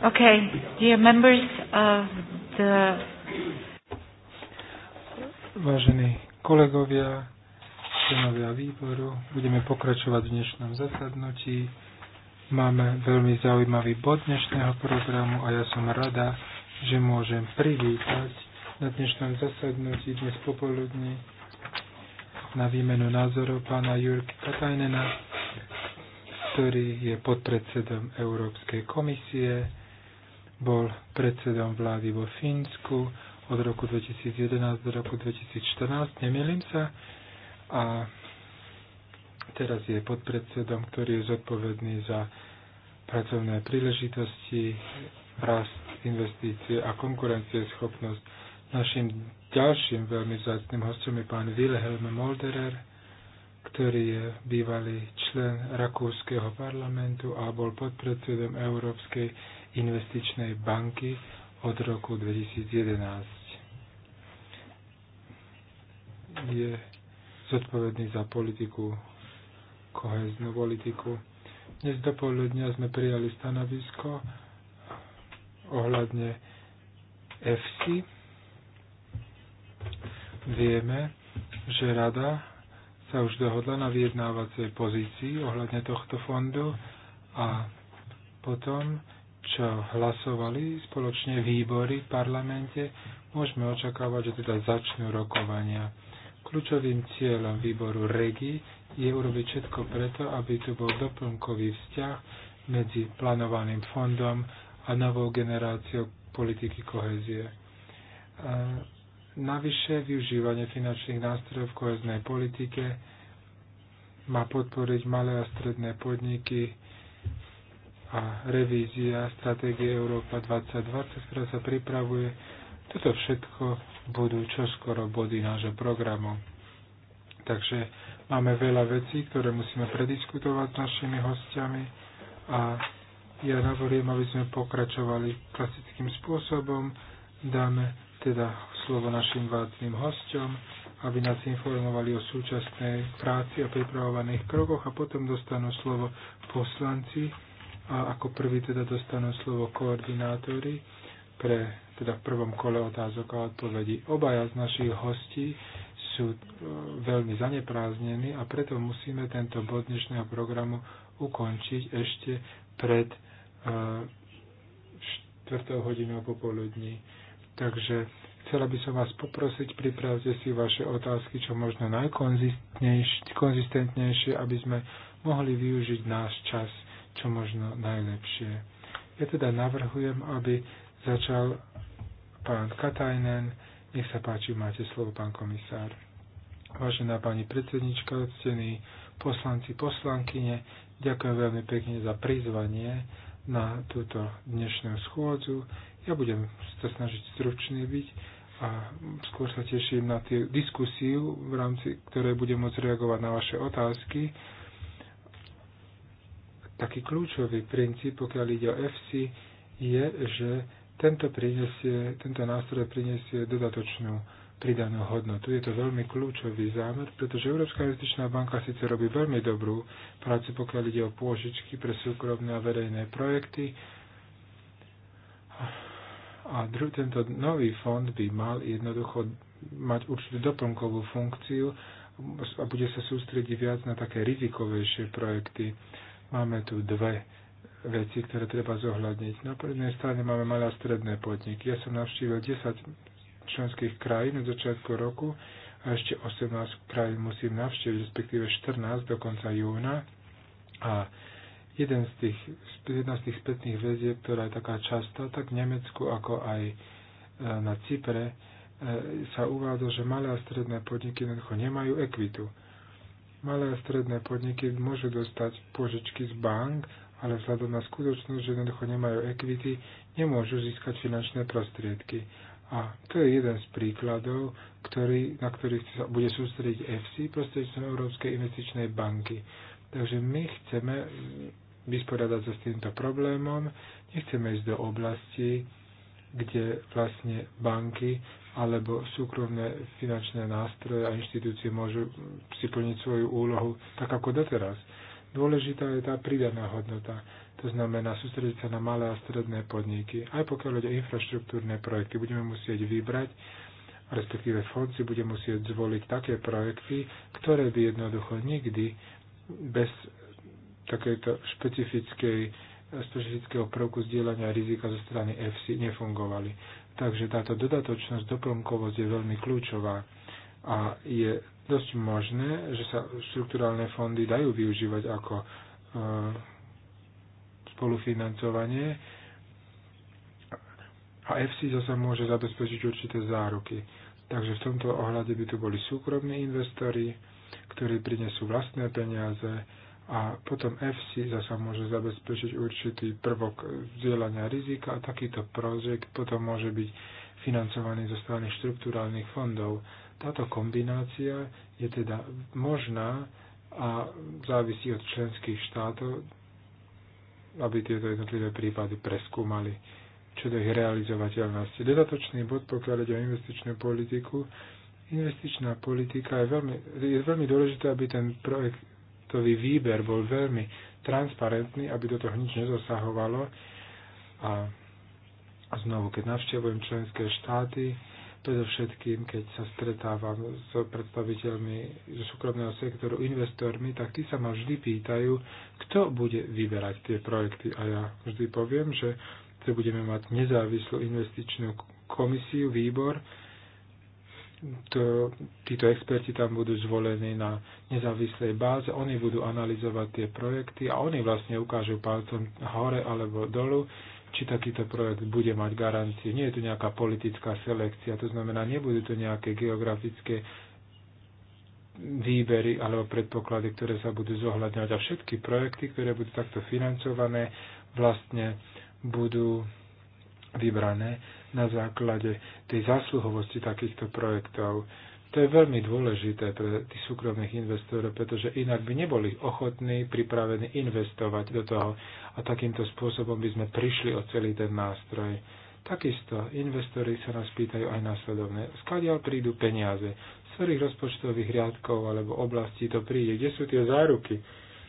Okay, dear members of the... Vážení kolegovia, členovia výboru, budeme pokračovať v dnešnom zasadnutí. Máme veľmi zaujímavý bod dnešného programu a ja som rada, že môžem privítať na dnešnom zasadnutí dnes popoludní na výmenu názorov pána Jurka Katajnena, ktorý je podpredsedom Európskej komisie, bol predsedom vlády vo Fínsku od roku 2011 do roku 2014, nemýlim sa, a teraz je podpredsedom, ktorý je zodpovedný za pracovné príležitosti, rast, investície a konkurencieschopnosť. Našim Ďalším veľmi vzácným hostom je pán Wilhelm Molderer, ktorý je bývalý člen Rakúskeho parlamentu a bol podpredsedom Európskej investičnej banky od roku 2011. Je zodpovedný za politiku, koheznú politiku. Dnes do poludnia sme prijali stanovisko ohľadne EFSI, vieme, že rada sa už dohodla na vyjednávacej pozícii ohľadne tohto fondu a potom, čo hlasovali spoločne výbory v parlamente, môžeme očakávať, že teda začnú rokovania. Kľúčovým cieľom výboru REGI je urobiť všetko preto, aby tu bol doplnkový vzťah medzi plánovaným fondom a novou generáciou politiky kohezie. Navyše využívanie finančných nástrojov v koheznej politike má podporiť malé a stredné podniky a revízia stratégie Európa 2020, ktorá sa pripravuje. Toto všetko budú čoskoro body nášho programu. Takže máme veľa vecí, ktoré musíme prediskutovať s našimi hostiami a ja navoliem, aby sme pokračovali klasickým spôsobom. Dáme teda slovo našim vácným hosťom, aby nás informovali o súčasnej práci a pripravovaných krokoch a potom dostanú slovo poslanci a ako prvý teda dostanú slovo koordinátori pre teda v prvom kole otázok a odpovedí. Obaja z našich hostí sú e, veľmi zanepráznení a preto musíme tento bod dnešného programu ukončiť ešte pred e, uh, 4. hodinou popoludní. Takže Chcela by som vás poprosiť, pripravte si vaše otázky čo možno najkonzistentnejšie, aby sme mohli využiť náš čas čo možno najlepšie. Ja teda navrhujem, aby začal pán Katajnen. Nech sa páči, máte slovo, pán komisár. Vážená pani predsednička, ctení poslanci, poslankyne, ďakujem veľmi pekne za prizvanie na túto dnešnú schôdzu. Ja budem sa snažiť stručný byť a skôr sa teším na tie diskusiu, v rámci ktorej budem môcť reagovať na vaše otázky. Taký kľúčový princíp, pokiaľ ide o FC, je, že tento, prinesie, tento nástroj prinesie dodatočnú pridanú hodnotu. Je to veľmi kľúčový zámer, pretože Európska investičná banka síce robí veľmi dobrú prácu, pokiaľ ide o pôžičky pre súkromné a verejné projekty, a druhý, tento nový fond by mal jednoducho mať určitú doplnkovú funkciu a bude sa sústrediť viac na také rizikovejšie projekty. Máme tu dve veci, ktoré treba zohľadniť. Na prvej strane máme malé a stredné podniky. Ja som navštívil 10 členských krajín od začiatku roku a ešte 18 krajín musím navštíviť, respektíve 14 do konca júna. A Jeden z tých, jedna z tých spätných väzieb, ktorá je taká častá, tak v Nemecku ako aj e, na Cypre, e, sa uvádza, že malé a stredné podniky jednoducho nemajú ekvitu. Malé a stredné podniky môžu dostať požičky z bank, ale vzhľadom na skutočnosť, že jednoducho nemajú ekvity, nemôžu získať finančné prostriedky. A to je jeden z príkladov, ktorý, na ktorých sa bude sústrediť FC prostredníctvom Európskej investičnej banky. Takže my chceme vysporiadať sa s týmto problémom. Nechceme ísť do oblasti, kde vlastne banky alebo súkromné finančné nástroje a inštitúcie môžu si plniť svoju úlohu tak ako doteraz. Dôležitá je tá pridaná hodnota, to znamená sústrediť sa na malé a stredné podniky. Aj pokiaľ ide o infraštruktúrne projekty, budeme musieť vybrať, respektíve fond si bude musieť zvoliť také projekty, ktoré by jednoducho nikdy bez takéto špecifickej, špecifického prvku zdieľania rizika zo strany FC nefungovali. Takže táto dodatočnosť, doplnkovosť je veľmi kľúčová a je dosť možné, že sa štruktúralne fondy dajú využívať ako e, spolufinancovanie a FC zase môže zabezpečiť určité záruky. Takže v tomto ohľade by tu boli súkromní investori, ktorí prinesú vlastné peniaze a potom FC zase môže zabezpečiť určitý prvok vzdielania rizika a takýto projekt potom môže byť financovaný zo strany štruktúrálnych fondov. Táto kombinácia je teda možná a závisí od členských štátov, aby tieto jednotlivé prípady preskúmali čo do ich realizovateľnosti. Dodatočný bod, pokiaľ ide o investičnú politiku, investičná politika je veľmi, je veľmi dôležité, aby ten projekt projektový výber bol veľmi transparentný, aby do toho nič nezasahovalo. A znovu, keď navštevujem členské štáty, predovšetkým, keď sa stretávam s predstaviteľmi zo súkromného sektoru, investormi, tak tí sa ma vždy pýtajú, kto bude vyberať tie projekty. A ja vždy poviem, že budeme mať nezávislú investičnú komisiu, výbor, to, títo experti tam budú zvolení na nezávislej báze, oni budú analyzovať tie projekty a oni vlastne ukážu palcom hore alebo dolu, či takýto projekt bude mať garanciu. Nie je tu nejaká politická selekcia, to znamená, nebudú tu nejaké geografické výbery alebo predpoklady, ktoré sa budú zohľadňovať. A všetky projekty, ktoré budú takto financované, vlastne budú vybrané na základe tej zasluhovosti takýchto projektov. To je veľmi dôležité pre tých súkromných investorov, pretože inak by neboli ochotní, pripravení investovať do toho a takýmto spôsobom by sme prišli o celý ten nástroj. Takisto investori sa nás pýtajú aj následovné. Skadiaľ prídu peniaze? Z ktorých rozpočtových riadkov alebo oblastí to príde? Kde sú tie záruky?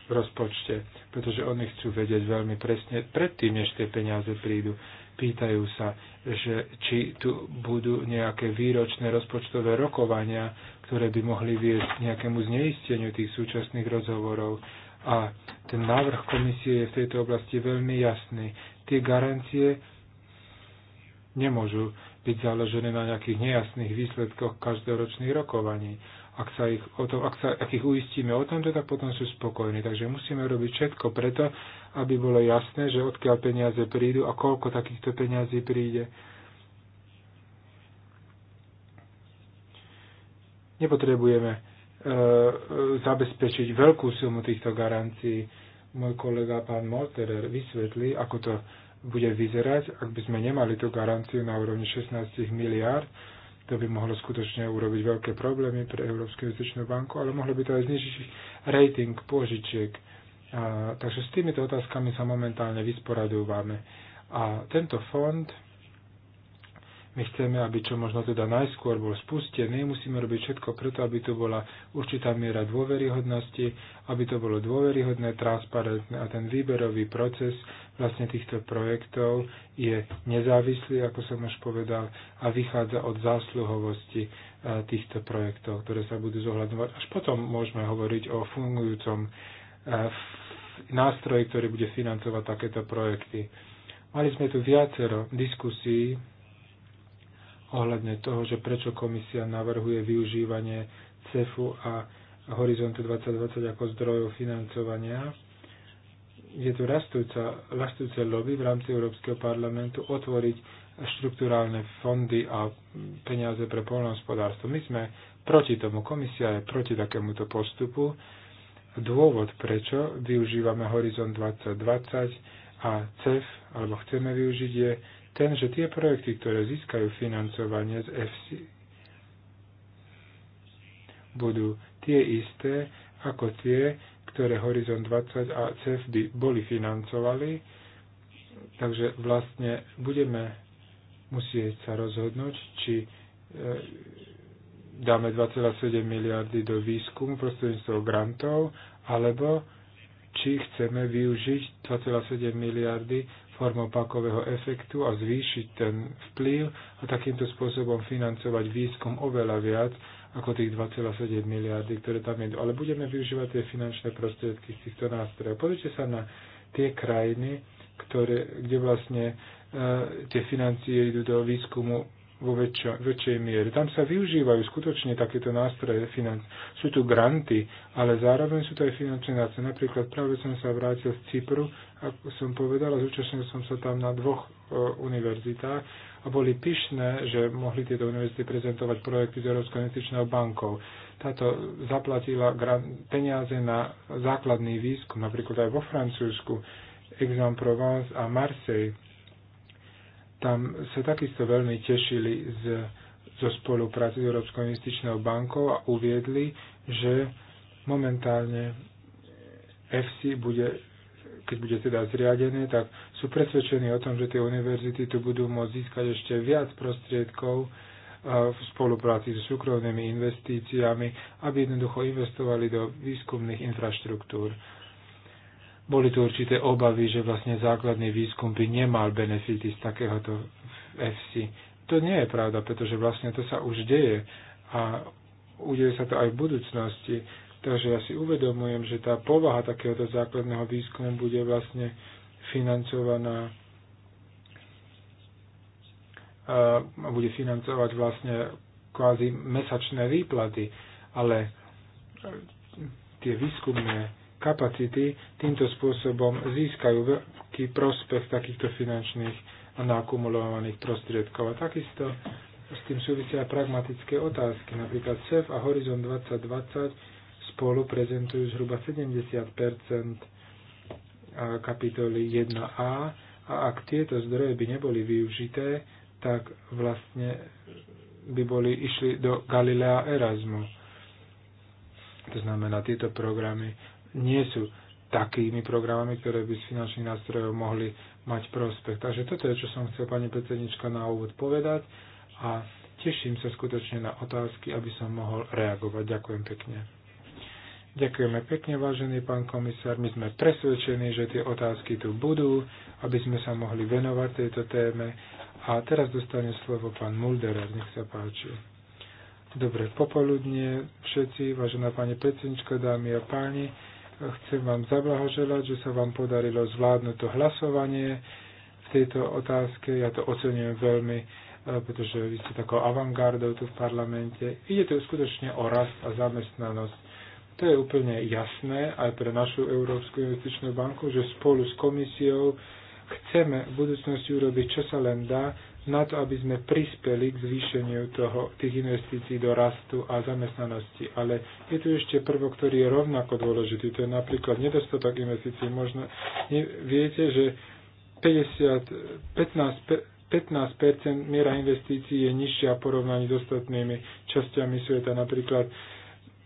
v rozpočte, pretože oni chcú vedieť veľmi presne predtým, než tie peniaze prídu pýtajú sa, že či tu budú nejaké výročné rozpočtové rokovania, ktoré by mohli viesť nejakému zneisteniu tých súčasných rozhovorov. A ten návrh komisie je v tejto oblasti veľmi jasný. Tie garancie nemôžu byť založené na nejakých nejasných výsledkoch každoročných rokovaní. Ak, sa ich, o tom, ak, sa, ak ich uistíme o tomto, tak potom sú spokojní. Takže musíme robiť všetko preto, aby bolo jasné, že odkiaľ peniaze prídu a koľko takýchto peniazí príde. Nepotrebujeme e, zabezpečiť veľkú sumu týchto garancií. Môj kolega pán Molterer vysvetlí, ako to bude vyzerať, ak by sme nemali tú garanciu na úrovni 16 miliárd, to by mohlo skutočne urobiť veľké problémy pre Európsku investičnú banku, ale mohlo by to aj znižiť rating požičiek. A, takže s týmito otázkami sa momentálne vysporadujúvame. A tento fond my chceme, aby čo možno teda najskôr bol spustený, musíme robiť všetko preto, aby tu bola určitá miera dôveryhodnosti, aby to bolo dôveryhodné, transparentné a ten výberový proces vlastne týchto projektov je nezávislý, ako som už povedal, a vychádza od zásluhovosti e, týchto projektov, ktoré sa budú zohľadňovať. Až potom môžeme hovoriť o fungujúcom e, nástroj, ktorý bude financovať takéto projekty. Mali sme tu viacero diskusí ohľadne toho, že prečo komisia navrhuje využívanie CEFu a Horizontu 2020 ako zdrojov financovania. Je tu rastúca, rastúce lobby v rámci Európskeho parlamentu otvoriť štruktúrálne fondy a peniaze pre poľnohospodárstvo. My sme proti tomu, komisia je proti takémuto postupu dôvod, prečo využívame Horizon 2020 a CEF, alebo chceme využiť, je ten, že tie projekty, ktoré získajú financovanie z FC, budú tie isté ako tie, ktoré Horizon 20 a CEF by boli financovali. Takže vlastne budeme musieť sa rozhodnúť, či e, dáme 2,7 miliardy do výskumu prostredníctvom grantov, alebo či chceme využiť 2,7 miliardy formou pakového efektu a zvýšiť ten vplyv a takýmto spôsobom financovať výskum oveľa viac ako tých 2,7 miliardy, ktoré tam je. Ale budeme využívať tie finančné prostriedky z týchto nástrojov. Pozrite sa na tie krajiny, ktoré, kde vlastne e, tie financie idú do výskumu vo väčšia, väčšej miere. Tam sa využívajú skutočne takéto nástroje financ. Sú tu granty, ale zároveň sú to aj finančné nástroje. Napríklad práve som sa vrátil z Cypru, ako som povedal, a zúčastnil som sa tam na dvoch e, univerzitách a boli pyšné, že mohli tieto univerzity prezentovať projekty s Európskou investičnou bankou. Táto zaplatila grant, peniaze na základný výskum, napríklad aj vo Francúzsku, Exam provence a Marseille tam sa takisto veľmi tešili z, zo spolupráce s Európskou investičnou bankou a uviedli, že momentálne FC bude, keď bude teda zriadené, tak sú presvedčení o tom, že tie univerzity tu budú môcť získať ešte viac prostriedkov v spolupráci s súkromnými investíciami, aby jednoducho investovali do výskumných infraštruktúr. Boli tu určité obavy, že vlastne základný výskum by nemal benefity z takéhoto FC. To nie je pravda, pretože vlastne to sa už deje a udeje sa to aj v budúcnosti. Takže ja si uvedomujem, že tá povaha takéhoto základného výskumu bude vlastne financovaná a bude financovať vlastne kvázi mesačné výplaty, ale tie výskumné kapacity týmto spôsobom získajú veľký prospech takýchto finančných a nakumulovaných prostriedkov. A takisto s tým súvisia pragmatické otázky. Napríklad CEF a Horizon 2020 spolu prezentujú zhruba 70 kapitoly 1a a ak tieto zdroje by neboli využité, tak vlastne by boli išli do Galilea Erasmu. To znamená, tieto programy nie sú takými programami, ktoré by z finančných nástrojov mohli mať prospech. Takže toto je, čo som chcel pani predsednička na úvod povedať a teším sa skutočne na otázky, aby som mohol reagovať. Ďakujem pekne. Ďakujeme pekne, vážený pán komisár. My sme presvedčení, že tie otázky tu budú, aby sme sa mohli venovať tejto téme. A teraz dostane slovo pán Mulderer, nech sa páči. Dobre popoludne všetci, vážená pani predsednička, dámy a páni. Chcem vám zablahoželať, že sa vám podarilo zvládnuť to hlasovanie v tejto otázke. Ja to ocenujem veľmi, e, pretože vy ste takou avantgardou tu v parlamente. Ide to skutočne o rast a zamestnanosť. To je úplne jasné aj pre našu Európsku investičnú banku, že spolu s komisiou chceme v budúcnosti urobiť, čo sa len dá, na to, aby sme prispeli k zvýšeniu toho, tých investícií do rastu a zamestnanosti. Ale je tu ešte prvok, ktorý je rovnako dôležitý. To je napríklad nedostatok investícií. Možno viete, že 50, 15, 15 miera investícií je nižšia porovnaní s ostatnými časťami sveta. Napríklad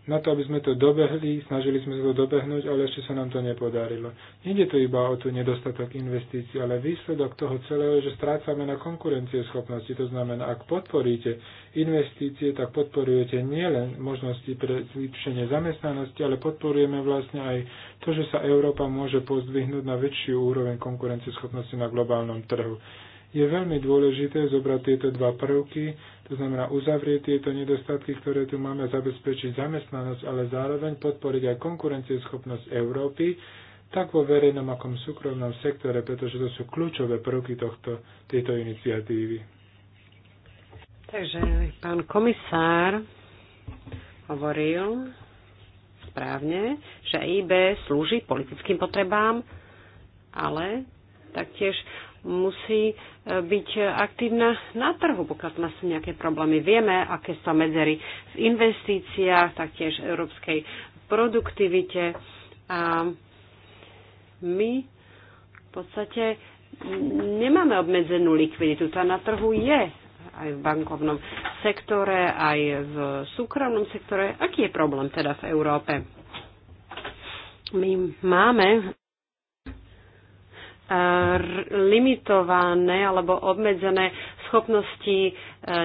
na to, aby sme to dobehli, snažili sme sa to dobehnúť, ale ešte sa nám to nepodarilo. Nede to iba o tu nedostatok investícií, ale výsledok toho celého je, že strácame na konkurencieschopnosti. To znamená, ak podporíte investície, tak podporujete nielen možnosti pre zvýšenie zamestnanosti, ale podporujeme vlastne aj to, že sa Európa môže pozdvihnúť na väčšiu úroveň konkurencieschopnosti na globálnom trhu je veľmi dôležité zobrať tieto dva prvky, to znamená uzavrieť tieto nedostatky, ktoré tu máme, zabezpečiť zamestnanosť, ale zároveň podporiť aj konkurencieschopnosť Európy, tak vo verejnom ako súkromnom sektore, pretože to sú kľúčové prvky tohto, tejto iniciatívy. Takže pán komisár hovoril správne, že IB slúži politickým potrebám, ale taktiež musí e, byť aktívna na trhu, pokiaľ má sú nejaké problémy. Vieme, aké sa medzery v investíciách, taktiež európskej produktivite. A my v podstate nemáme obmedzenú likviditu. Tá na trhu je aj v bankovnom sektore, aj v súkromnom sektore. Aký je problém teda v Európe? My máme limitované alebo obmedzené schopnosti e,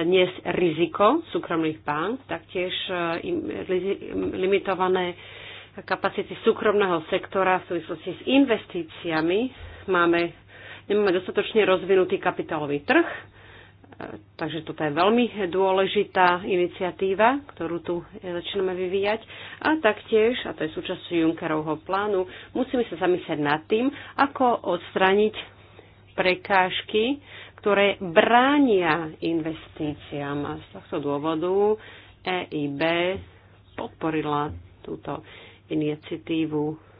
niesť riziko súkromných bank, taktiež e, limitované kapacity súkromného sektora v súvislosti s investíciami. Máme, nemáme dostatočne rozvinutý kapitálový trh, Takže toto je veľmi dôležitá iniciatíva, ktorú tu začíname vyvíjať. A taktiež, a to je súčasťou Junckerovho plánu, musíme sa zamyslieť nad tým, ako odstraniť prekážky, ktoré bránia investíciám. A z tohto dôvodu EIB podporila túto iniciatívu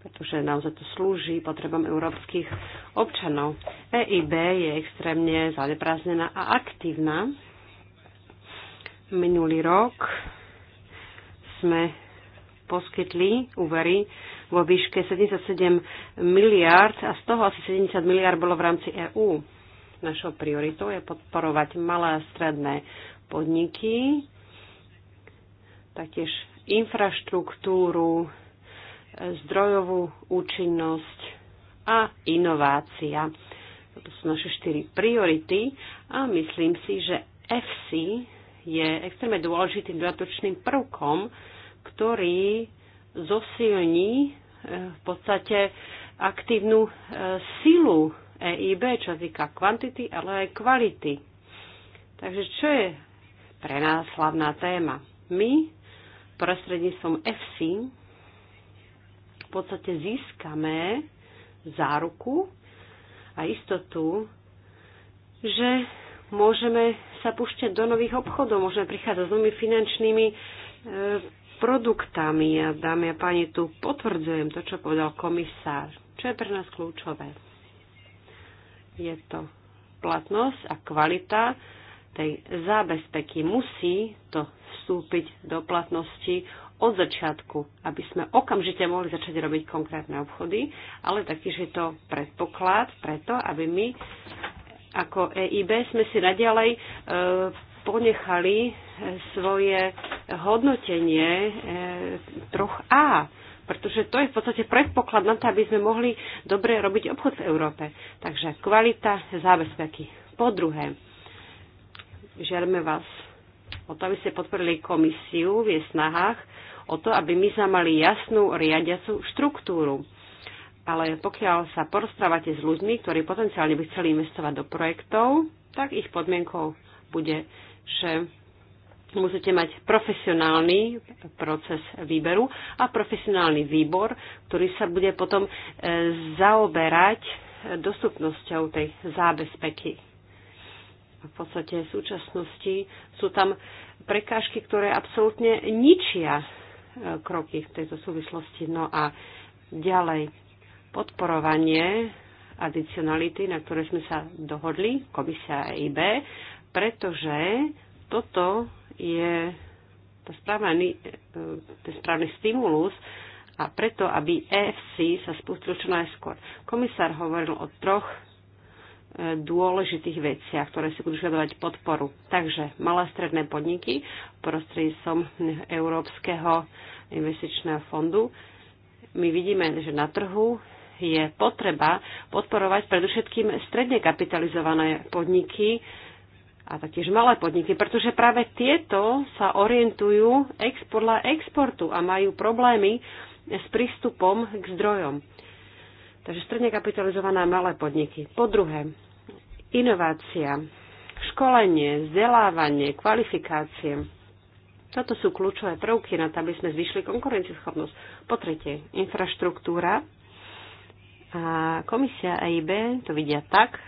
pretože naozaj to slúži potrebom európskych občanov. EIB je extrémne zadepráznená a aktívna. Minulý rok sme poskytli úvery vo výške 77 miliard a z toho asi 70 miliard bolo v rámci EÚ. Našou prioritou je podporovať malé a stredné podniky, taktiež infraštruktúru, zdrojovú účinnosť a inovácia. To sú naše štyri priority a myslím si, že FC je extrémne dôležitým dodatočným prvkom, ktorý zosilní eh, v podstate aktívnu eh, silu EIB, čo týka kvantity, ale aj kvality. Takže čo je pre nás hlavná téma? My prostredníctvom FC podstate získame záruku a istotu, že môžeme sa púšťať do nových obchodov, môžeme prichádzať s novými finančnými e, produktami. A dámy a páni, tu potvrdzujem to, čo povedal komisár. Čo je pre nás kľúčové? Je to platnosť a kvalita tej zábezpeky. Musí to vstúpiť do platnosti od začiatku, aby sme okamžite mohli začať robiť konkrétne obchody, ale taktiež je to predpoklad preto, aby my ako EIB sme si naďalej e, ponechali svoje hodnotenie e, troch A, pretože to je v podstate predpoklad na to, aby sme mohli dobre robiť obchod v Európe. Takže kvalita zábezpeky. Po druhé, žiadame vás o to, aby ste podporili komisiu v jej snahách o to, aby my sme mali jasnú riadiacu štruktúru. Ale pokiaľ sa porozprávate s ľuďmi, ktorí potenciálne by chceli investovať do projektov, tak ich podmienkou bude, že musíte mať profesionálny proces výberu a profesionálny výbor, ktorý sa bude potom e, zaoberať dostupnosťou tej zábezpeky. V podstate v súčasnosti sú tam prekážky, ktoré absolútne ničia kroky v tejto súvislosti. No a ďalej podporovanie adicionality, na ktoré sme sa dohodli, komisia EIB, pretože toto je to správny, ten správny stimulus a preto, aby EFC sa spustil čo najskôr. Komisár hovoril o troch dôležitých veciach, ktoré si budú žiadať podporu. Takže malé stredné podniky prostredníctvom Európskeho investičného fondu. My vidíme, že na trhu je potreba podporovať predovšetkým stredne kapitalizované podniky a taktiež malé podniky, pretože práve tieto sa orientujú podľa exportu a majú problémy s prístupom k zdrojom. Takže stredne kapitalizované malé podniky. Po druhé, inovácia, školenie, vzdelávanie, kvalifikácie. Toto sú kľúčové prvky na to, aby sme zvyšili konkurencieschopnosť. Po tretie, infraštruktúra. A komisia EIB to vidia tak,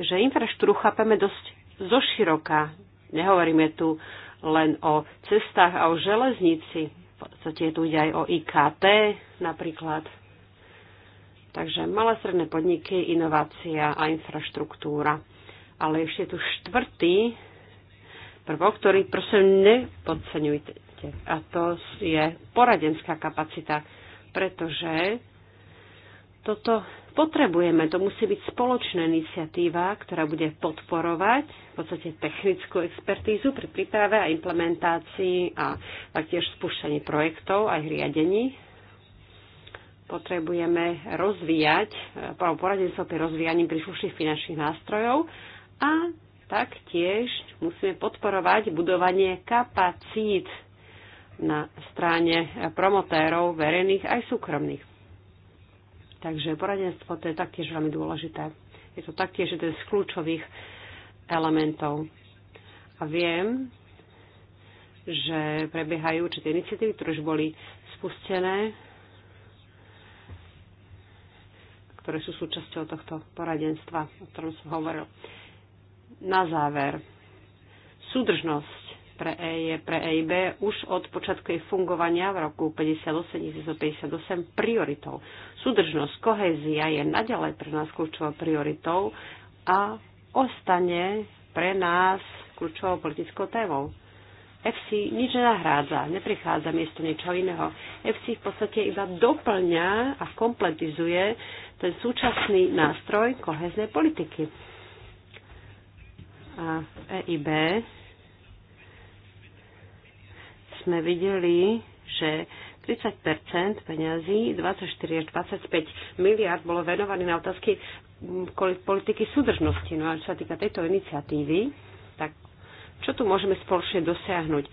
že infraštruktúru chápeme dosť zoširoka. Nehovoríme tu len o cestách a o železnici. V podstate tu ide aj o IKT napríklad. Takže malé stredné podniky, inovácia a infraštruktúra. Ale ešte tu štvrtý prvok, ktorý prosím nepodceňujte. A to je poradenská kapacita, pretože toto potrebujeme. To musí byť spoločná iniciatíva, ktorá bude podporovať v podstate technickú expertízu pri príprave a implementácii a taktiež spúšťaní projektov aj riadení potrebujeme rozvíjať, eh, poradenstvo pri rozvíjaní príslušných finančných nástrojov a taktiež musíme podporovať budovanie kapacít na strane promotérov verejných aj súkromných. Takže poradenstvo to je taktiež veľmi dôležité. Je to taktiež jeden z kľúčových elementov. A viem, že prebiehajú určité iniciatívy, ktoré už boli spustené ktoré sú súčasťou tohto poradenstva, o ktorom som hovoril. Na záver, súdržnosť pre, e, je pre EIB už od počiatku jej fungovania v roku 58-1958 prioritou. Súdržnosť, kohézia je naďalej pre nás kľúčovou prioritou a ostane pre nás kľúčovou politickou témou. FC nič nenahrádza, neprichádza miesto niečo iného. FC v podstate iba doplňa a kompletizuje ten súčasný nástroj koheznej politiky. A v e EIB sme videli, že 30 peňazí, 24 až 25 miliard bolo venované na otázky politiky súdržnosti. No a čo sa týka tejto iniciatívy, tak čo tu môžeme spoločne dosiahnuť?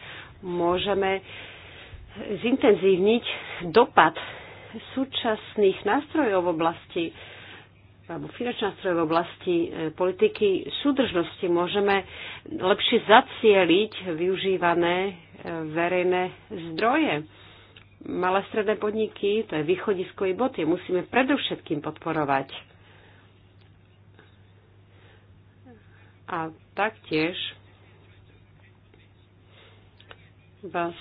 Môžeme zintenzívniť dopad súčasných nástrojov v oblasti alebo finančných nástrojov v oblasti e, politiky súdržnosti môžeme lepšie zacieliť využívané e, verejné zdroje. Malé stredné podniky, to je východisko, i boty, musíme predovšetkým podporovať. A taktiež vás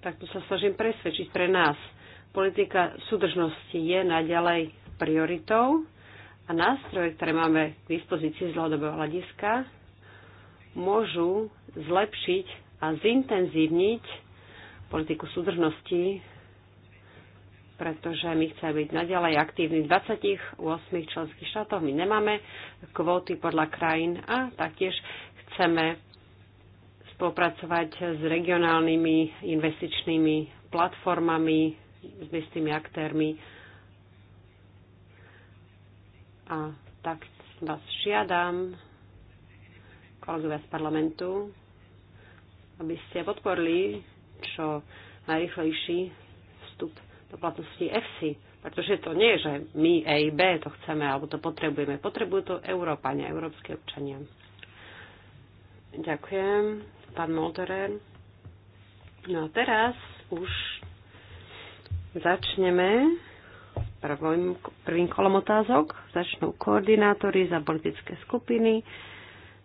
takto sa snažím presvedčiť pre nás politika súdržnosti je naďalej prioritou a nástroje, ktoré máme k dispozícii z dlhodobého hľadiska, môžu zlepšiť a zintenzívniť politiku súdržnosti, pretože my chceme byť naďalej aktívni v 28 členských štátoch. My nemáme kvóty podľa krajín a taktiež chceme spolupracovať s regionálnymi investičnými platformami sme s tými aktérmi a tak vás žiadam, kolegovia z parlamentu, aby ste podporili čo najrychlejší vstup do platnosti EFSI, pretože to nie je, že my EIB to chceme alebo to potrebujeme. Potrebujú to Európania, európske občania. Ďakujem, pán Molterer. No a teraz už Začneme prvým, prvým kolom otázok. Začnú koordinátory za politické skupiny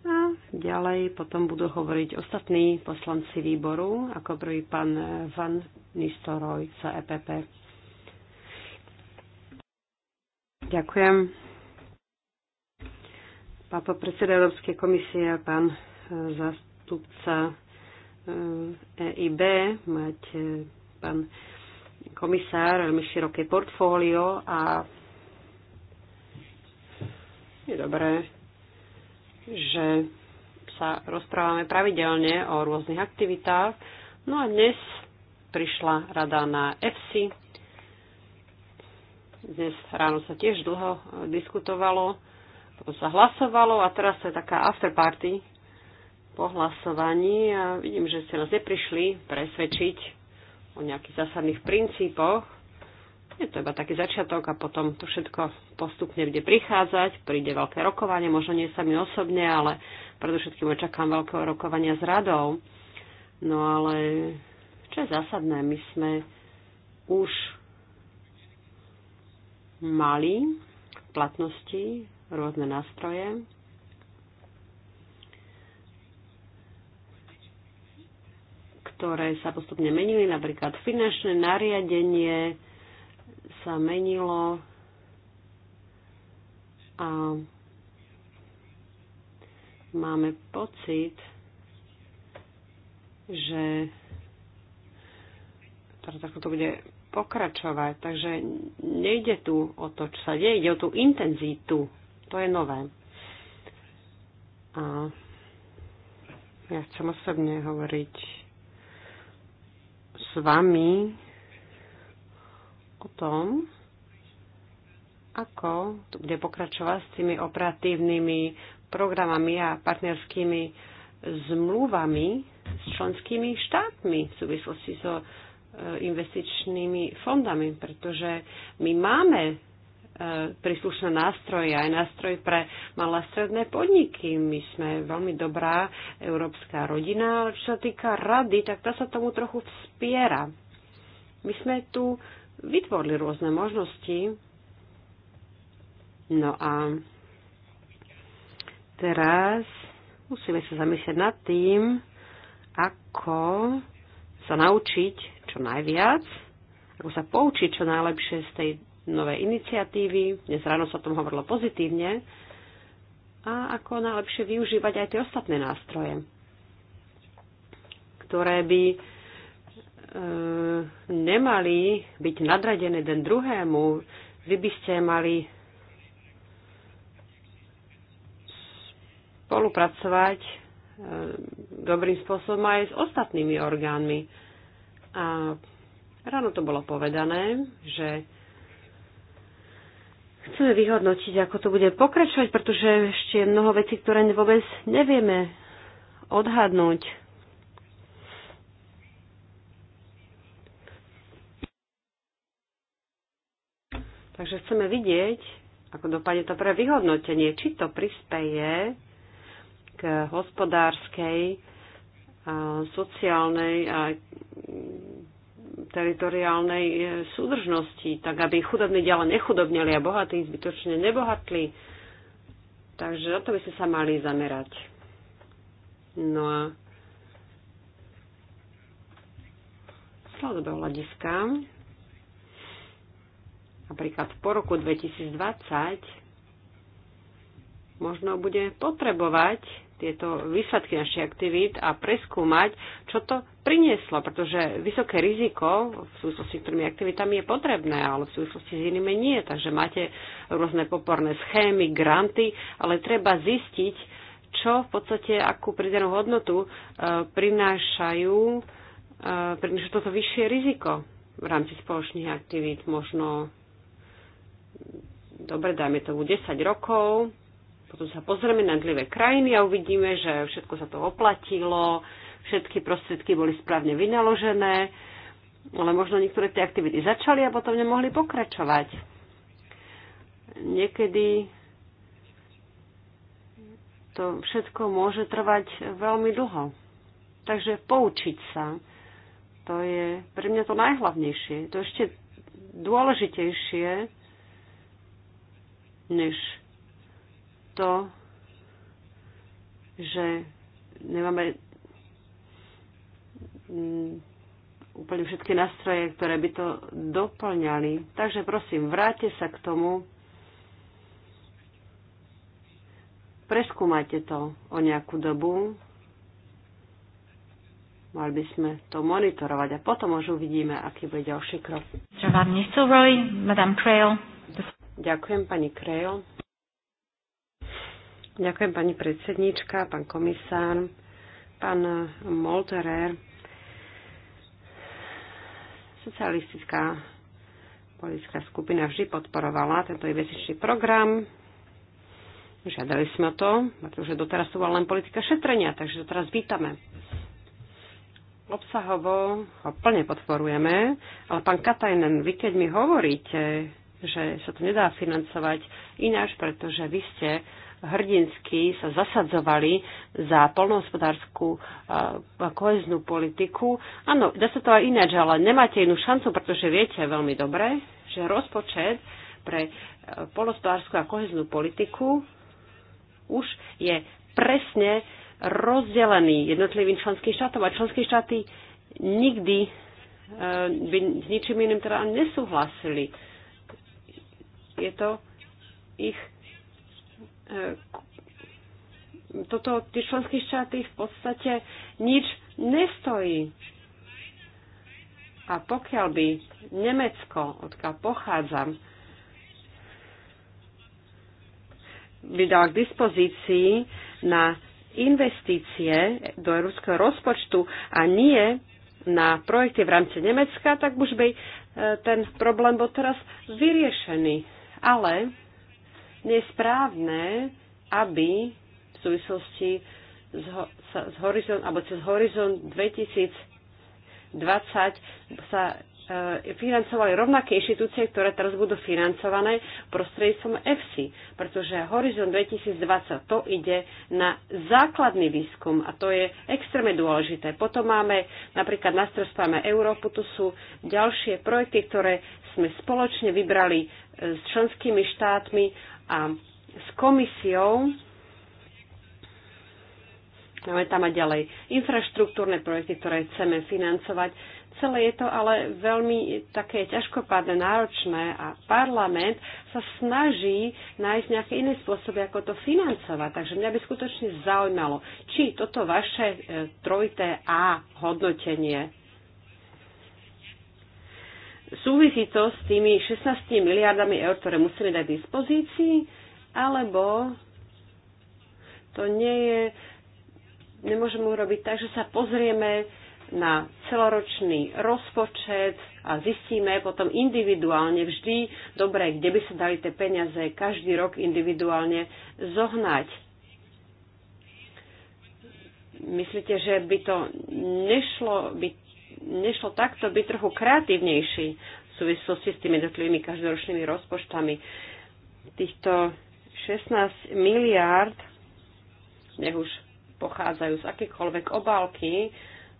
a ďalej potom budú hovoriť ostatní poslanci výboru, ako prvý pán Van Nistoroj za EPP. Ďakujem. Pán predseda Európskej komisie a pán e, zastupca EIB, e máte pán komisár, veľmi široké portfólio a je dobré, že sa rozprávame pravidelne o rôznych aktivitách. No a dnes prišla rada na EFSI. Dnes ráno sa tiež dlho diskutovalo, potom sa hlasovalo a teraz je taká afterparty po hlasovaní a vidím, že ste nás neprišli presvedčiť o nejakých zásadných princípoch. Je to iba taký začiatok a potom to všetko postupne bude prichádzať. Príde veľké rokovanie, možno nie sami osobne, ale predovšetkým očakám veľkého rokovania s radou. No ale čo je zásadné, my sme už mali v platnosti rôzne nástroje, ktoré sa postupne menili, napríklad finančné nariadenie sa menilo a máme pocit, že teraz takto to bude pokračovať. Takže nejde tu o to, čo sa deje, ide o tú intenzitu. To je nové. A ja chcem osobne hovoriť s vami o tom, ako tu bude pokračovať s tými operatívnymi programami a partnerskými zmluvami s členskými štátmi v súvislosti so e, investičnými fondami, pretože my máme príslušné nástroje, aj nástroj pre malé stredné podniky. My sme veľmi dobrá európska rodina, ale čo sa týka rady, tak tá sa tomu trochu vzpiera. My sme tu vytvorili rôzne možnosti. No a teraz musíme sa zamyslieť nad tým, ako sa naučiť čo najviac, ako sa poučiť čo najlepšie z tej nové iniciatívy. Dnes ráno sa o tom hovorilo pozitívne. A ako najlepšie využívať aj tie ostatné nástroje, ktoré by e, nemali byť nadradené den druhému. Vy by ste mali spolupracovať e, dobrým spôsobom aj s ostatnými orgánmi. A Ráno to bolo povedané, že Chceme vyhodnotiť, ako to bude pokračovať, pretože ešte je mnoho vecí, ktoré vôbec nevieme odhadnúť. Takže chceme vidieť, ako dopadne to pre vyhodnotenie, či to prispeje k hospodárskej, a sociálnej a teritoriálnej e, súdržnosti, tak aby chudobní ďalej nechudobnili a bohatí zbytočne nebohatli. Takže na to by sme sa mali zamerať. No a z dlhodobého hľadiska napríklad po roku 2020 možno bude potrebovať tieto výsledky našich aktivít a preskúmať, čo to prinieslo, pretože vysoké riziko v súvislosti s ktorými aktivitami je potrebné, ale v súvislosti s inými nie. Takže máte rôzne poporné schémy, granty, ale treba zistiť, čo v podstate, akú pridanú hodnotu e, prinášajú, e, toto vyššie riziko v rámci spoločných aktivít. Možno, dobre, dajme tomu 10 rokov, potom sa pozrieme na dlivé krajiny a uvidíme, že všetko sa to oplatilo, všetky prostriedky boli správne vynaložené, ale možno niektoré tie aktivity začali a potom nemohli pokračovať. Niekedy to všetko môže trvať veľmi dlho. Takže poučiť sa, to je pre mňa to najhlavnejšie. To ešte dôležitejšie, než to, že nemáme mm, úplne všetky nástroje, ktoré by to doplňali. Takže prosím, vráte sa k tomu, preskúmajte to o nejakú dobu, mali by sme to monitorovať a potom už uvidíme, aký bude ďalší krok. Ďakujem, pani Krail. Ďakujem pani predsednička, pán komisár, pán Molterer. Socialistická politická skupina vždy podporovala tento investičný program. Žiadali sme o to, pretože doteraz to bola len politika šetrenia, takže to teraz vítame. Obsahovo ho plne podporujeme, ale pán Katajnen, vy keď mi hovoríte, že sa to nedá financovať ináč, pretože vy ste hrdinsky sa zasadzovali za polnohospodárskú eh, koheznú politiku. Áno, dá sa to aj ináč, ale nemáte inú šancu, pretože viete veľmi dobre, že rozpočet pre eh, polnohospodárskú a koheznú politiku už je presne rozdelený jednotlivým členským štátom a členské štáty nikdy eh, by s ničím iným teda nesúhlasili. Je to ich E, toto tie členské štáty v podstate nič nestojí. A pokiaľ by Nemecko, odkiaľ pochádzam, by dal k dispozícii na investície do európskeho rozpočtu a nie na projekty v rámci Nemecka, tak už by e, ten problém bol teraz vyriešený. Ale nie je správne, aby v súvislosti z, sa, z horizont, alebo cez horizont 2020 sa e, financovali rovnaké inštitúcie, ktoré teraz budú financované prostredstvom EFSI, pretože Horizont 2020 to ide na základný výskum a to je extrémne dôležité. Potom máme napríklad na Spáme Európu, tu sú ďalšie projekty, ktoré sme spoločne vybrali e, s členskými štátmi a s komisiou Máme tam aj ďalej infraštruktúrne projekty, ktoré chceme financovať. Celé je to ale veľmi také ťažkopádne, náročné a parlament sa snaží nájsť nejaké iné spôsoby, ako to financovať. Takže mňa by skutočne zaujímalo, či toto vaše e, trojité A hodnotenie Súvisí to s tými 16 miliardami eur, ktoré musíme dať dispozícii, alebo to nie je, nemôžeme urobiť tak, že sa pozrieme na celoročný rozpočet a zistíme potom individuálne vždy, dobre, kde by sa dali tie peniaze každý rok individuálne zohnať. Myslíte, že by to nešlo by nešlo takto byť trochu kreatívnejší v súvislosti s tými jednotlivými každoročnými rozpočtami. Týchto 16 miliárd, nech už pochádzajú z akékoľvek obálky,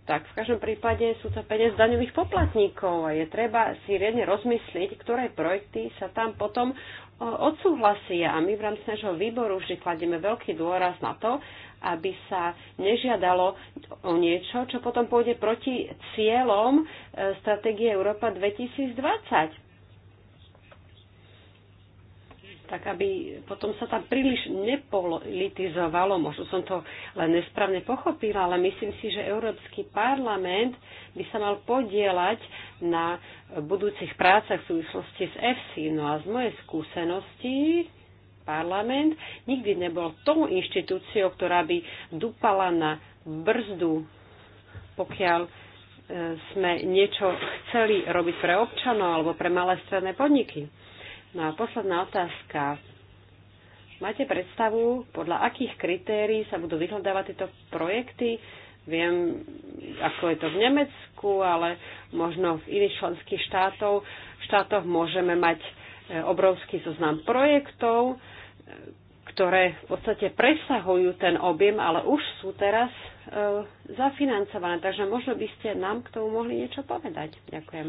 tak v každom prípade sú to peniaze daňových poplatníkov a je treba si riadne rozmysliť, ktoré projekty sa tam potom odsúhlasia. A my v rámci nášho výboru vždy kladieme veľký dôraz na to, aby sa nežiadalo o niečo, čo potom pôjde proti cieľom e, stratégie Európa 2020 tak aby potom sa tam príliš nepolitizovalo. Možno som to len nesprávne pochopila, ale myslím si, že Európsky parlament by sa mal podielať na budúcich prácach v súvislosti s EFSI. No a z mojej skúsenosti parlament nikdy nebol tou inštitúciou, ktorá by dupala na brzdu, pokiaľ e, sme niečo chceli robiť pre občanov alebo pre malé stredné podniky. No a posledná otázka. Máte predstavu, podľa akých kritérií sa budú vyhľadávať tieto projekty? Viem, ako je to v Nemecku, ale možno v iných členských štátov, štátoch môžeme mať e, obrovský zoznam projektov ktoré v podstate presahujú ten objem, ale už sú teraz e, zafinancované. Takže možno by ste nám k tomu mohli niečo povedať. Ďakujem.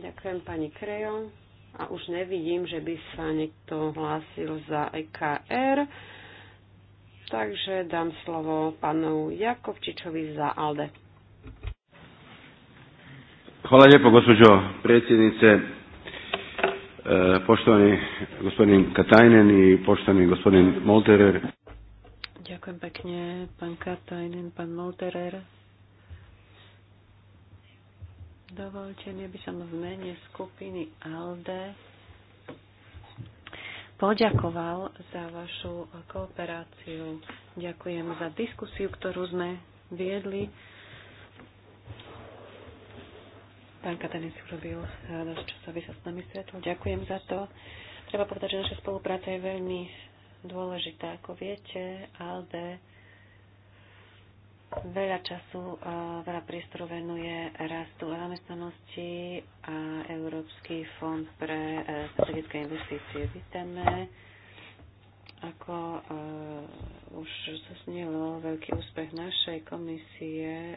Ďakujem pani Krejo. A už nevidím, že by sa niekto hlásil za EKR. Takže dám slovo panu Jakovčičovi za ALDE. Hvala lijepo, gospođo predsjednice. E, poštovani gospodin Katajnen i poštovani gospodin Molterer. Ďakujem pekne, pán Katajnen, pán Molterer. Dovolte mi, aby som v mene skupiny ALDE poďakoval za vašu kooperáciu. Ďakujem za diskusiu, ktorú sme viedli Pán Katanec urobil dosť eh, čas, aby sa s nami stretol. Ďakujem za to. Treba povedať, že naša spolupráca je veľmi dôležitá. Ako viete, ALDE veľa času, eh, veľa priestoru venuje rastu a zamestnanosti a Európsky fond pre eh, strategické investície. Vítame ako uh, už zasnelo, veľký úspech našej komisie uh,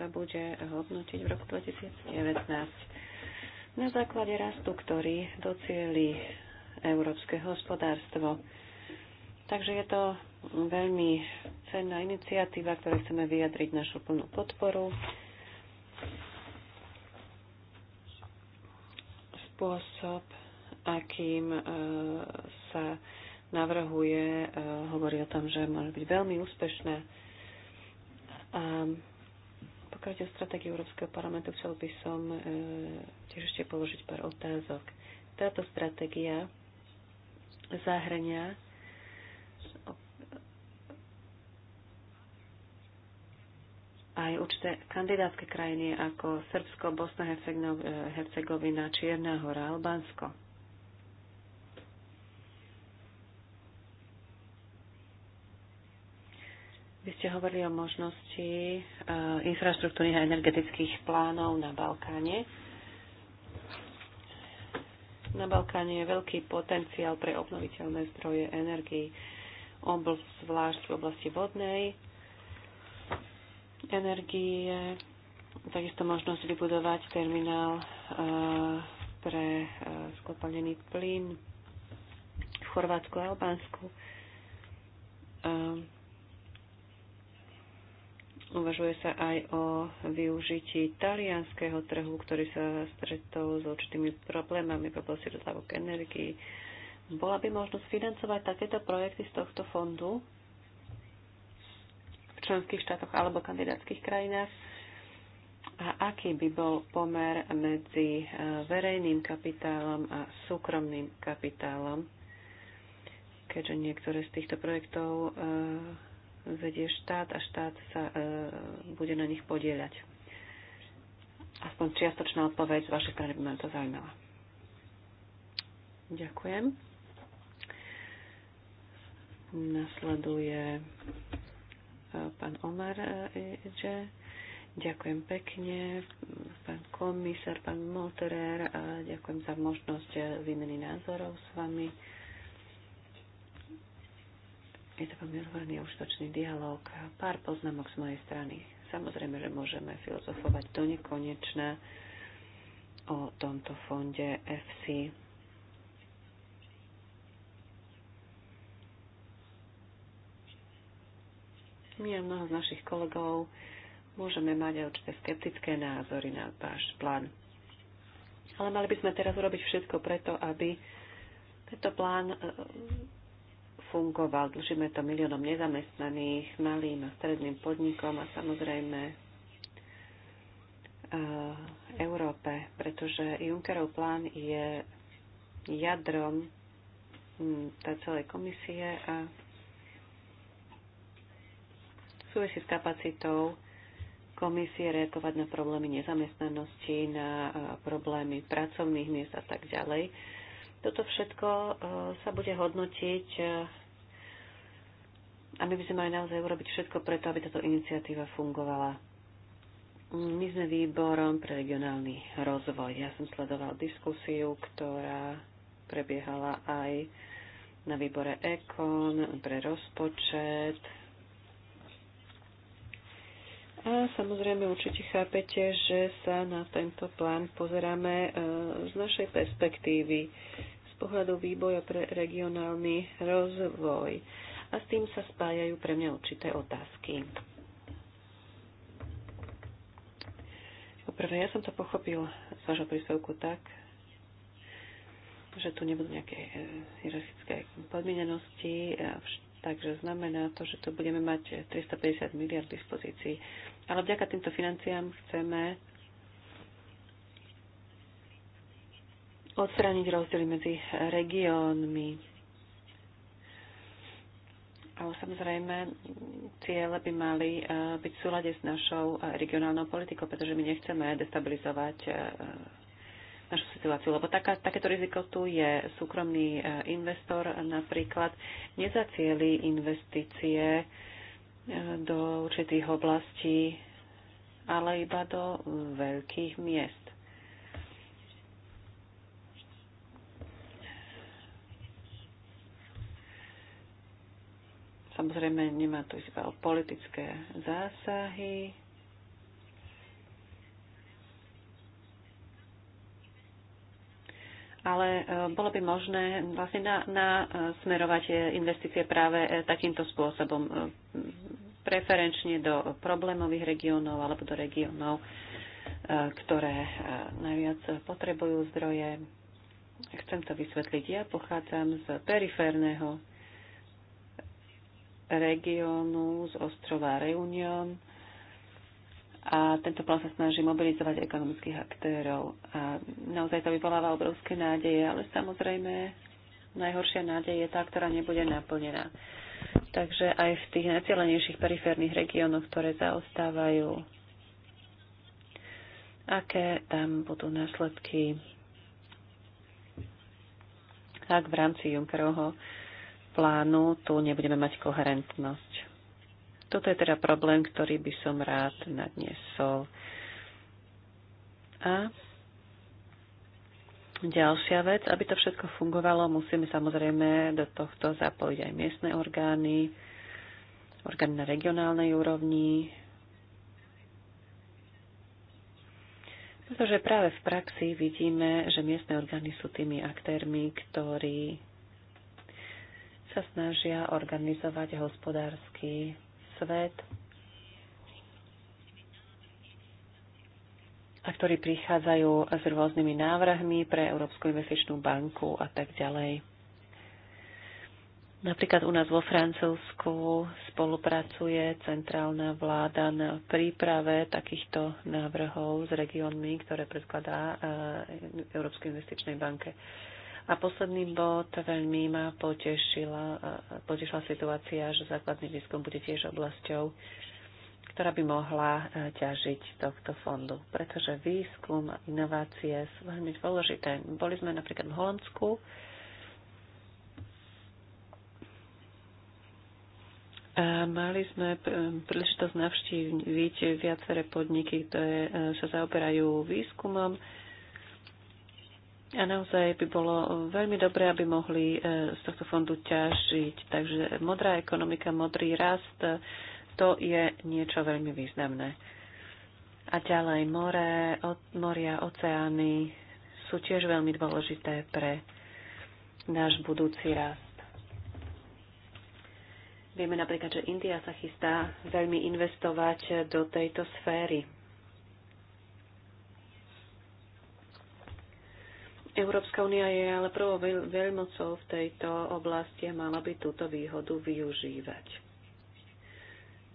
sa bude hodnotiť v roku 2019 na základe rastu, ktorý docieli európske hospodárstvo. Takže je to veľmi cenná iniciatíva, ktorej chceme vyjadriť našu plnú podporu. Spôsob, akým uh, sa uh, navrhuje, e, hovorí o tom, že môže byť veľmi úspešné. A pokiaľ o stratégiu Európskeho parlamentu, chcel by som e, tiež ešte položiť pár otázok. Táto stratégia zahrania aj určité kandidátske krajiny ako Srbsko, Bosna, e, Hercegovina, Čierna hora, Albánsko. Vy ste hovorili o možnosti eh, infraštruktúrnych a energetických plánov na Balkáne. Na Balkáne je veľký potenciál pre obnoviteľné zdroje energii, zvlášť v oblasti vodnej energie, takisto možnosť vybudovať terminál eh, pre eh, skopalnený plyn v Chorvátsku a Albánsku. Ehm, Uvažuje sa aj o využití talianského trhu, ktorý sa stretol s určitými problémami v oblasti dodávok energii. Bola by možnosť financovať takéto projekty z tohto fondu v členských štátoch alebo kandidátskych krajinách? A aký by bol pomer medzi e, verejným kapitálom a súkromným kapitálom? Keďže niektoré z týchto projektov e, vedie štát a štát sa e, bude na nich podieľať. Aspoň čiastočná odpoveď z vašej strany by ma to zaujímala. Ďakujem. Nasleduje e, pán Omar Eže. Ďakujem pekne, pán komisár, pán Molterer, ďakujem za možnosť e, výmeny názorov s vami je to veľmi otvorený a užitočný dialog. Pár poznámok z mojej strany. Samozrejme, že môžeme filozofovať do nekonečna o tomto fonde FC. My a mnoho z našich kolegov môžeme mať aj určité skeptické názory na váš plán. Ale mali by sme teraz urobiť všetko preto, aby tento plán fungoval. Dlžíme to miliónom nezamestnaných, malým a stredným podnikom a samozrejme eh, Európe, pretože Junckerov plán je jadrom hm, tá celej komisie a súvisí s kapacitou komisie reagovať na problémy nezamestnanosti, na eh, problémy pracovných miest a tak ďalej. Toto všetko eh, sa bude hodnotiť a my by sme mali naozaj urobiť všetko preto, aby táto iniciatíva fungovala. My sme výborom pre regionálny rozvoj. Ja som sledoval diskusiu, ktorá prebiehala aj na výbore EKON pre rozpočet. A samozrejme určite chápete, že sa na tento plán pozeráme e, z našej perspektívy, z pohľadu výboja pre regionálny rozvoj a s tým sa spájajú pre mňa určité otázky. Poprvé, ja som to pochopil z vášho príspevku tak, že tu nebudú nejaké e, hierarchické podmienenosti, takže znamená to, že tu budeme mať 350 miliard v dispozícii, Ale vďaka týmto financiám chceme odstrániť rozdiely medzi regiónmi. Samozrejme, ciele by mali e, byť v súlade s našou e, regionálnou politikou, pretože my nechceme destabilizovať e, našu situáciu, lebo taká, takéto riziko tu je. Súkromný investor napríklad nezacieli investície do určitých oblastí, ale iba do veľkých miest. Samozrejme, nemá tu iba o politické zásahy. Ale e, bolo by možné vlastne nasmerovať na e, e, investície práve takýmto spôsobom, preferenčne do problémových regiónov alebo do regiónov, ktoré najviac potrebujú zdroje. Chcem to vysvetliť. Ja pochádzam z periférneho regiónu z ostrova Reunion a tento plán sa snaží mobilizovať ekonomických aktérov. A naozaj to vyvoláva obrovské nádeje, ale samozrejme najhoršia nádej je tá, ktorá nebude naplnená. Takže aj v tých najcielenejších periférnych regiónoch, ktoré zaostávajú, aké tam budú následky, ak v rámci Junckerovho plánu, tu nebudeme mať koherentnosť. Toto je teda problém, ktorý by som rád nadniesol. A ďalšia vec, aby to všetko fungovalo, musíme samozrejme do tohto zapojiť aj miestne orgány, orgány na regionálnej úrovni, Pretože práve v praxi vidíme, že miestne orgány sú tými aktérmi, ktorí sa snažia organizovať hospodársky svet a ktorí prichádzajú s rôznymi návrhmi pre Európsku investičnú banku a tak ďalej. Napríklad u nás vo Francúzsku spolupracuje centrálna vláda na príprave takýchto návrhov s regiónmi, ktoré predkladá e, Európskej investičnej banke. A posledný bod, veľmi ma potešila, potešila situácia, že základný výskum bude tiež oblasťou, ktorá by mohla e, ťažiť tohto fondu. Pretože výskum a inovácie sú veľmi dôležité. Boli sme napríklad v Holandsku, Mali sme e, príležitosť navštíviť viaceré podniky, ktoré e, sa zaoberajú výskumom a naozaj by bolo veľmi dobré, aby mohli e, z tohto fondu ťažiť. Takže modrá ekonomika, modrý rast, to je niečo veľmi významné. A ďalej more, moria, oceány sú tiež veľmi dôležité pre náš budúci rast. Vieme napríklad, že India sa chystá veľmi investovať do tejto sféry Európska únia je ale prvou veľmocou v tejto oblasti a mala by túto výhodu využívať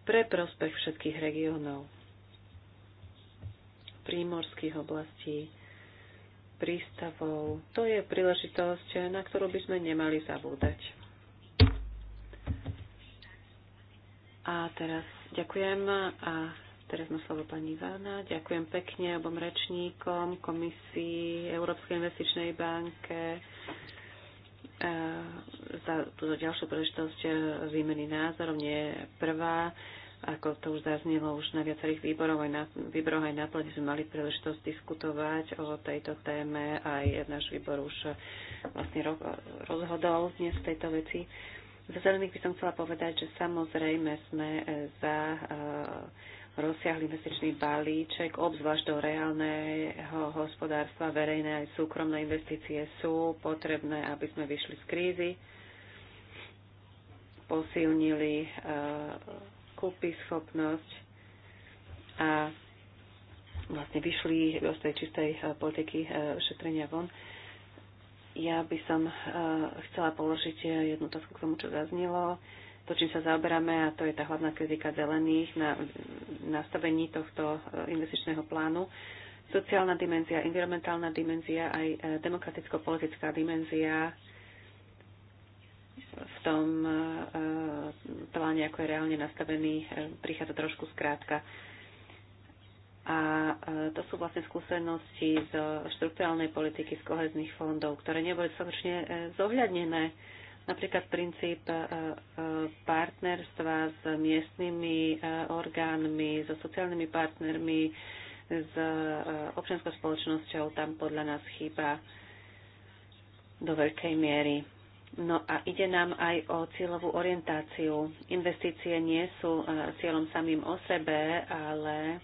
pre prospech všetkých regiónov, prímorských oblastí, prístavov. To je príležitosť, na ktorú by sme nemali zabúdať. A teraz ďakujem a teraz má slovo pani Ivana. Ďakujem pekne obom rečníkom, komisii, Európskej investičnej banke eh, za túto ďalšiu príležitosť eh, výmeny názorov. Nie prvá, ako to už zaznelo už na viacerých výboroch, aj na, výboroch aj na plade sme mali príležitosť diskutovať o tejto téme. Aj náš výbor už eh, vlastne rozhodol dnes v tejto veci. Za zelených by som chcela povedať, že samozrejme sme za rozsiahly investičný balíček, obzvlášť do reálneho hospodárstva, verejné aj súkromné investície sú potrebné, aby sme vyšli z krízy, posilnili e, kúpy schopnosť a vlastne vyšli z tej čistej e, politiky e, šetrenia von. Ja by som chcela položiť jednu otázku k tomu, čo zaznelo to, čím sa zaoberáme, a to je tá hlavná kritika zelených na nastavení tohto e, investičného plánu, sociálna dimenzia, environmentálna dimenzia, aj e, demokraticko-politická dimenzia v tom e, pláne, ako je reálne nastavený, prichádza trošku skrátka. A to sú vlastne skúsenosti zo štruktúrálnej politiky, z kohezných fondov, ktoré neboli skutočne zohľadnené Napríklad princíp e, e, partnerstva s miestnymi e, orgánmi, so sociálnymi partnermi, s občianskou spoločnosťou tam podľa nás chýba do veľkej miery. No a ide nám aj o cieľovú orientáciu. Investície nie sú cieľom samým o sebe, ale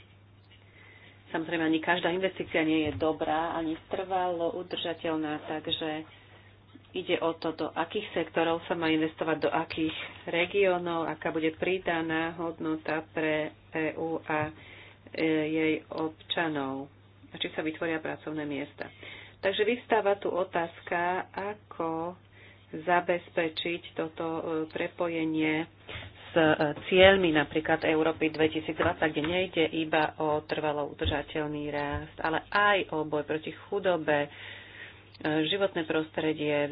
samozrejme ani každá investícia nie je dobrá, ani trvalo udržateľná, takže Ide o to, do akých sektorov sa má investovať, do akých regiónov, aká bude pridaná hodnota pre EÚ a e, jej občanov a či sa vytvoria pracovné miesta. Takže vystáva tu otázka, ako zabezpečiť toto e, prepojenie s e, cieľmi napríklad Európy 2020, kde nejde iba o trvalo udržateľný rast, ale aj o boj proti chudobe, životné prostredie, e,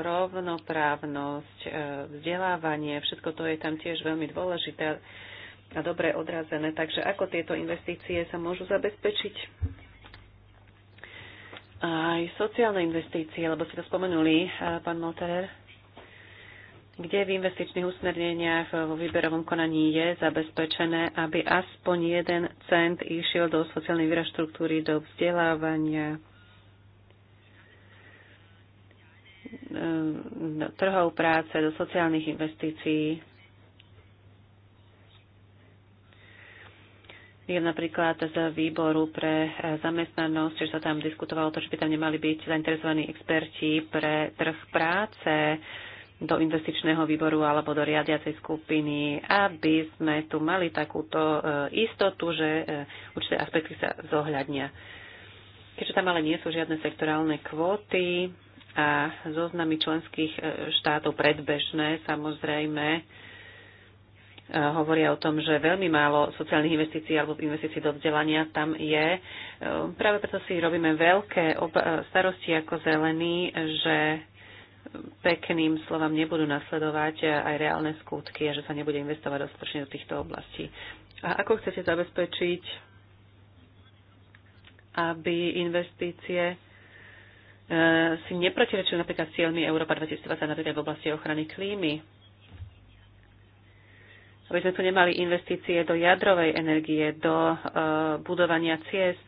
rovnoprávnosť, e, vzdelávanie, všetko to je tam tiež veľmi dôležité a dobre odrazené. Takže ako tieto investície sa môžu zabezpečiť? Aj sociálne investície, lebo ste to spomenuli, e, pán Molterer, kde v investičných usmerneniach vo výberovom konaní je zabezpečené, aby aspoň jeden cent išiel do sociálnej infraštruktúry, do vzdelávania, do trhov práce, do sociálnych investícií. Je napríklad z výboru pre zamestnanosť, že sa tam diskutovalo to, že by tam nemali byť zainteresovaní experti pre trh práce do investičného výboru alebo do riadiacej skupiny, aby sme tu mali takúto eh, istotu, že eh, určité aspekty sa zohľadnia. Keďže tam ale nie sú žiadne sektorálne kvóty, a zoznamy členských e, štátov predbežné samozrejme e, hovoria o tom, že veľmi málo sociálnych investícií alebo investícií do vzdelania tam je. E, práve preto si robíme veľké starosti ako zelení, že pekným slovám nebudú nasledovať aj reálne skutky a že sa nebude investovať dostatočne do týchto oblastí. A ako chcete zabezpečiť, aby investície E, si neprotirečujú napríklad cieľmi Európa 2020 napríklad v oblasti ochrany klímy. Aby sme tu nemali investície do jadrovej energie, do uh, budovania ciest.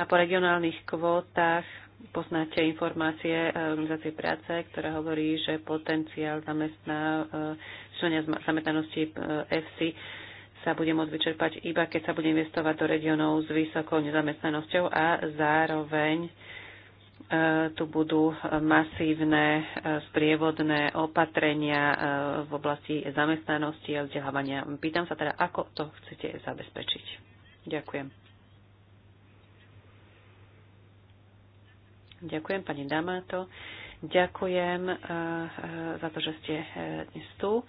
A po regionálnych kvótach poznáte informácie e, Organizácie práce, ktorá hovorí, že potenciál zamestná, uh, zamestnanosti uh, FC sa bude môcť vyčerpať iba, keď sa bude investovať do regiónov s vysokou nezamestnanosťou a zároveň e, tu budú masívne e, sprievodné opatrenia e, v oblasti zamestnanosti a vzdelávania. Pýtam sa teda, ako to chcete zabezpečiť. Ďakujem. Ďakujem, pani Damato. Ďakujem za to, že ste dnes tu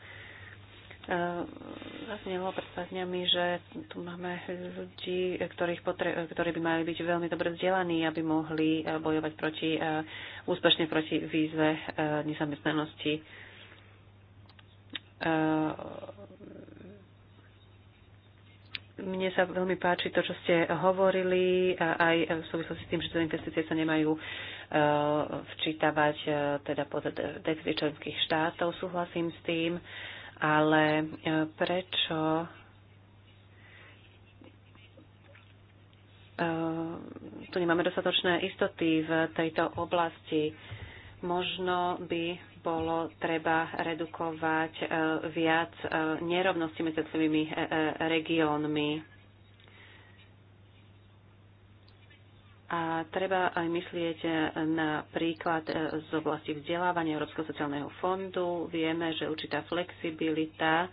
zaznelo pred pár dňami, že tu máme ľudí, ktorých potre- ktorí by mali byť veľmi dobre vzdelaní, aby mohli bojovať proti, úspešne proti výzve nezamestnanosti. Mne sa veľmi páči to, čo ste hovorili, aj v súvislosti s tým, že tie investície sa nemajú včítavať teda pod texty členských štátov. Súhlasím s tým ale e, prečo e, tu nemáme dostatočné istoty v tejto oblasti. Možno by bolo treba redukovať e, viac nerovnosti medzi celými regiónmi A treba aj myslieť na príklad e, z oblasti vzdelávania Európskeho sociálneho fondu. Vieme, že určitá flexibilita e,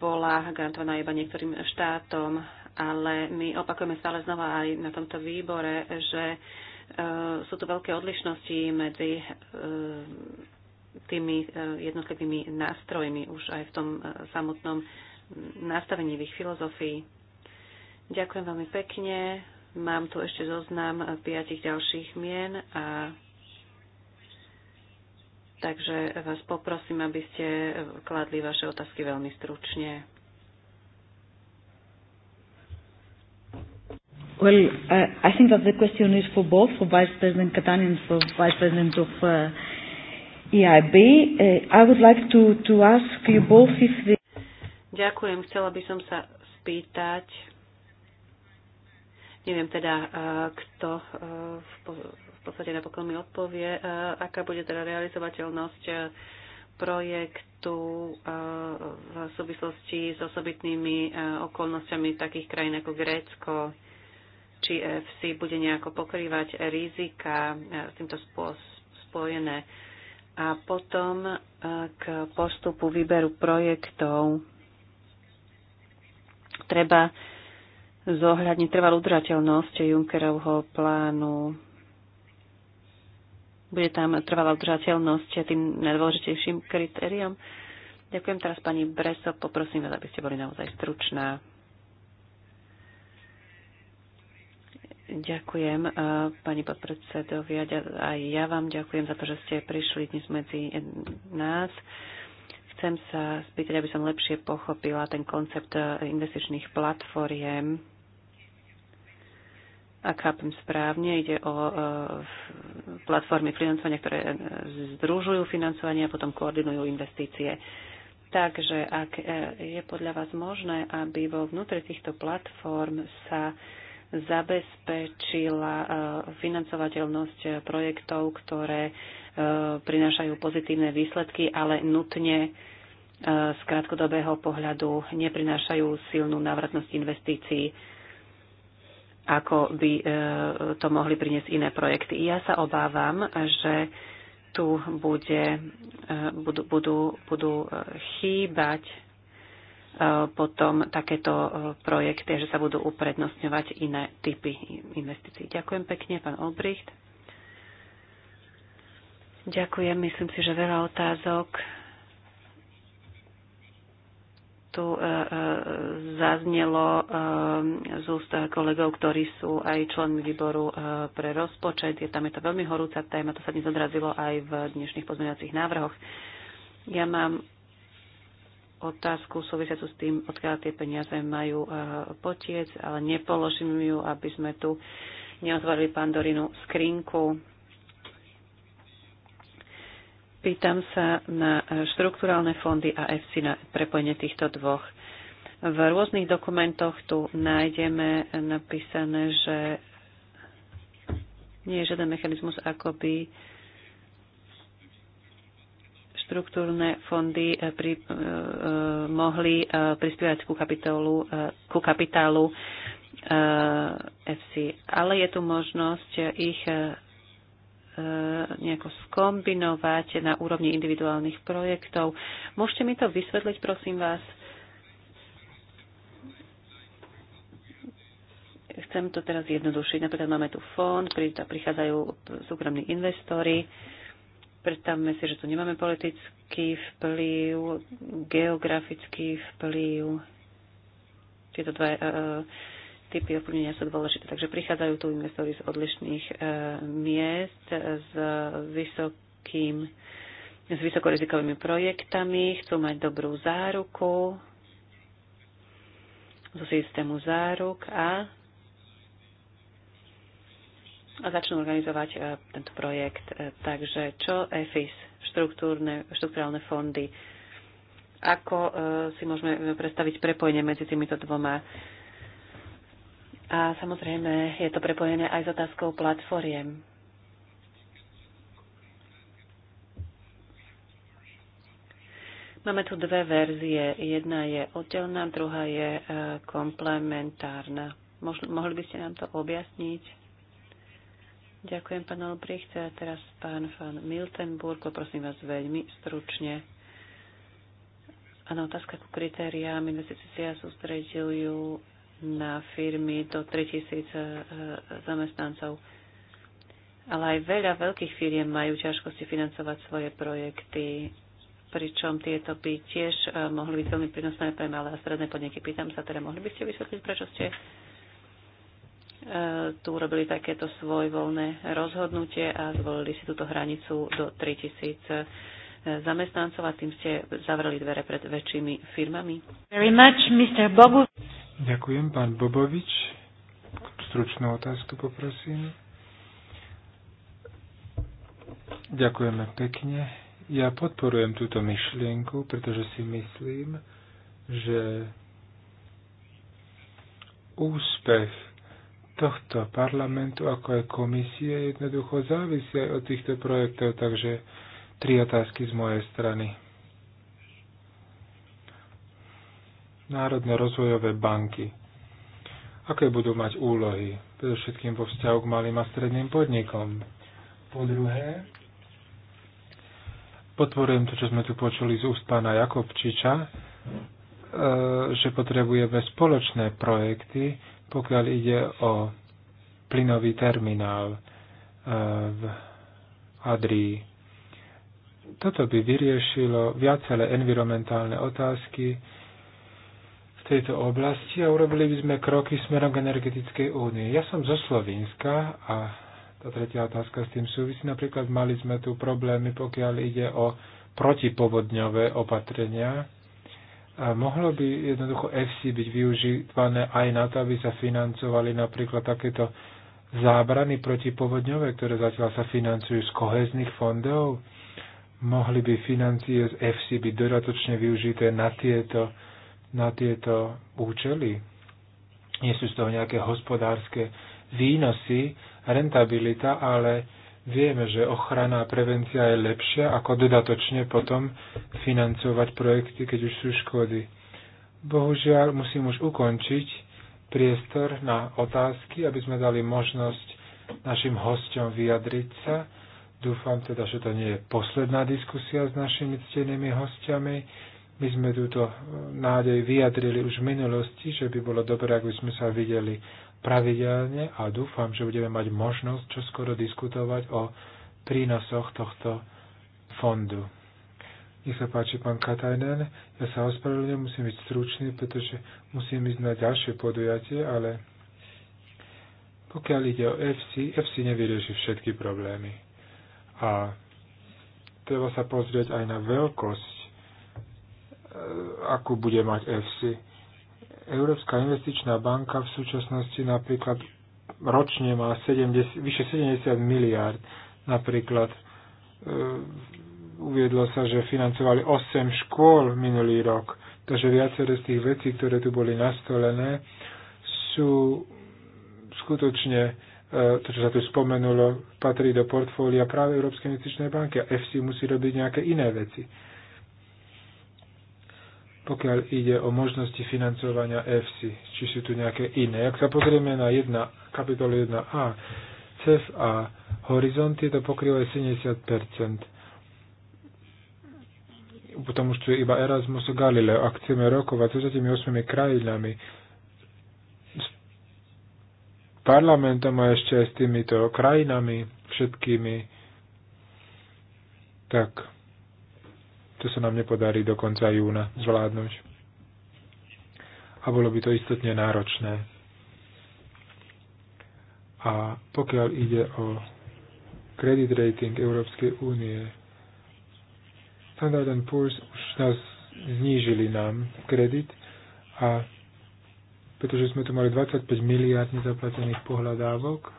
bola garantovaná iba niektorým štátom, ale my opakujeme stále znova aj na tomto výbore, že e, sú tu veľké odlišnosti medzi tými jednotlivými nástrojmi už aj v tom samotnom nastavení v ich filozofii. Ďakujem veľmi pekne. Mám tu ešte zoznam piatich ďalších mien a takže vás poprosím, aby ste kladli vaše otázky veľmi stručne. Well, uh, I think that the question is for both, for Vice President Katani and for Vice President of uh, EIB. Uh, I would like to, to ask you both if the... Ďakujem. Chcela by som sa spýtať, Neviem teda, eh, kto eh, v podstate napokon mi odpovie, eh, aká bude teda realizovateľnosť projektu v súvislosti s osobitnými okolnosťami takých krajín ako Grécko, či FC bude nejako pokrývať rizika s týmto spojené. A potom k postupu výberu projektov treba zohľadniť trvalú udržateľnosť Junckerovho plánu. Bude tam trvalá udržateľnosť tým najdôležitejším kritériom. Ďakujem teraz pani Breso, poprosím vás, aby ste boli naozaj stručná. Ďakujem, eh, pani podpredsedovia, aj ja vám ďakujem za to, že ste prišli dnes medzi nás. Chcem sa spýtať, aby som lepšie pochopila ten koncept eh, investičných platformiem ak chápem správne, ide o e, platformy financovania, ktoré e, združujú financovanie a potom koordinujú investície. Takže ak e, je podľa vás možné, aby vo vnútri týchto platform sa zabezpečila financovateľnosť projektov, ktoré prinášajú pozitívne výsledky, ale nutne z krátkodobého pohľadu neprinášajú silnú návratnosť investícií ako by e, to mohli priniesť iné projekty. Ja sa obávam, že tu bude, e, budú, budú, budú e, chýbať potom takéto projekty, že sa budú uprednostňovať iné typy investícií. Ďakujem pekne, pán Olbricht. Ďakujem, myslím si, že veľa otázok tu e, e, zaznelo e, z úst kolegov, ktorí sú aj členmi výboru pre rozpočet. Je tam je to veľmi horúca téma, to sa dnes odrazilo aj v dnešných pozmeňovacích návrhoch. Ja mám otázku súvisiacu s tým, odkiaľ tie peniaze majú potiec, ale nepoložím ju, aby sme tu neotvorili pandorinu skrinku Pýtam sa na štrukturálne fondy a EFSI na prepojenie týchto dvoch. V rôznych dokumentoch tu nájdeme napísané, že nie je žiaden mechanizmus, ako by štruktúrne fondy eh, pri, uh, mohli uh, prispievať ku kapitálu, uh, ku kapitálu FC. Ale je tu možnosť ich E, nejako skombinovať na úrovni individuálnych projektov. Môžete mi to vysvetliť, prosím vás? Chcem to teraz jednodušiť. Napríklad máme tu fond, prichádzajú súkromní investori. Predstavme si, že tu nemáme politický vplyv, geografický vplyv. Tieto dva uh, typy ovplyvnenia sú dôležité. Takže prichádzajú tu investori z odlišných e, miest s vysokým s vysokorizikovými projektami, chcú mať dobrú záruku zo systému záruk a, a začnú organizovať e, tento projekt. E, takže čo EFIS, štruktúrne, fondy, ako e, si môžeme predstaviť prepojenie medzi týmito dvoma a samozrejme je to prepojené aj s otázkou platformiem. Máme tu dve verzie. Jedna je oddelná, druhá je e, komplementárna. Mohli by ste nám to objasniť? Ďakujem, pán Olbricht. A teraz pán van Miltenburg, poprosím vás veľmi stručne. Áno, otázka ku kritériám. Investície sa sústreďujú na firmy do 3000 e, e, zamestnancov. Ale aj veľa veľkých firiem majú ťažkosti financovať svoje projekty, pričom tieto by tiež e, mohli byť veľmi prínosné pre malé a stredné podniky. Pýtam sa teda, mohli by ste vysvetliť, prečo ste tu urobili takéto voľné rozhodnutie a zvolili si túto hranicu do 3000 zamestnancov a tým ste zavreli dvere pred väčšími firmami. Very much, Mr. Ďakujem. Pán Bobovič, stručnú otázku poprosím. Ďakujeme pekne. Ja podporujem túto myšlienku, pretože si myslím, že úspech tohto parlamentu, ako aj komisie, jednoducho závisí aj od týchto projektov, takže tri otázky z mojej strany. národné rozvojové banky. Aké budú mať úlohy? Predovšetkým vo vzťahu k malým a stredným podnikom. Po druhé, potvorujem to, čo sme tu počuli z úst pána Jakobčiča, e, že potrebujeme spoločné projekty, pokiaľ ide o plynový terminál e, v Adrii. Toto by vyriešilo viaceré environmentálne otázky, tejto oblasti a urobili by sme kroky smerom k energetickej únie. Ja som zo Slovenska a tá tretia otázka s tým súvisí. Napríklad mali sme tu problémy, pokiaľ ide o protipovodňové opatrenia. A mohlo by jednoducho FC byť využívané aj na to, aby sa financovali napríklad takéto zábrany protipovodňové, ktoré zatiaľ sa financujú z kohezných fondov. Mohli by financie z FC byť dodatočne využité na tieto na tieto účely. Nie sú z toho nejaké hospodárske výnosy, rentabilita, ale vieme, že ochrana a prevencia je lepšia, ako dodatočne potom financovať projekty, keď už sú škody. Bohužiaľ, musím už ukončiť priestor na otázky, aby sme dali možnosť našim hosťom vyjadriť sa. Dúfam teda, že to nie je posledná diskusia s našimi ctenými hostiami. My sme túto e, nádej vyjadrili už v minulosti, že by bolo dobré, ak by sme sa videli pravidelne a dúfam, že budeme mať možnosť čoskoro diskutovať o prínosoch tohto fondu. Nech sa páči, pán Katajnen, ja sa ospravedlňujem, musím byť stručný, pretože musím ísť na ďalšie podujatie, ale pokiaľ ide o FC, FC nevyrieši všetky problémy. A treba sa pozrieť aj na veľkosť akú bude mať EFSI. Európska investičná banka v súčasnosti napríklad ročne má 70, vyše 70 miliárd. Napríklad e, uviedlo sa, že financovali 8 škôl minulý rok. Takže viaceré z tých vecí, ktoré tu boli nastolené, sú skutočne e, to, čo sa tu spomenulo, patrí do portfólia práve Európskej investičnej banky a FC musí robiť nejaké iné veci pokiaľ ide o možnosti financovania EFSI, či sú tu nejaké iné. Ak sa pozrieme na 1, kapitolu 1a, CEF a Horizont, tieto pokrývajú 70 Potom už tu je iba Erasmus a Galileo. Ak chceme rokovať so tými osmými krajinami, s parlamentom a ešte aj s týmito krajinami všetkými, tak to sa nám nepodarí do konca júna zvládnuť. A bolo by to istotne náročné. A pokiaľ ide o credit rating Európskej únie, Standard Poor's už nás znížili nám kredit a pretože sme tu mali 25 miliard nezaplatených pohľadávok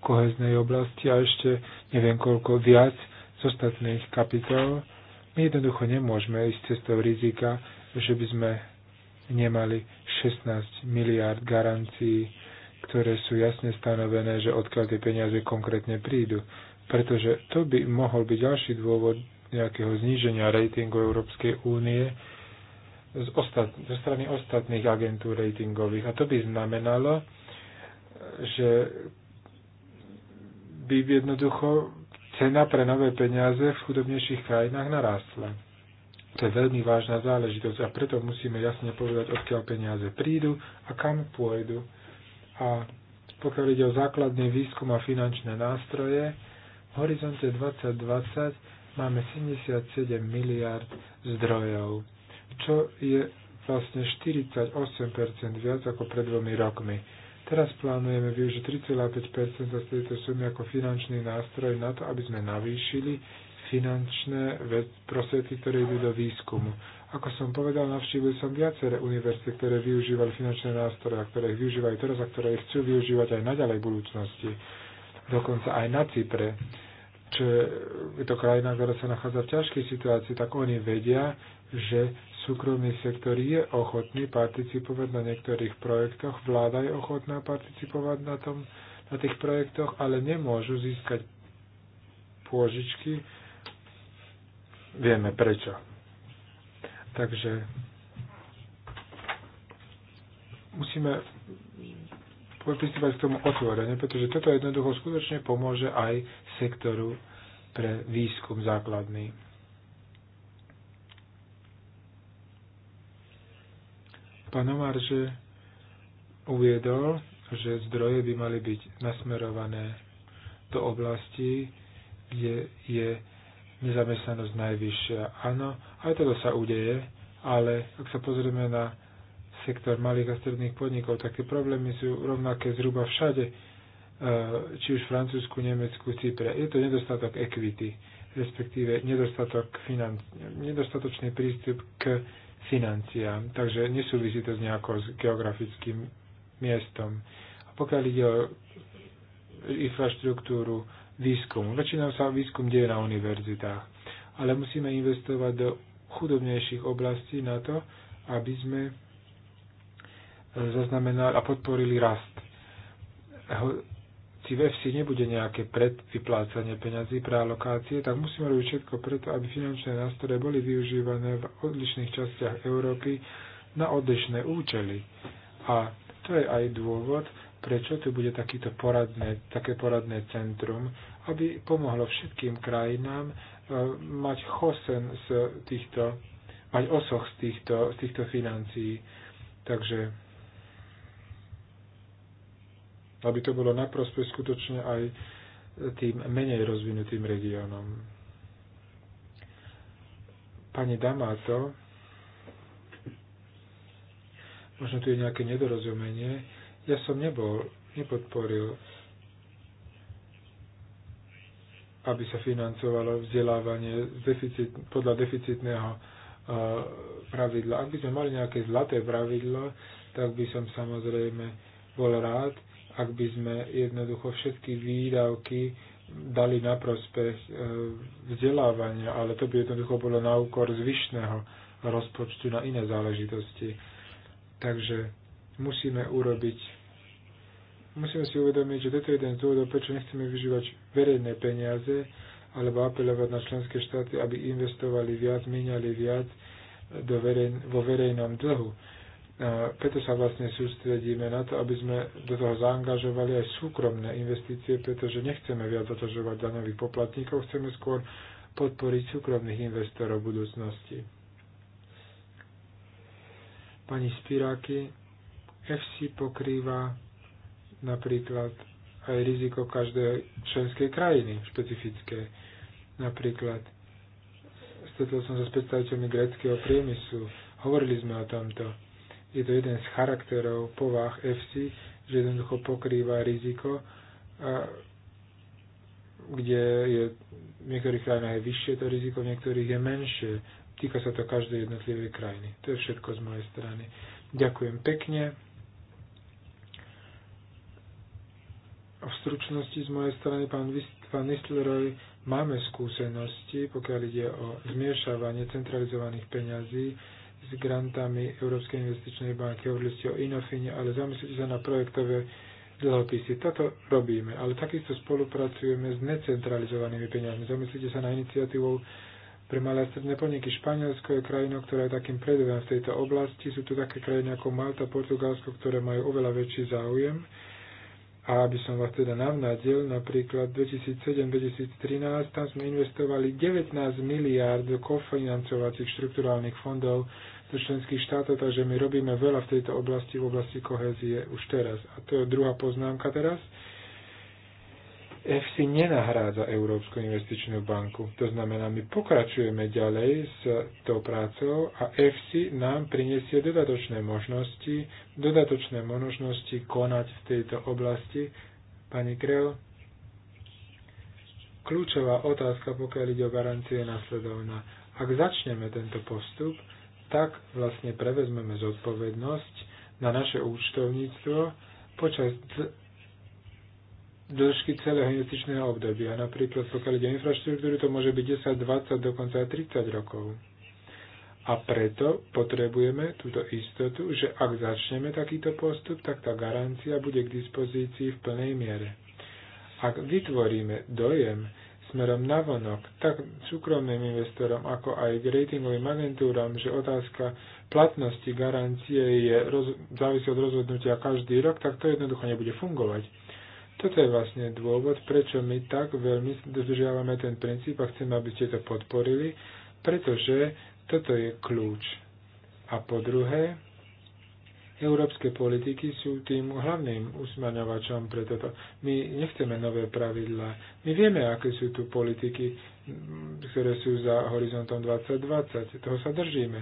koheznej oblasti a ešte neviem koľko viac z ostatných kapitol my jednoducho nemôžeme ísť cestou rizika, že by sme nemali 16 miliárd garancií, ktoré sú jasne stanovené, že odkiaľ tie peniaze konkrétne prídu. Pretože to by mohol byť ďalší dôvod nejakého zníženia rejtingu Európskej únie z ostat- zo strany ostatných agentúr ratingových. A to by znamenalo, že by jednoducho cena pre nové peniaze v chudobnejších krajinách narástla. To je veľmi vážna záležitosť a preto musíme jasne povedať, odkiaľ peniaze prídu a kam pôjdu. A pokiaľ ide o základný výskum a finančné nástroje, v horizonte 2020 máme 77 miliard zdrojov, čo je vlastne 48% viac ako pred dvomi rokmi. Teraz plánujeme využiť 3,5 z tejto sumy ako finančný nástroj na to, aby sme navýšili finančné prostriedky, ktoré idú do výskumu. Ako som povedal, navštívil som viaceré univerzity, ktoré využívali finančné nástroje, a ktoré ich využívajú teraz a ktoré ich chcú využívať aj naďalej v budúcnosti. Dokonca aj na Cypre, čo je to krajina, ktorá sa nachádza v ťažkej situácii, tak oni vedia, že súkromný sektor je ochotný participovať na niektorých projektoch, vláda je ochotná participovať na, tom, na tých projektoch, ale nemôžu získať pôžičky. Vieme prečo. Takže musíme pristúpať k tomu otvorene, pretože toto jednoducho skutočne pomôže aj sektoru pre výskum základný. Pán že uviedol, že zdroje by mali byť nasmerované do oblasti, kde je nezamestnanosť najvyššia. Áno, aj toto sa udeje, ale ak sa pozrieme na sektor malých a stredných podnikov, tak tie problémy sú rovnaké zhruba všade, e, či už v Francúzsku, Nemecku, Cypre. Je to nedostatok equity, respektíve nedostatok finan- nedostatočný prístup k financiám. Takže nesúvisí to s nejakou s geografickým miestom. A pokiaľ ide o infraštruktúru výskumu, väčšinou sa výskum deje na univerzitách, ale musíme investovať do chudobnejších oblastí na to, aby sme e, zaznamenali a podporili rast či v nebude nejaké predvyplácanie peňazí pre alokácie, tak musíme robiť všetko preto, aby finančné nástroje boli využívané v odlišných častiach Európy na odlišné účely. A to je aj dôvod, prečo tu bude takýto poradné, také poradné centrum, aby pomohlo všetkým krajinám e, mať chosen z týchto, mať osoch z týchto, z týchto financií. Takže aby to bolo naprosto skutočne aj tým menej rozvinutým regiónom. Pani Damato, možno tu je nejaké nedorozumenie, ja som nebol, nepodporil, aby sa financovalo vzdelávanie deficit, podľa deficitného pravidla. Ak by sme mali nejaké zlaté pravidlo, tak by som samozrejme bol rád, ak by sme jednoducho všetky výdavky dali na prospech e, vzdelávania, ale to by jednoducho bolo na úkor zvyšného rozpočtu na iné záležitosti. Takže musíme urobiť, musíme si uvedomiť, že toto je jeden z dôvodov, prečo nechceme vyžívať verejné peniaze, alebo apelovať na členské štáty, aby investovali viac, míňali viac do verej, vo verejnom dlhu preto sa vlastne sústredíme na to, aby sme do toho zaangažovali aj súkromné investície, pretože nechceme viac zaťažovať daňových poplatníkov, chceme skôr podporiť súkromných investorov v budúcnosti. Pani Spiráky, FC pokrýva napríklad aj riziko každej členskej krajiny špecifické. Napríklad stretol som sa s predstaviteľmi greckého priemyslu, hovorili sme o tomto je to jeden z charakterov povah FC, že jednoducho pokrýva riziko, a, kde je v niektorých krajinách je vyššie to riziko, v niektorých je menšie. Týka sa to každej jednotlivej krajiny. To je všetko z mojej strany. Ďakujem pekne. V stručnosti z mojej strany, pán, pán Nistleroy, máme skúsenosti, pokiaľ ide o zmiešavanie centralizovaných peňazí s grantami Európskej investičnej banky, hovorili ste o Inofine, ale zamyslite sa na projektové dlhopisy. Toto robíme, ale takisto spolupracujeme s necentralizovanými peniazmi. Zamyslite sa na iniciatívou pre malé a stredné podniky Španielsko je krajinou, ktorá je takým predvedom v tejto oblasti. Sú tu také krajiny ako Malta, Portugalsko, ktoré majú oveľa väčší záujem. A aby som vás teda navnadil, napríklad 2007-2013, tam sme investovali 19 miliárd do kofinancovacích štrukturálnych fondov do členských štátov, takže my robíme veľa v tejto oblasti, v oblasti kohézie už teraz. A to je druhá poznámka teraz. EFSI nenahrádza Európsku investičnú banku. To znamená, my pokračujeme ďalej s tou prácou a EFSI nám prinesie dodatočné možnosti, dodatočné možnosti konať v tejto oblasti. Pani Kreo? Kľúčová otázka, pokiaľ ide o garancie, je nasledovná. Ak začneme tento postup, tak vlastne prevezmeme zodpovednosť na naše účtovníctvo počas dĺžky celého investičného obdobia. Napríklad, pokiaľ ide o infraštruktúru, to môže byť 10, 20, dokonca aj 30 rokov. A preto potrebujeme túto istotu, že ak začneme takýto postup, tak tá garancia bude k dispozícii v plnej miere. Ak vytvoríme dojem, smerom navonok, tak súkromným investorom, ako aj k ratingovým agentúram, že otázka platnosti garancie je roz, závisí od rozhodnutia každý rok, tak to jednoducho nebude fungovať. Toto je vlastne dôvod, prečo my tak veľmi dodržiavame ten princíp a chceme, aby ste to podporili, pretože toto je kľúč. A po druhé, Európske politiky sú tým hlavným usmaňovačom pre toto. My nechceme nové pravidlá. My vieme, aké sú tu politiky, ktoré sú za horizontom 2020. Toho sa držíme.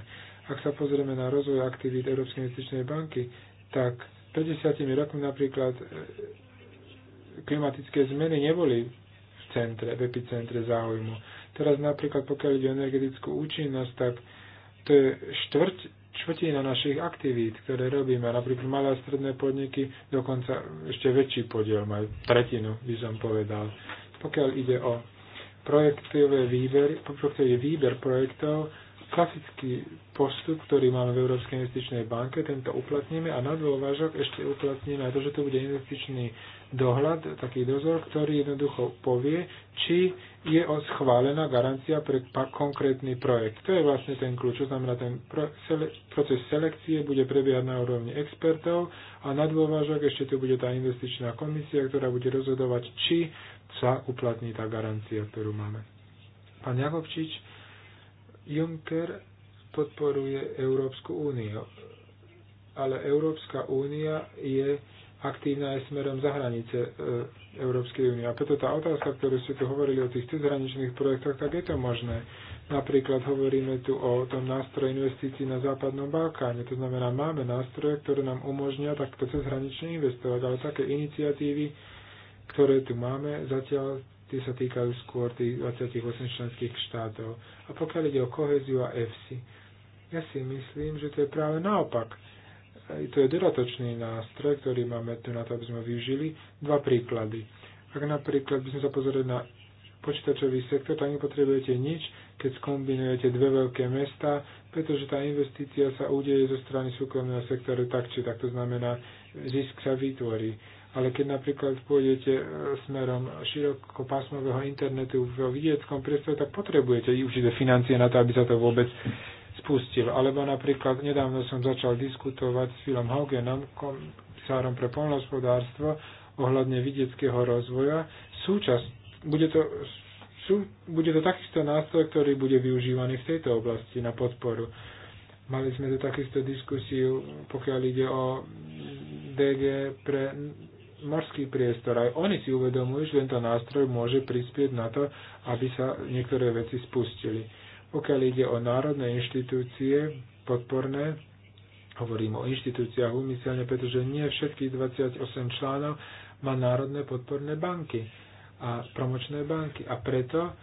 Ak sa pozrieme na rozvoj aktivít Európskej investičnej banky, tak 50 rokmi napríklad e, klimatické zmeny neboli v centre, v epicentre záujmu. Teraz napríklad, pokiaľ ide o energetickú účinnosť, tak to je štvrť štvrtina našich aktivít, ktoré robíme, napríklad malé a stredné podniky, dokonca ešte väčší podiel majú, tretinu by som povedal. Pokiaľ ide o projektové výber, projektový výber projektov, klasický postup, ktorý máme v Európskej investičnej banke, tento uplatníme a na dôvážok ešte uplatníme aj to, že tu bude investičný dohľad, taký dozor, ktorý jednoducho povie, či je schválená garancia pre konkrétny projekt. To je vlastne ten kľúč, čo znamená, ten proces selekcie bude prebiehať na úrovni expertov a na dôvážok ešte tu bude tá investičná komisia, ktorá bude rozhodovať, či sa uplatní tá garancia, ktorú máme. Pán Jakovčič, Juncker podporuje Európsku úniu, ale Európska únia je aktívna aj smerom za hranice e, Európskej únie. A preto tá otázka, ktorú ste tu hovorili o tých cezhraničných projektoch, tak je to možné. Napríklad hovoríme tu o tom nástroji investícií na Západnom Balkáne. To znamená, máme nástroje, ktoré nám umožnia takto cezhranične investovať, ale také iniciatívy, ktoré tu máme, zatiaľ tie sa týkajú skôr tých 28 členských štátov. A pokiaľ ide o koheziu a EFSI, ja si myslím, že to je práve naopak. E, to je dodatočný nástroj, ktorý máme tu na to, aby sme využili. Dva príklady. Ak napríklad by sme sa pozreli na počítačový sektor, tak nepotrebujete nič, keď skombinujete dve veľké mesta, pretože tá investícia sa udeje zo strany súkromného sektoru tak či tak. To znamená, zisk sa vytvorí ale keď napríklad pôjdete e, smerom širokopásmového internetu v vidieckom priestore, tak potrebujete určité financie na to, aby sa to vôbec spustil. Alebo napríklad nedávno som začal diskutovať s Filom Haugenom, komisárom pre poľnohospodárstvo, ohľadne vidieckého rozvoja. Súčasť, bude to, bude to takisto nástroj, ktorý bude využívaný v tejto oblasti na podporu. Mali sme tu takisto diskusiu, pokiaľ ide o DG pre morský priestor. Aj oni si uvedomujú, že tento nástroj môže prispieť na to, aby sa niektoré veci spustili. Pokiaľ ide o národné inštitúcie podporné, hovorím o inštitúciách úmyselne, pretože nie všetkých 28 článov má národné podporné banky a promočné banky. A preto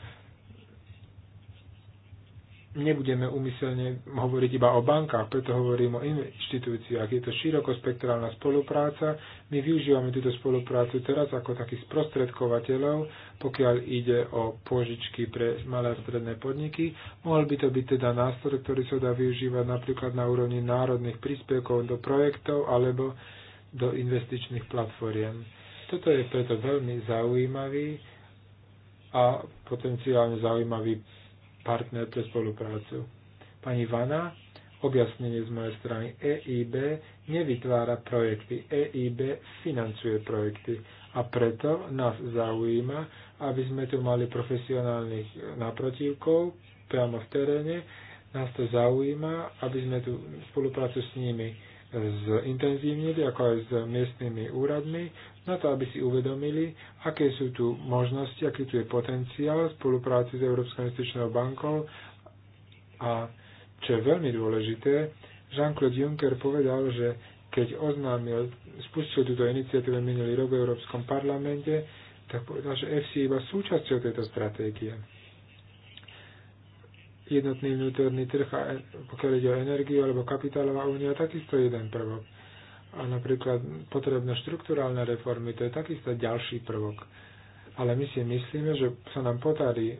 nebudeme umyselne hovoriť iba o bankách, preto hovorím o inštitúciách. Je to širokospektrálna spolupráca. My využívame túto spoluprácu teraz ako takých sprostredkovateľov, pokiaľ ide o požičky pre malé a stredné podniky. Mohol by to byť teda nástroj, ktorý sa dá využívať napríklad na úrovni národných príspevkov do projektov alebo do investičných platformiem. Toto je preto veľmi zaujímavý a potenciálne zaujímavý partner pre spoluprácu. Pani Vana, objasnenie z mojej strany, EIB nevytvára projekty, EIB financuje projekty a preto nás zaujíma, aby sme tu mali profesionálnych naprotivkov priamo v teréne, nás to zaujíma, aby sme tu spoluprácu s nimi zintenzívnili, ako aj s miestnymi úradmi na to, aby si uvedomili, aké sú tu možnosti, aký tu je potenciál spolupráci s Európskou investičnou bankou a čo je veľmi dôležité, Jean-Claude Juncker povedal, že keď oznámil, spustil túto iniciatívu minulý rok v Európskom parlamente, tak povedal, že FC je iba súčasťou tejto stratégie. Jednotný vnútorný trh, pokiaľ ide o energiu alebo kapitálová únia, takisto jeden prvok a napríklad potrebné štruktúralne reformy, to je takisto ďalší prvok. Ale my si myslíme, že sa nám podarí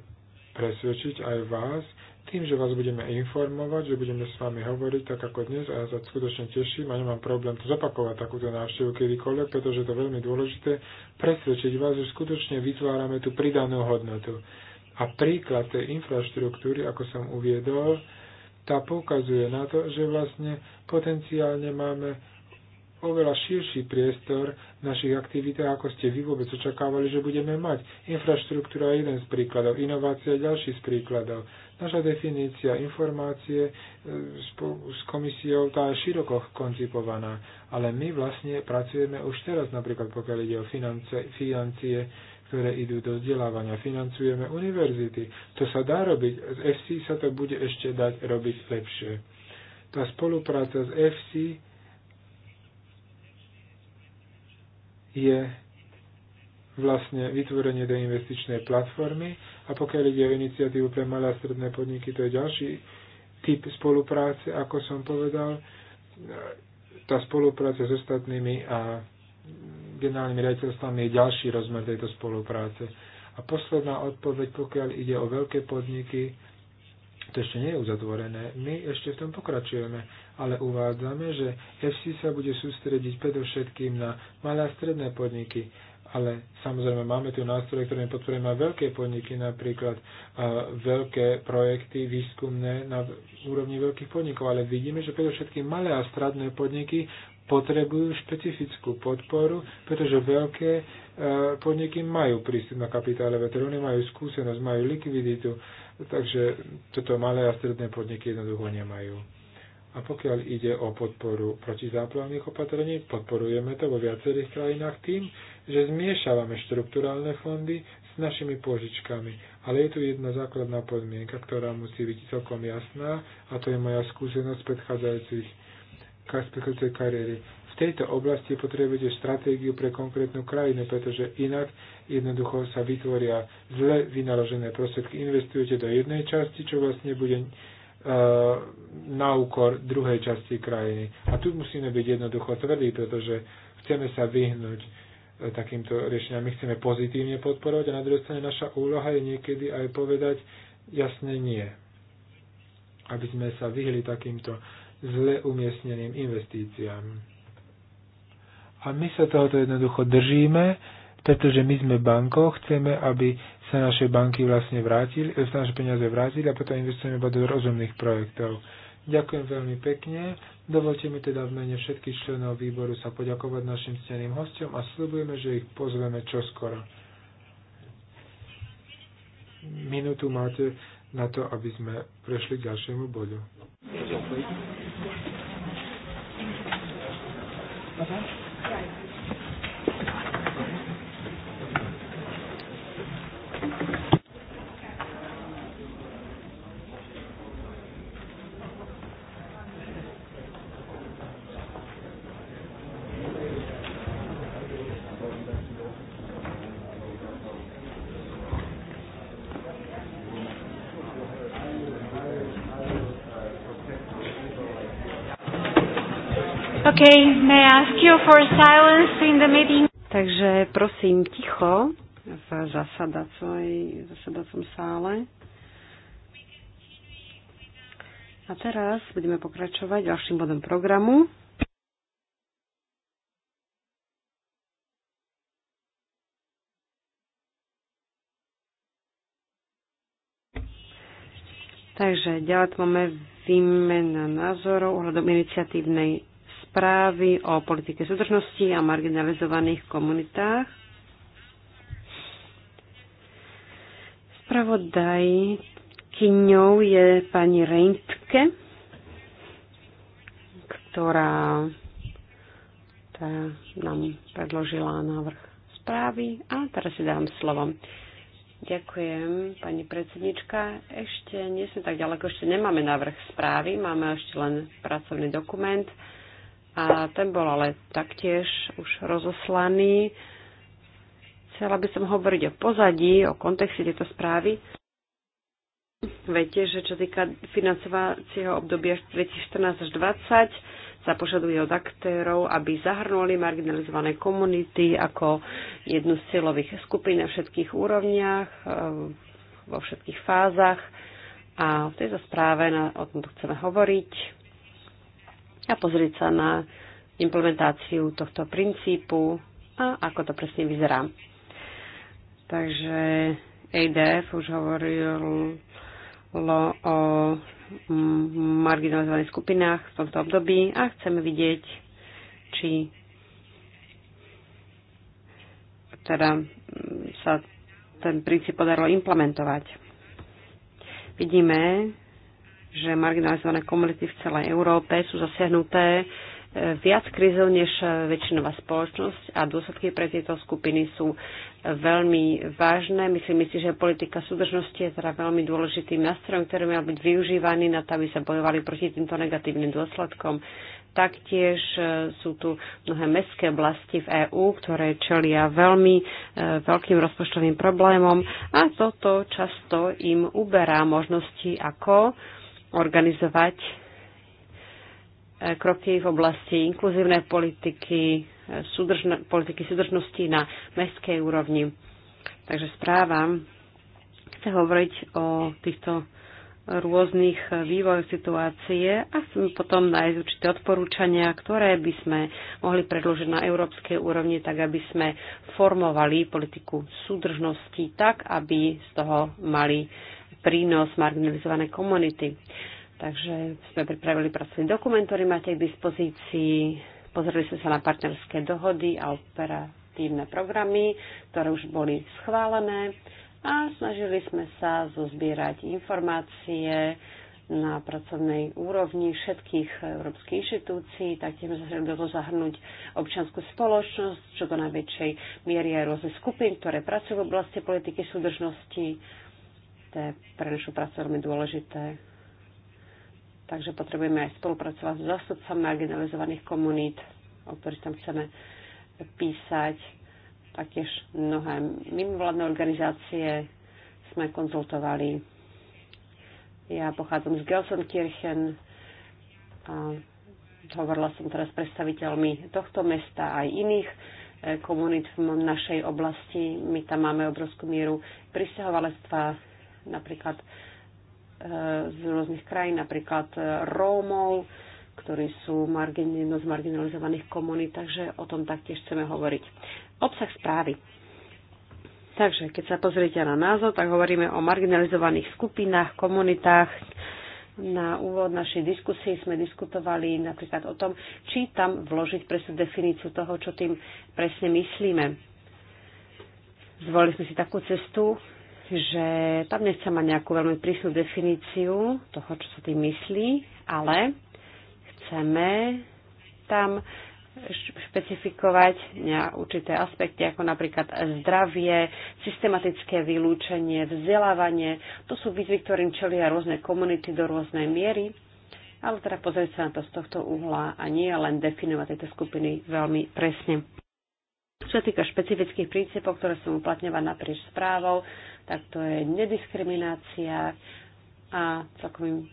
presvedčiť aj vás, tým, že vás budeme informovať, že budeme s vami hovoriť tak ako dnes a ja sa skutočne teším a nemám problém to zopakovať takúto návštevu kedykoľvek, pretože to je veľmi dôležité presvedčiť vás, že skutočne vytvárame tú pridanú hodnotu. A príklad tej infraštruktúry, ako som uviedol, tá poukazuje na to, že vlastne potenciálne máme oveľa širší priestor v našich aktivitách, ako ste vy vôbec očakávali, že budeme mať. Infraštruktúra je jeden z príkladov, inovácia je ďalší z príkladov. Naša definícia informácie e, s komisiou tá je široko koncipovaná, ale my vlastne pracujeme už teraz napríklad pokiaľ ide o finance, financie, ktoré idú do vzdelávania. Financujeme univerzity. To sa dá robiť. Z FC sa to bude ešte dať robiť lepšie. Tá spolupráca s FC je vlastne vytvorenie do investičnej platformy a pokiaľ ide o iniciatívu pre malé a stredné podniky, to je ďalší typ spolupráce, ako som povedal, tá spolupráca s ostatnými a generálnymi riaditeľstvami je ďalší rozmer tejto spolupráce. A posledná odpoveď, pokiaľ ide o veľké podniky, to ešte nie je uzatvorené. My ešte v tom pokračujeme, ale uvádzame, že FC sa bude sústrediť predovšetkým na malé a stredné podniky. Ale samozrejme máme tu nástroje, ktoré podporujeme aj veľké podniky, napríklad a, veľké projekty výskumné na úrovni veľkých podnikov. Ale vidíme, že predovšetkým malé a stradné podniky potrebujú špecifickú podporu, pretože veľké e, podniky majú prístup na kapitálové trhy, majú skúsenosť, majú likviditu, takže toto malé a stredné podniky jednoducho nemajú. A pokiaľ ide o podporu protizáplavných opatrení, podporujeme to vo viacerých krajinách tým, že zmiešavame štrukturálne fondy s našimi požičkami. Ale je tu jedna základná podmienka, ktorá musí byť celkom jasná, a to je moja skúsenosť predchádzajúcich aspektu kariéry. V tejto oblasti potrebujete stratégiu pre konkrétnu krajinu, pretože inak jednoducho sa vytvoria zle vynaložené prostriedky. Investujete do jednej časti, čo vlastne bude e, na úkor druhej časti krajiny. A tu musíme byť jednoducho tvrdí, pretože chceme sa vyhnúť e, takýmto riešeniam. My chceme pozitívne podporovať a na druhej strane naša úloha je niekedy aj povedať jasne nie. Aby sme sa vyhli takýmto zle umiestneným investíciám. A my sa tohoto jednoducho držíme, pretože my sme bankou, chceme, aby sa naše banky vlastne vrátili, e, sa naše peniaze vrátili a potom investujeme iba do rozumných projektov. Ďakujem veľmi pekne. Dovolte mi teda v mene všetkých členov výboru sa poďakovať našim steným hostom a slúbujeme, že ich pozveme čoskoro. Minútu máte na to, aby sme prešli k ďalšiemu bodu. Aha. Okay, may I ask you for silence in the meeting? Takže prosím ticho v zasadacom sále. A teraz budeme pokračovať ďalším bodom programu. Takže ďalej máme výmena názorov ohľadom iniciatívnej správy o politike súdržnosti a marginalizovaných komunitách. Spravodajkyňou je pani Reintke, ktorá nám predložila návrh správy a teraz si dám slovo. Ďakujem, pani predsednička. Ešte nie sme tak ďaleko, ešte nemáme návrh správy, máme ešte len pracovný dokument a ten bol ale taktiež už rozoslaný. Chcela by som hovoriť o pozadí, o kontexte tejto správy. Viete, že čo týka financovacieho obdobia 2014 až 2020, sa požaduje od aktérov, aby zahrnuli marginalizované komunity ako jednu z cieľových skupín na všetkých úrovniach, e, vo všetkých fázach. A v tejto správe o tomto chceme hovoriť a pozrieť sa na implementáciu tohto princípu a ako to presne vyzerá. Takže ADF e už hovorilo o marginalizovaných skupinách v tomto období a chceme vidieť, či teda sa ten princíp podarilo implementovať. Vidíme, že marginalizované komunity v celej Európe sú zasiahnuté e, viac krizov než väčšinová spoločnosť a dôsledky pre tieto skupiny sú e, veľmi vážne. Myslím si, že politika súdržnosti je teda veľmi dôležitým nástrojom, ktorý mal byť využívaný na to, aby sa bojovali proti týmto negatívnym dôsledkom. Taktiež e, sú tu mnohé mestské oblasti v EÚ, ktoré čelia veľmi e, veľkým rozpočtovým problémom a toto často im uberá možnosti, ako organizovať e, kroky v oblasti inkluzívnej politiky, e, súdržno, politiky súdržnosti na mestskej úrovni. Takže správa chce hovoriť o týchto rôznych vývojoch situácie a potom nájsť určité odporúčania, ktoré by sme mohli predložiť na európskej úrovni, tak aby sme formovali politiku súdržnosti tak, aby z toho mali prínos marginalizované komunity. Takže sme pripravili pracovný dokument, ktorý máte k dispozícii. Pozreli sme sa na partnerské dohody a operatívne programy, ktoré už boli schválené a snažili sme sa zozbierať informácie, na pracovnej úrovni všetkých európskych inštitúcií, taktiež sa do toho zahrnúť občianskú spoločnosť, čo do najväčšej miery aj rôzne skupiny, ktoré pracujú v oblasti politiky súdržnosti dôležité, pre našu prácu veľmi dôležité. Takže potrebujeme aj spolupracovať s zastupcami marginalizovaných komunít, o ktorých tam chceme písať. Taktiež mnohé mimovládne organizácie sme konzultovali. Ja pochádzam z Gelsenkirchen a hovorila som teraz s predstaviteľmi tohto mesta aj iných eh, komunít v našej oblasti. My tam máme obrovskú mieru pristahovalectva, napríklad e, z rôznych krajín, napríklad e, Rómov, ktorí sú jedno z marginalizovaných komunít, takže o tom taktiež chceme hovoriť. Obsah správy. Takže, keď sa pozriete na názov, tak hovoríme o marginalizovaných skupinách, komunitách. Na úvod našej diskusie sme diskutovali napríklad o tom, či tam vložiť presne definíciu toho, čo tým presne myslíme. Zvolili sme si takú cestu, že tam nechcem mať nejakú veľmi prísnu definíciu toho, čo sa tým myslí, ale chceme tam špecifikovať určité aspekty, ako napríklad zdravie, systematické vylúčenie, vzdelávanie. To sú výzvy, ktorým čelia rôzne komunity do rôznej miery, ale teda pozrieť sa na to z tohto uhla a nie len definovať tieto skupiny veľmi presne. Čo sa týka špecifických princípov, ktoré som uplatňovať naprieč správou, tak to je nediskriminácia a celkový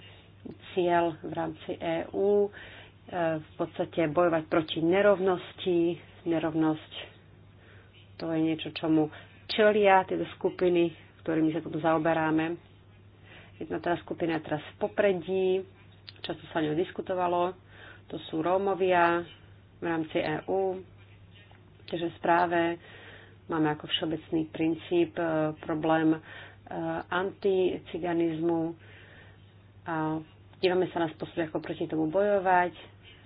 cieľ v rámci EÚ e, v podstate bojovať proti nerovnosti. Nerovnosť to je niečo, čomu čelia tieto skupiny, ktorými sa tu zaoberáme. Jedna tá skupina je teraz v popredí, často sa o ňom diskutovalo. To sú Rómovia v rámci EÚ. Takže správe Máme ako všeobecný princíp e, problém e, anticiganizmu a dívame sa na spôsob, ako proti tomu bojovať,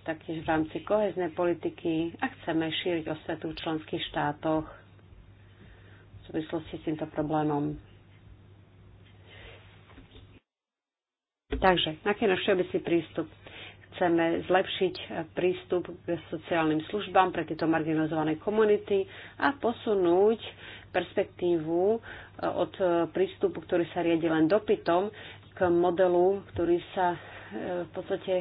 taktiež v rámci koheznej politiky a chceme šíriť osvetu v členských štátoch v súvislosti s týmto problémom. Takže, aký je náš všeobecný prístup? chceme zlepšiť prístup k sociálnym službám pre tieto marginalizované komunity a posunúť perspektívu e, od e, prístupu, ktorý sa riadi len dopytom, k modelu, ktorý sa e, v podstate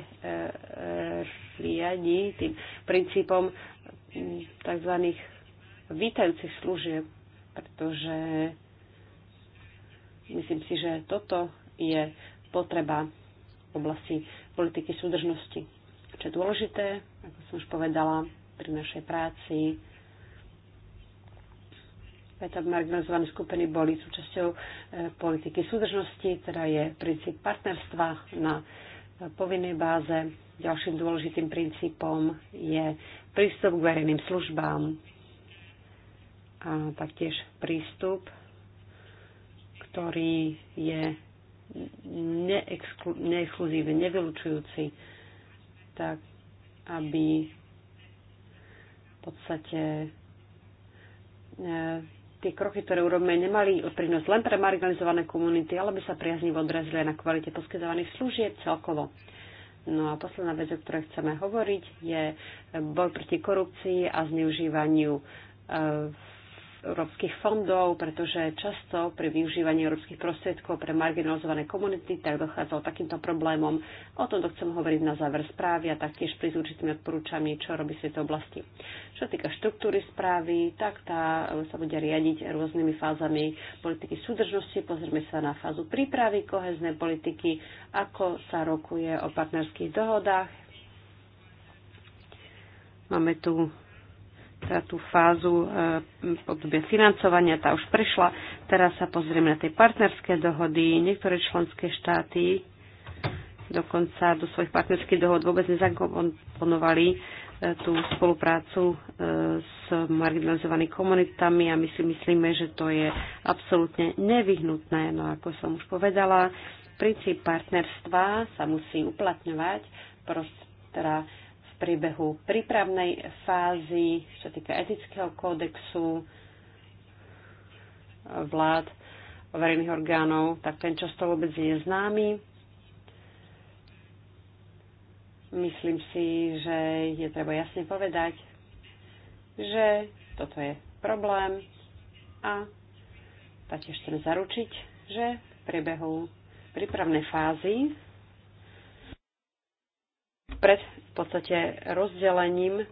riadi tým princípom tzv. vítajúcich služieb, pretože myslím si, že toto je potreba v oblasti politiky súdržnosti. Čo je dôležité, ako som už povedala, pri našej práci preto marginalizované skupiny boli súčasťou e, politiky súdržnosti, teda je princíp partnerstva na e, povinnej báze. Ďalším dôležitým princípom je prístup k verejným službám a taktiež prístup, ktorý je neexklu, neexkluzívny, nevylučujúci, tak aby v podstate e, tie kroky, ktoré urobíme, nemali prínos len pre marginalizované komunity, ale by sa priaznivo odrazili aj na kvalite poskytovaných služieb celkovo. No a posledná vec, o ktorej chceme hovoriť, je boj proti korupcii a zneužívaniu e, európskych fondov, pretože často pri využívaní európskych prostriedkov pre marginalizované komunity tak dochádzalo takýmto problémom. O tomto chcem hovoriť na záver správy a taktiež pri určitými odporúčami, čo robí svet oblasti. Čo týka štruktúry správy, tak tá sa bude riadiť rôznymi fázami politiky súdržnosti. Pozrieme sa na fázu prípravy koheznej politiky, ako sa rokuje o partnerských dohodách. Máme tu teda tú fázu podobie e, financovania, tá už prešla. Teraz sa pozrieme na tie partnerské dohody. Niektoré členské štáty dokonca do svojich partnerských dohod vôbec nezakomponovali e, tú spoluprácu e, s marginalizovanými komunitami a my si myslíme, že to je absolútne nevyhnutné. No ako som už povedala, princíp partnerstva sa musí uplatňovať, prostredníctvom teda v priebehu prípravnej fázy, čo sa týka etického kódexu vlád, verejných orgánov, tak ten často vôbec nie je známy. Myslím si, že je treba jasne povedať, že toto je problém a taktiež chcem zaručiť, že v priebehu prípravnej fázy pred v podstate rozdelením e,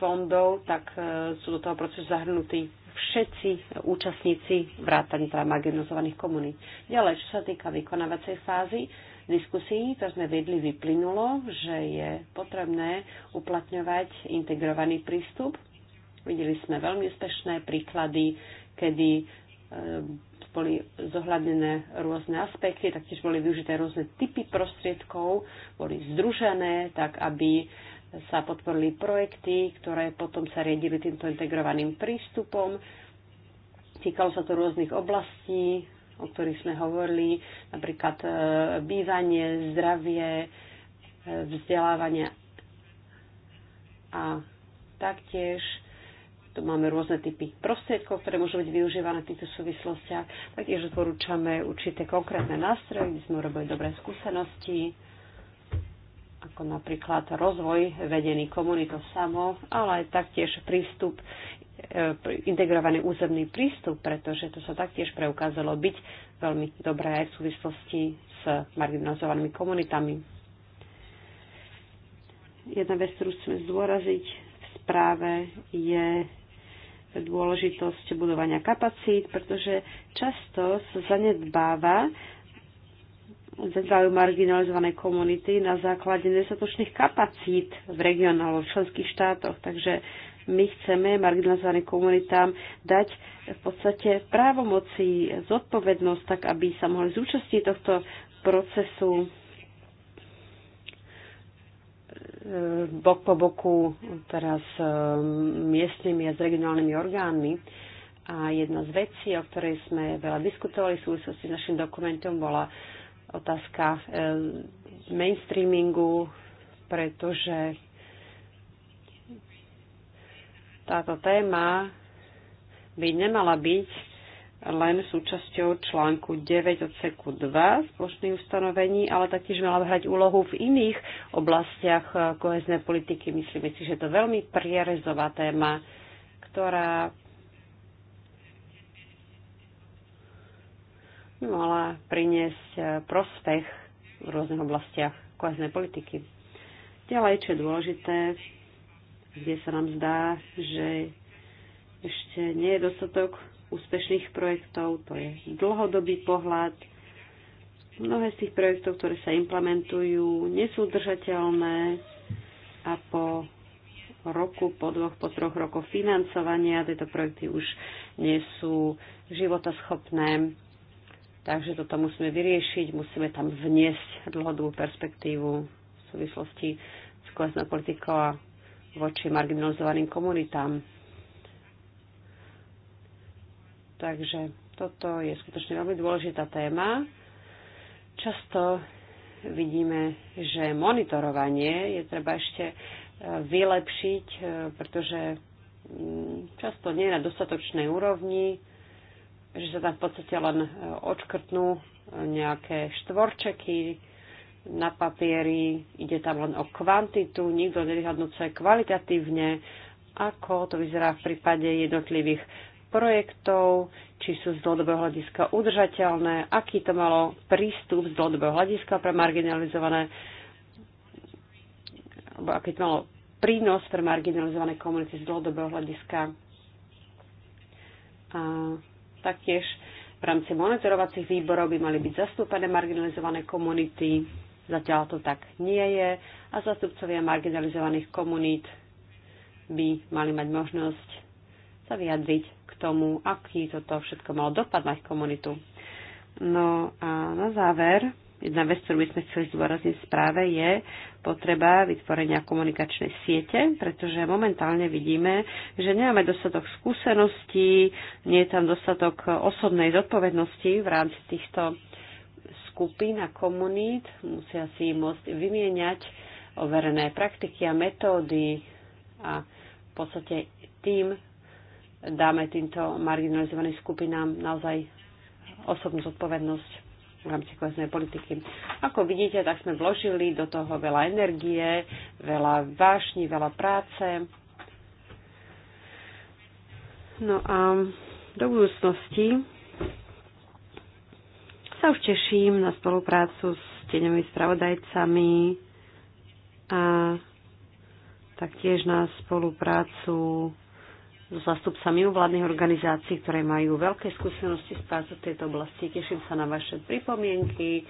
fondov, tak e, sú do toho procesu zahrnutí všetci účastníci vrátane teda marginalizovaných komunít. Ďalej, čo sa týka vykonávacej fázy, diskusí, to sme vedli, vyplynulo, že je potrebné uplatňovať integrovaný prístup. Videli sme veľmi úspešné príklady, kedy e, boli zohľadnené rôzne aspekty, taktiež boli využité rôzne typy prostriedkov, boli združené tak, aby sa podporili projekty, ktoré potom sa riedili týmto integrovaným prístupom. Týkalo sa to rôznych oblastí, o ktorých sme hovorili, napríklad e, bývanie, zdravie, e, vzdelávanie a taktiež tu máme rôzne typy prostriedkov, ktoré môžu byť využívané v týchto súvislostiach. Taktiež odporúčame určité konkrétne nástroje, kde sme urobili dobré skúsenosti, ako napríklad rozvoj vedený komunito samo, ale aj taktiež prístup, e, integrovaný územný prístup, pretože to sa taktiež preukázalo byť veľmi dobré aj v súvislosti s marginalizovanými komunitami. Jedna vec, ktorú chceme zdôraziť v správe, je dôležitosť budovania kapacít, pretože často sa zanedbáva zanedbávajú marginalizované komunity na základe nedostatočných kapacít v regionálu, v členských štátoch. Takže my chceme marginalizovaným komunitám dať v podstate právomoci, zodpovednosť, tak aby sa mohli zúčastniť tohto procesu bok po boku teraz s e, miestnymi a s regionálnymi orgánmi. A jedna z vecí, o ktorej sme veľa diskutovali v súvislosti s našim dokumentom, bola otázka e, mainstreamingu, pretože táto téma by nemala byť len súčasťou článku 9 odseku 2 spoločných ustanovení, ale taktiež mala hrať úlohu v iných oblastiach eh, kohezné politiky. Myslíme si, že je to veľmi prierezová téma, ktorá by mala priniesť eh, prospech v rôznych oblastiach kohezné politiky. Ďalej, čo je dôležité, kde sa nám zdá, že ešte nie je dostatok úspešných projektov, to je dlhodobý pohľad. Mnohé z tých projektov, ktoré sa implementujú, nie sú držateľné a po roku, po dvoch, po troch rokoch financovania tieto projekty už nie sú životaschopné. Takže toto musíme vyriešiť, musíme tam vniesť dlhodobú perspektívu v súvislosti s kolesnou politikou a voči marginalizovaným komunitám. Takže toto je skutočne veľmi dôležitá téma. Často vidíme, že monitorovanie je treba ešte e, vylepšiť, e, pretože mm, často nie na dostatočnej úrovni, že sa tam v podstate len e, odškrtnú nejaké štvorčeky na papieri, ide tam len o kvantitu, nikto nevyhodnocuje kvalitatívne, ako to vyzerá v prípade jednotlivých projektov, či sú z dlhodobého hľadiska udržateľné, aký to malo prístup z dlhodobého hľadiska pre marginalizované, alebo aký to malo prínos pre marginalizované komunity z dlhodobého hľadiska. A taktiež v rámci monitorovacích výborov by mali byť zastúpené marginalizované komunity. Zatiaľ to tak nie je a zastupcovia marginalizovaných komunít by mali mať možnosť sa vyjadriť k tomu, aký toto všetko malo dopad na ich komunitu. No a na záver, jedna vec, ktorú by sme chceli zdôrazniť v správe, je potreba vytvorenia komunikačnej siete, pretože momentálne vidíme, že nemáme dostatok skúseností, nie je tam dostatok osobnej zodpovednosti v rámci týchto skupín a komunít. Musia si môcť vymieňať overené praktiky a metódy a v podstate tým dáme týmto marginalizovaným skupinám naozaj osobnú zodpovednosť v rámci kohesnej politiky. Ako vidíte, tak sme vložili do toho veľa energie, veľa vášni, veľa práce. No a do budúcnosti sa už teším na spoluprácu s tenemi spravodajcami a taktiež na spoluprácu so zastupcami vládnych organizácií, ktoré majú veľké skúsenosti s prácou v tejto oblasti. Teším sa na vaše pripomienky,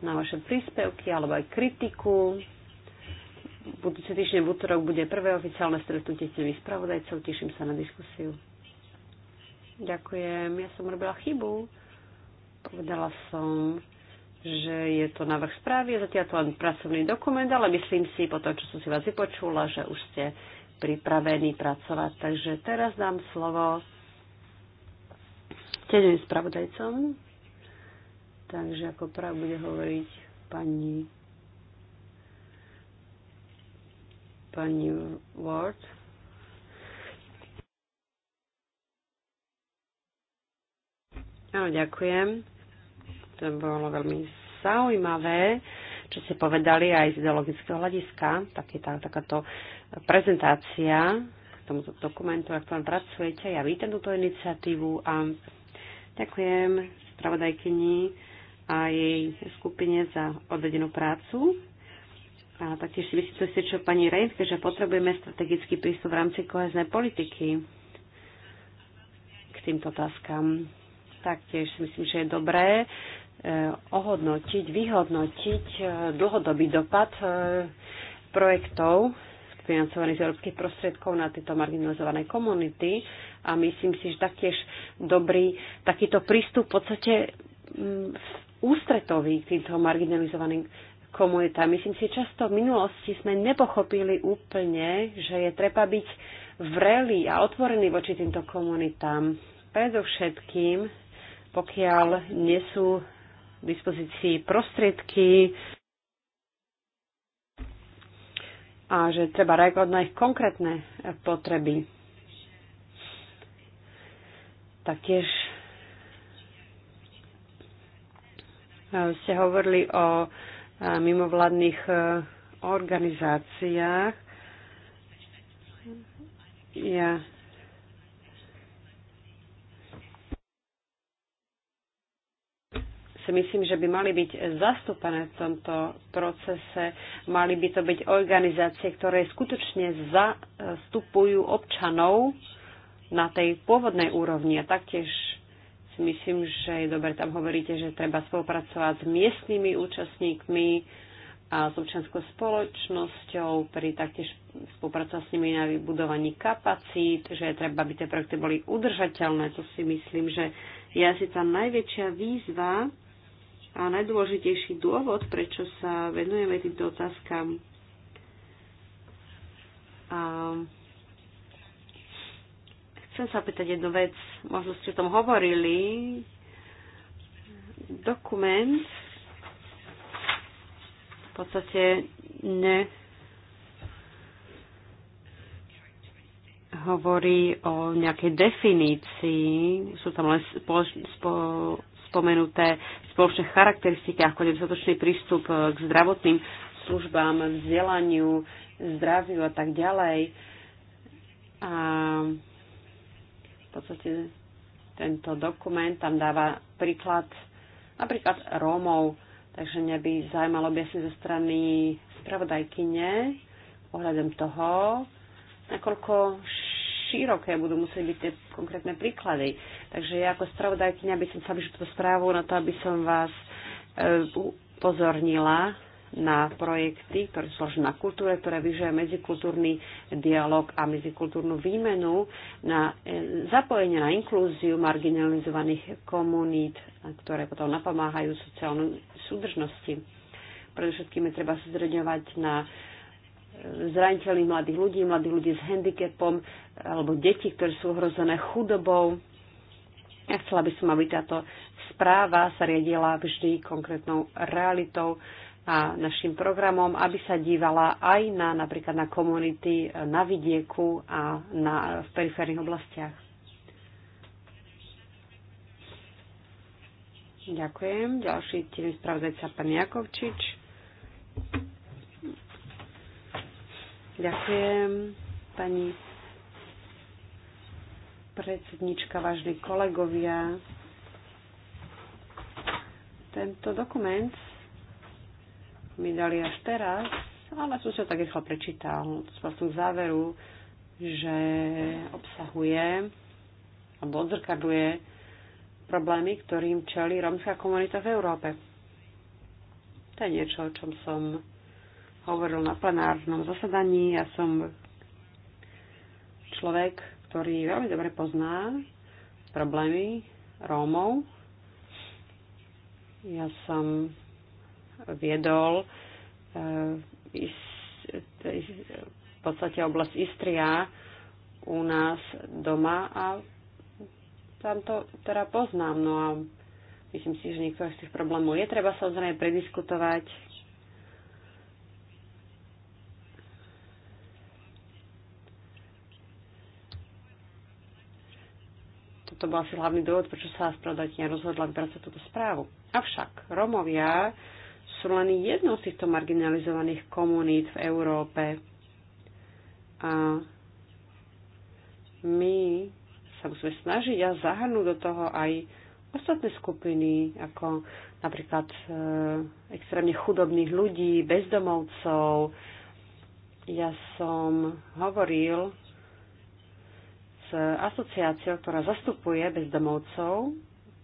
na vaše príspevky alebo aj kritiku. Budúci týždeň v útorok bude prvé oficiálne stretnutie s tými spravodajcov. Teším sa na diskusiu. Ďakujem. Ja som robila chybu. Povedala som, že je to návrh správy, zatiaľ to teda len pracovný dokument, ale myslím si po tom, čo som si vás vypočula, že už ste pripravení pracovať. Takže teraz dám slovo teňovým spravodajcom. Takže ako prav bude hovoriť pani pani Ward. Áno, ďakujem. To bolo veľmi zaujímavé, čo ste povedali aj z ideologického hľadiska. Taký, tá, takáto prezentácia k tomuto dokumentu, ak ktorom pracujete. Ja vítam túto iniciatívu a ďakujem spravodajkyni a jej skupine za odvedenú prácu. A taktiež si myslím, ste, čo pani Rejnske, že potrebujeme strategický prístup v rámci koheznej politiky k týmto otázkam. Taktiež si myslím, že je dobré e, ohodnotiť, vyhodnotiť e, dlhodobý dopad e, projektov financovaných z európskych prostriedkov na tieto marginalizované komunity a myslím si, že taktiež dobrý takýto prístup v podstate mm, ústretový k týmto marginalizovaným komunitám. Myslím si, že často v minulosti sme nepochopili úplne, že je treba byť vrelý a otvorený voči týmto komunitám. Predovšetkým, pokiaľ nie sú v dispozícii prostriedky, a že treba reagovať na ich konkrétne potreby. Taktiež eh, ste hovorili o eh, mimovládnych eh, organizáciách. Ja si myslím, že by mali byť zastúpané v tomto procese. Mali by to byť organizácie, ktoré skutočne zastupujú občanov na tej pôvodnej úrovni. A taktiež si myslím, že je dobre, tam hovoríte, že treba spolupracovať s miestnymi účastníkmi a s občianskou spoločnosťou, pri taktiež spolupracovať s nimi na vybudovaní kapacít, že treba, aby tie projekty boli udržateľné. To si myslím, že je asi tá najväčšia výzva, a najdôležitejší dôvod, prečo sa venujeme týmto otázkam a chcem sa pýtať jednu vec, možno ste o tom hovorili. Dokument v podstate ne hovorí o nejakej definícii, sú tam len spo, spo, spomenuté spoločné charakteristiky, ako nedostatočný prístup e, k zdravotným službám, vzdelaniu, zdraviu a tak ďalej. A v podstate tento dokument tam dáva príklad napríklad Rómov, takže mňa by zaujímalo objasniť zo strany spravodajkyne ohľadom toho, nakoľko široké, budú musieť byť tie konkrétne príklady. Takže ja ako spravodajkynia by som sa túto správu na to, aby som vás e, upozornila na projekty, ktoré sú na kultúre, ktoré vyžuje medzikultúrny dialog a medzikultúrnu výmenu, na e, zapojenie na inklúziu marginalizovaných komunít, ktoré potom napomáhajú sociálnu súdržnosti. Predovšetkým je treba zredňovať na zraniteľných mladých ľudí, mladých ľudí s handicapom alebo deti, ktoré sú ohrozené chudobou. Ja chcela by som, aby táto správa sa riedila vždy konkrétnou realitou a našim programom, aby sa dívala aj na napríklad na komunity na vidieku a na, v periférnych oblastiach. Ďakujem. Ďalší tým spravodajca pán Jakovčič. Ďakujem, pani predsednička, vážni kolegovia. Tento dokument mi dali až teraz, ale som si ho tak rýchlo prečítal. Spal som záveru, že obsahuje alebo odzrkadluje problémy, ktorým čelí rómska komunita v Európe. To je niečo, o čom som hovoril na plenárnom zasadaní. Ja som človek, ktorý veľmi dobre pozná problémy Rómov. Ja som viedol eh, eh, v podstate oblasť Istria u nás doma a tam to teda poznám. No a myslím si, že niektoré z tých problémov je treba samozrejme prediskutovať, to bol asi hlavný dôvod, prečo sa spravodajkynia rozhodla vypracovať túto správu. Avšak Romovia sú len jednou z týchto marginalizovaných komunít v Európe. A my sa musíme snažiť a zahrnúť do toho aj ostatné skupiny, ako napríklad e, extrémne chudobných ľudí, bezdomovcov. Ja som hovoril asociáciou, ktorá zastupuje bezdomovcov.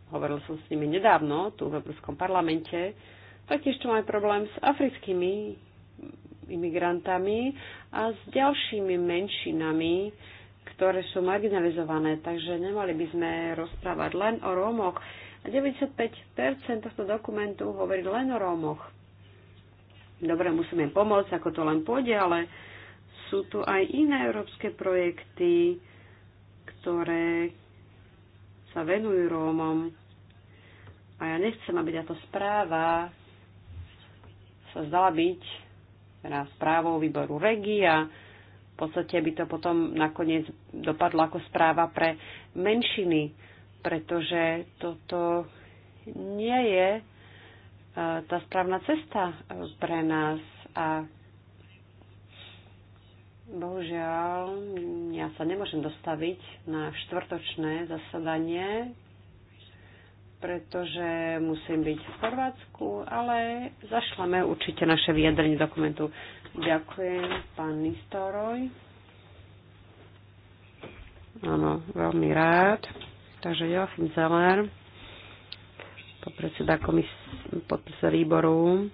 Hovoril som s nimi nedávno tu v Európskom parlamente. Taktiež tu máme problém s africkými imigrantami a s ďalšími menšinami, ktoré sú marginalizované. Takže nemali by sme rozprávať len o Rómoch. A 95% tohto dokumentu hovorí len o Rómoch. Dobre, musíme pomôcť, ako to len pôjde, ale sú tu aj iné európske projekty, ktoré sa venujú Rómom. A ja nechcem, aby táto správa sa zdala byť na správou výboru REGI a v podstate by to potom nakoniec dopadlo ako správa pre menšiny, pretože toto nie je e, tá správna cesta e, pre nás a Bohužiaľ, ja sa nemôžem dostaviť na štvrtočné zasadanie, pretože musím byť v Chorvátsku, ale zašleme určite naše vyjadrenie dokumentu. Ďakujem, pán Nistoroj. Áno, veľmi rád. Takže Joachim Zeller, podpredseda komis- podpredseda výboru,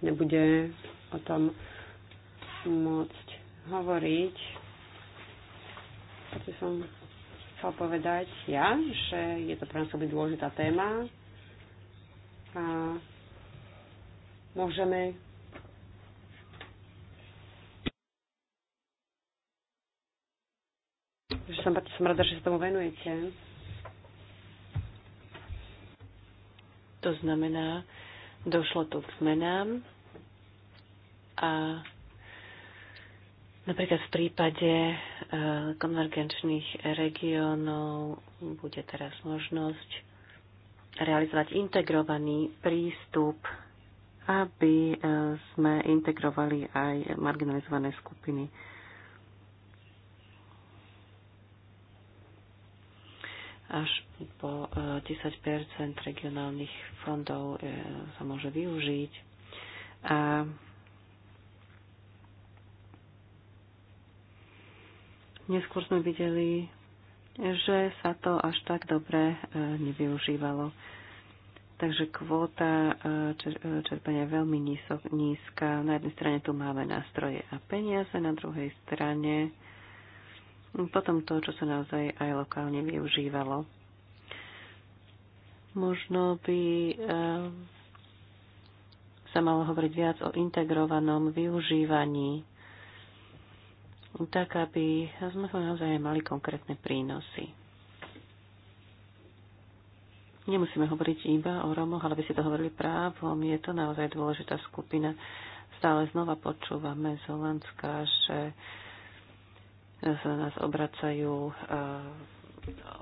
nebude o tom môcť hovoriť. Preto som chcel povedať ja, že je to pre nás veľmi dôležitá téma a môžeme že som, som rada, že sa tomu venujete. To znamená, došlo tu k zmenám a napríklad v prípade e, konvergenčných regiónov bude teraz možnosť realizovať integrovaný prístup, aby e, sme integrovali aj marginalizované skupiny. Až po 10 e, regionálnych fondov sa môže využiť. A Neskôr sme videli, že sa to až tak dobre e, nevyužívalo. Takže kvóta e, e, čerpania je veľmi nízka. Na jednej strane tu máme nástroje a peniaze, na druhej strane potom to, čo sa naozaj aj lokálne využívalo. Možno by sa malo hovoriť viac o integrovanom využívaní tak aby sme naozaj mali konkrétne prínosy. Nemusíme hovoriť iba o Romoch, ale by si to hovorili právom. Je to naozaj dôležitá skupina. Stále znova počúvame z Holandska, že sa nás obracajú eh,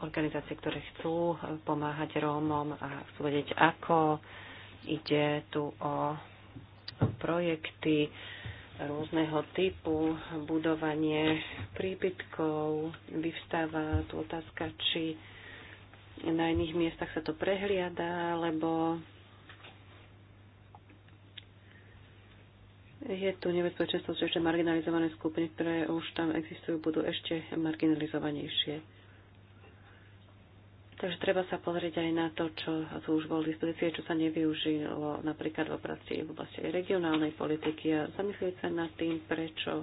organizácie, ktoré chcú eh, pomáhať Rómom a chcú vedieť ako. Ide tu o projekty, rôzneho typu, budovanie príbytkov. Vyvstáva tu otázka, či na iných miestach sa to prehliada, lebo je tu nebezpečenstvo, že ešte marginalizované skupiny, ktoré už tam existujú, budú ešte marginalizovanejšie. Takže treba sa pozrieť aj na to, čo tu už bolo dispozície, čo sa nevyužilo napríklad v oblasti, v oblasti regionálnej politiky a zamyslieť sa nad tým, prečo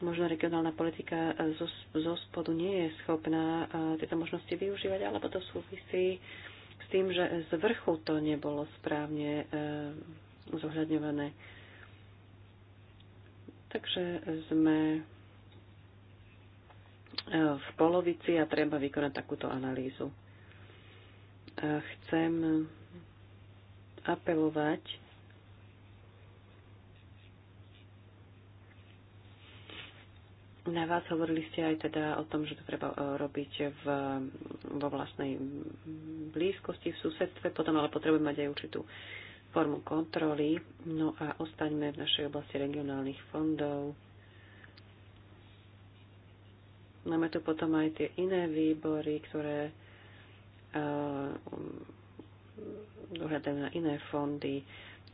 možno regionálna politika zo, zo spodu nie je schopná tieto možnosti využívať, alebo to súvisí s tým, že z vrchu to nebolo správne e, zohľadňované. Takže sme E, v polovici a treba vykonať takúto analýzu. E, chcem apelovať na vás. Hovorili ste aj teda o tom, že to treba e, robiť v, vo vlastnej blízkosti, v susedstve, potom ale potrebujeme mať aj určitú formu kontroly. No a ostaňme v našej oblasti regionálnych fondov Máme tu potom aj tie iné výbory, ktoré eh, um, dohľadajú na iné fondy,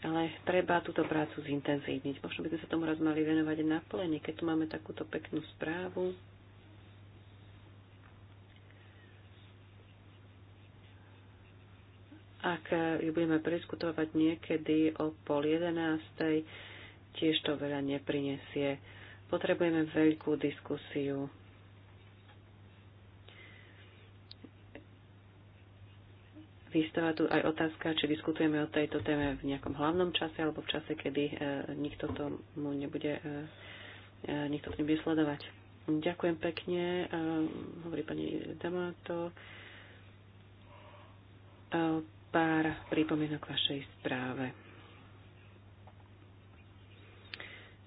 ale treba túto prácu zintenzívniť. Možno by sme sa tomu raz mali venovať na plene, keď tu máme takúto peknú správu. Ak ju budeme preskutovať niekedy o pol jedenástej, tiež to veľa neprinesie. Potrebujeme veľkú diskusiu Vystáva tu aj otázka, či diskutujeme o tejto téme v nejakom hlavnom čase alebo v čase, kedy e, nikto tomu nebude, e, e, nikto to nebude sledovať. Ďakujem pekne, hovorí pani Damato. Pár pripomienok vašej správe.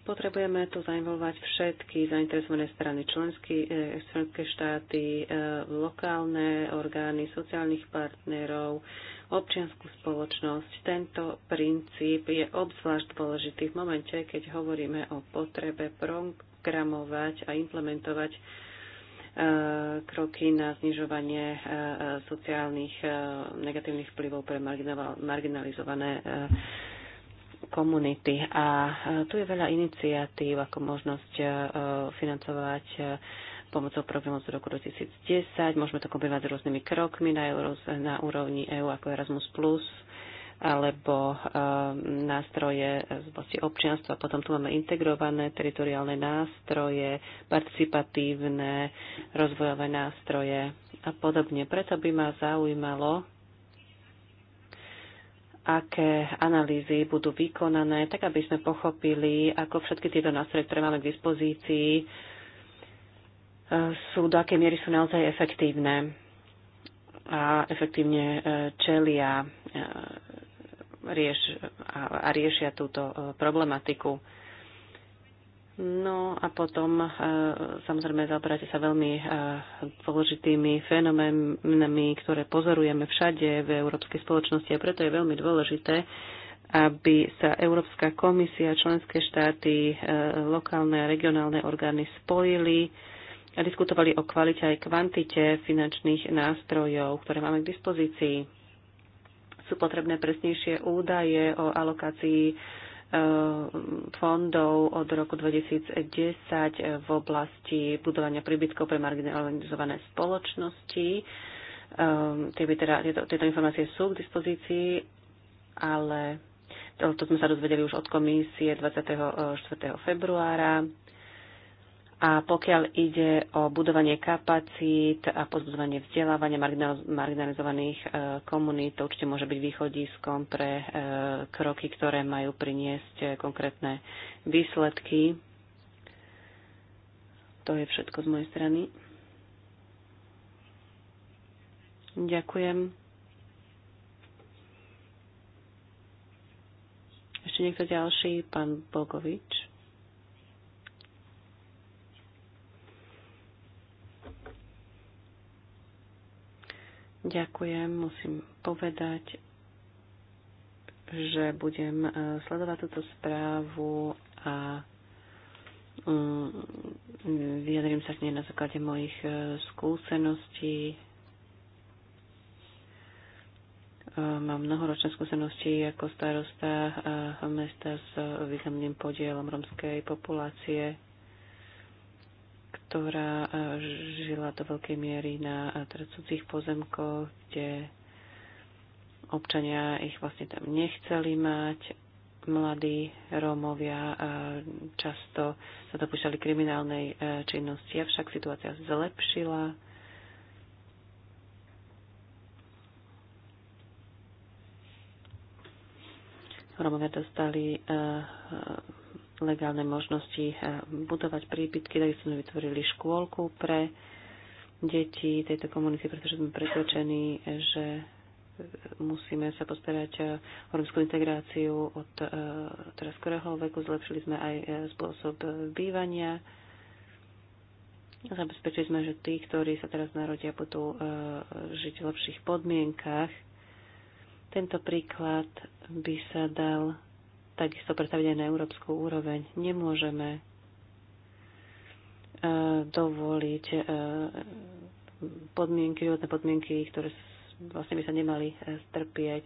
Potrebujeme tu zainvolovať všetky zainteresované strany, členské, e, členské štáty, e, lokálne orgány, sociálnych partnerov, občianskú spoločnosť. Tento princíp je obzvlášť dôležitý v momente, keď hovoríme o potrebe programovať a implementovať e, kroky na znižovanie sociálnych negatívnych vplyvov pre marginalizované komunity. A e, tu je veľa iniciatív, ako možnosť e, e, financovať pomocou programu z roku 2010. Môžeme to kombinovať s rôznymi krokmi na, euro, na úrovni EU ako Erasmus+, alebo nástroje z vlasti občianstva. Potom tu máme integrované teritoriálne nástroje, participatívne rozvojové nástroje a podobne. Preto by ma zaujímalo, aké analýzy budú vykonané, tak aby sme pochopili, ako všetky tieto nástroje, ktoré máme k dispozícii, e, sú do akej miery sú naozaj efektívne a efektívne e, čelia e, rieš, a riešia túto problematiku. No a potom e, samozrejme zaoberáte sa veľmi e, dôležitými fenoménami, ktoré pozorujeme všade v európskej spoločnosti a preto je veľmi dôležité, aby sa Európska komisia, členské štáty, e, lokálne a regionálne orgány spojili a diskutovali o kvalite aj kvantite finančných nástrojov, ktoré máme k dispozícii. Sú potrebné presnejšie údaje o alokácii Eh, fondov od roku 2010 v oblasti budovania príbytkov pre marginalizované spoločnosti. Eh, teda, tieto, tieto informácie sú k dispozícii, ale to, to sme sa dozvedeli už od komisie 24. Eh, februára. A pokiaľ ide o budovanie kapacít a pozbudovanie vzdelávania marginalizovaných e, komunít, to určite môže byť východiskom pre e, kroky, ktoré majú priniesť e, konkrétne výsledky. To je všetko z mojej strany. Ďakujem. Ešte niekto ďalší? Pán Bogovič. Ďakujem. Musím povedať, že budem e, sledovať túto správu a mm, vyjadrím sa k nej na základe mojich e, skúseností. E, mám mnohoročné skúsenosti ako starosta mesta s významným podielom romskej populácie ktorá e, žila do veľkej miery na e, cudzích pozemkoch, kde občania ich vlastne tam nechceli mať. Mladí Rómovia e, často sa dopúšťali kriminálnej činnosti, avšak situácia zlepšila. Rómovia dostali legálne možnosti eh, budovať príbytky, tak sme vytvorili škôlku pre deti tejto komunity, pretože sme presvedčení, že eh, musíme sa postarať eh, o romskú integráciu od teraz skorého veku. Zlepšili sme aj spôsob bývania. Zabezpečili sme, že tí, ktorí sa teraz narodia, budú žiť v lepších podmienkach. Tento príklad by sa dal takisto predstaviť aj na európsku úroveň. Nemôžeme e, dovoliť e, podmienky, životné podmienky, ktoré vlastne by sa nemali e, strpieť.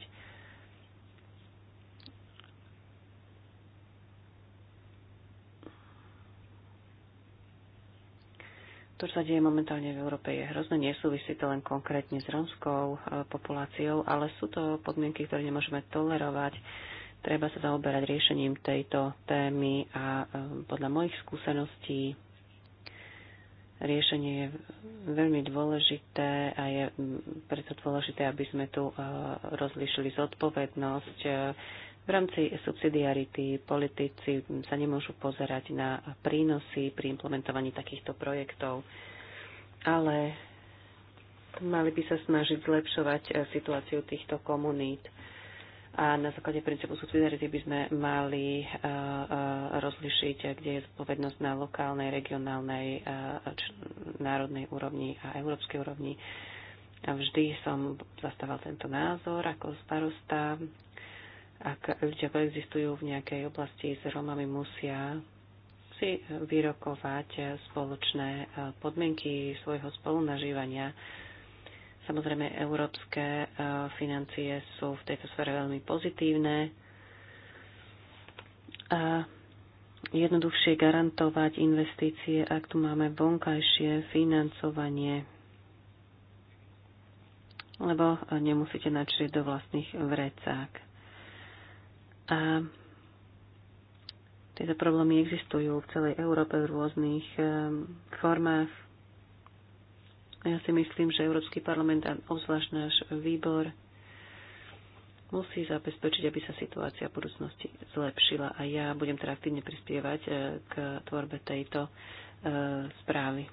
To, čo sa deje momentálne v Európe, je hrozné. Nesúvisí to len konkrétne s romskou populáciou, ale sú to podmienky, ktoré nemôžeme tolerovať. Treba sa zaoberať riešením tejto témy a e, podľa mojich skúseností riešenie je veľmi dôležité a je preto dôležité, aby sme tu e, rozlišili zodpovednosť. E, v rámci subsidiarity politici sa nemôžu pozerať na prínosy pri implementovaní takýchto projektov, ale mali by sa snažiť zlepšovať situáciu týchto komunít a na základe princípu subsidiarity by sme mali e, e, rozlišiť, kde je zodpovednosť na lokálnej, regionálnej, e, národnej úrovni a európskej úrovni. A vždy som zastával tento názor ako starosta. Ak ľudia existujú v nejakej oblasti s Romami, musia si vyrokovať spoločné podmienky svojho spolunažívania Samozrejme, európske e, financie sú v tejto sfere veľmi pozitívne. A jednoduchšie garantovať investície, ak tu máme vonkajšie financovanie, lebo nemusíte načrieť do vlastných vrecák. A tieto problémy existujú v celej Európe v rôznych e, formách, a ja si myslím, že Európsky parlament a obzvlášť náš výbor musí zabezpečiť, aby sa situácia v budúcnosti zlepšila a ja budem teda aktívne prispievať e, k tvorbe tejto e, správy.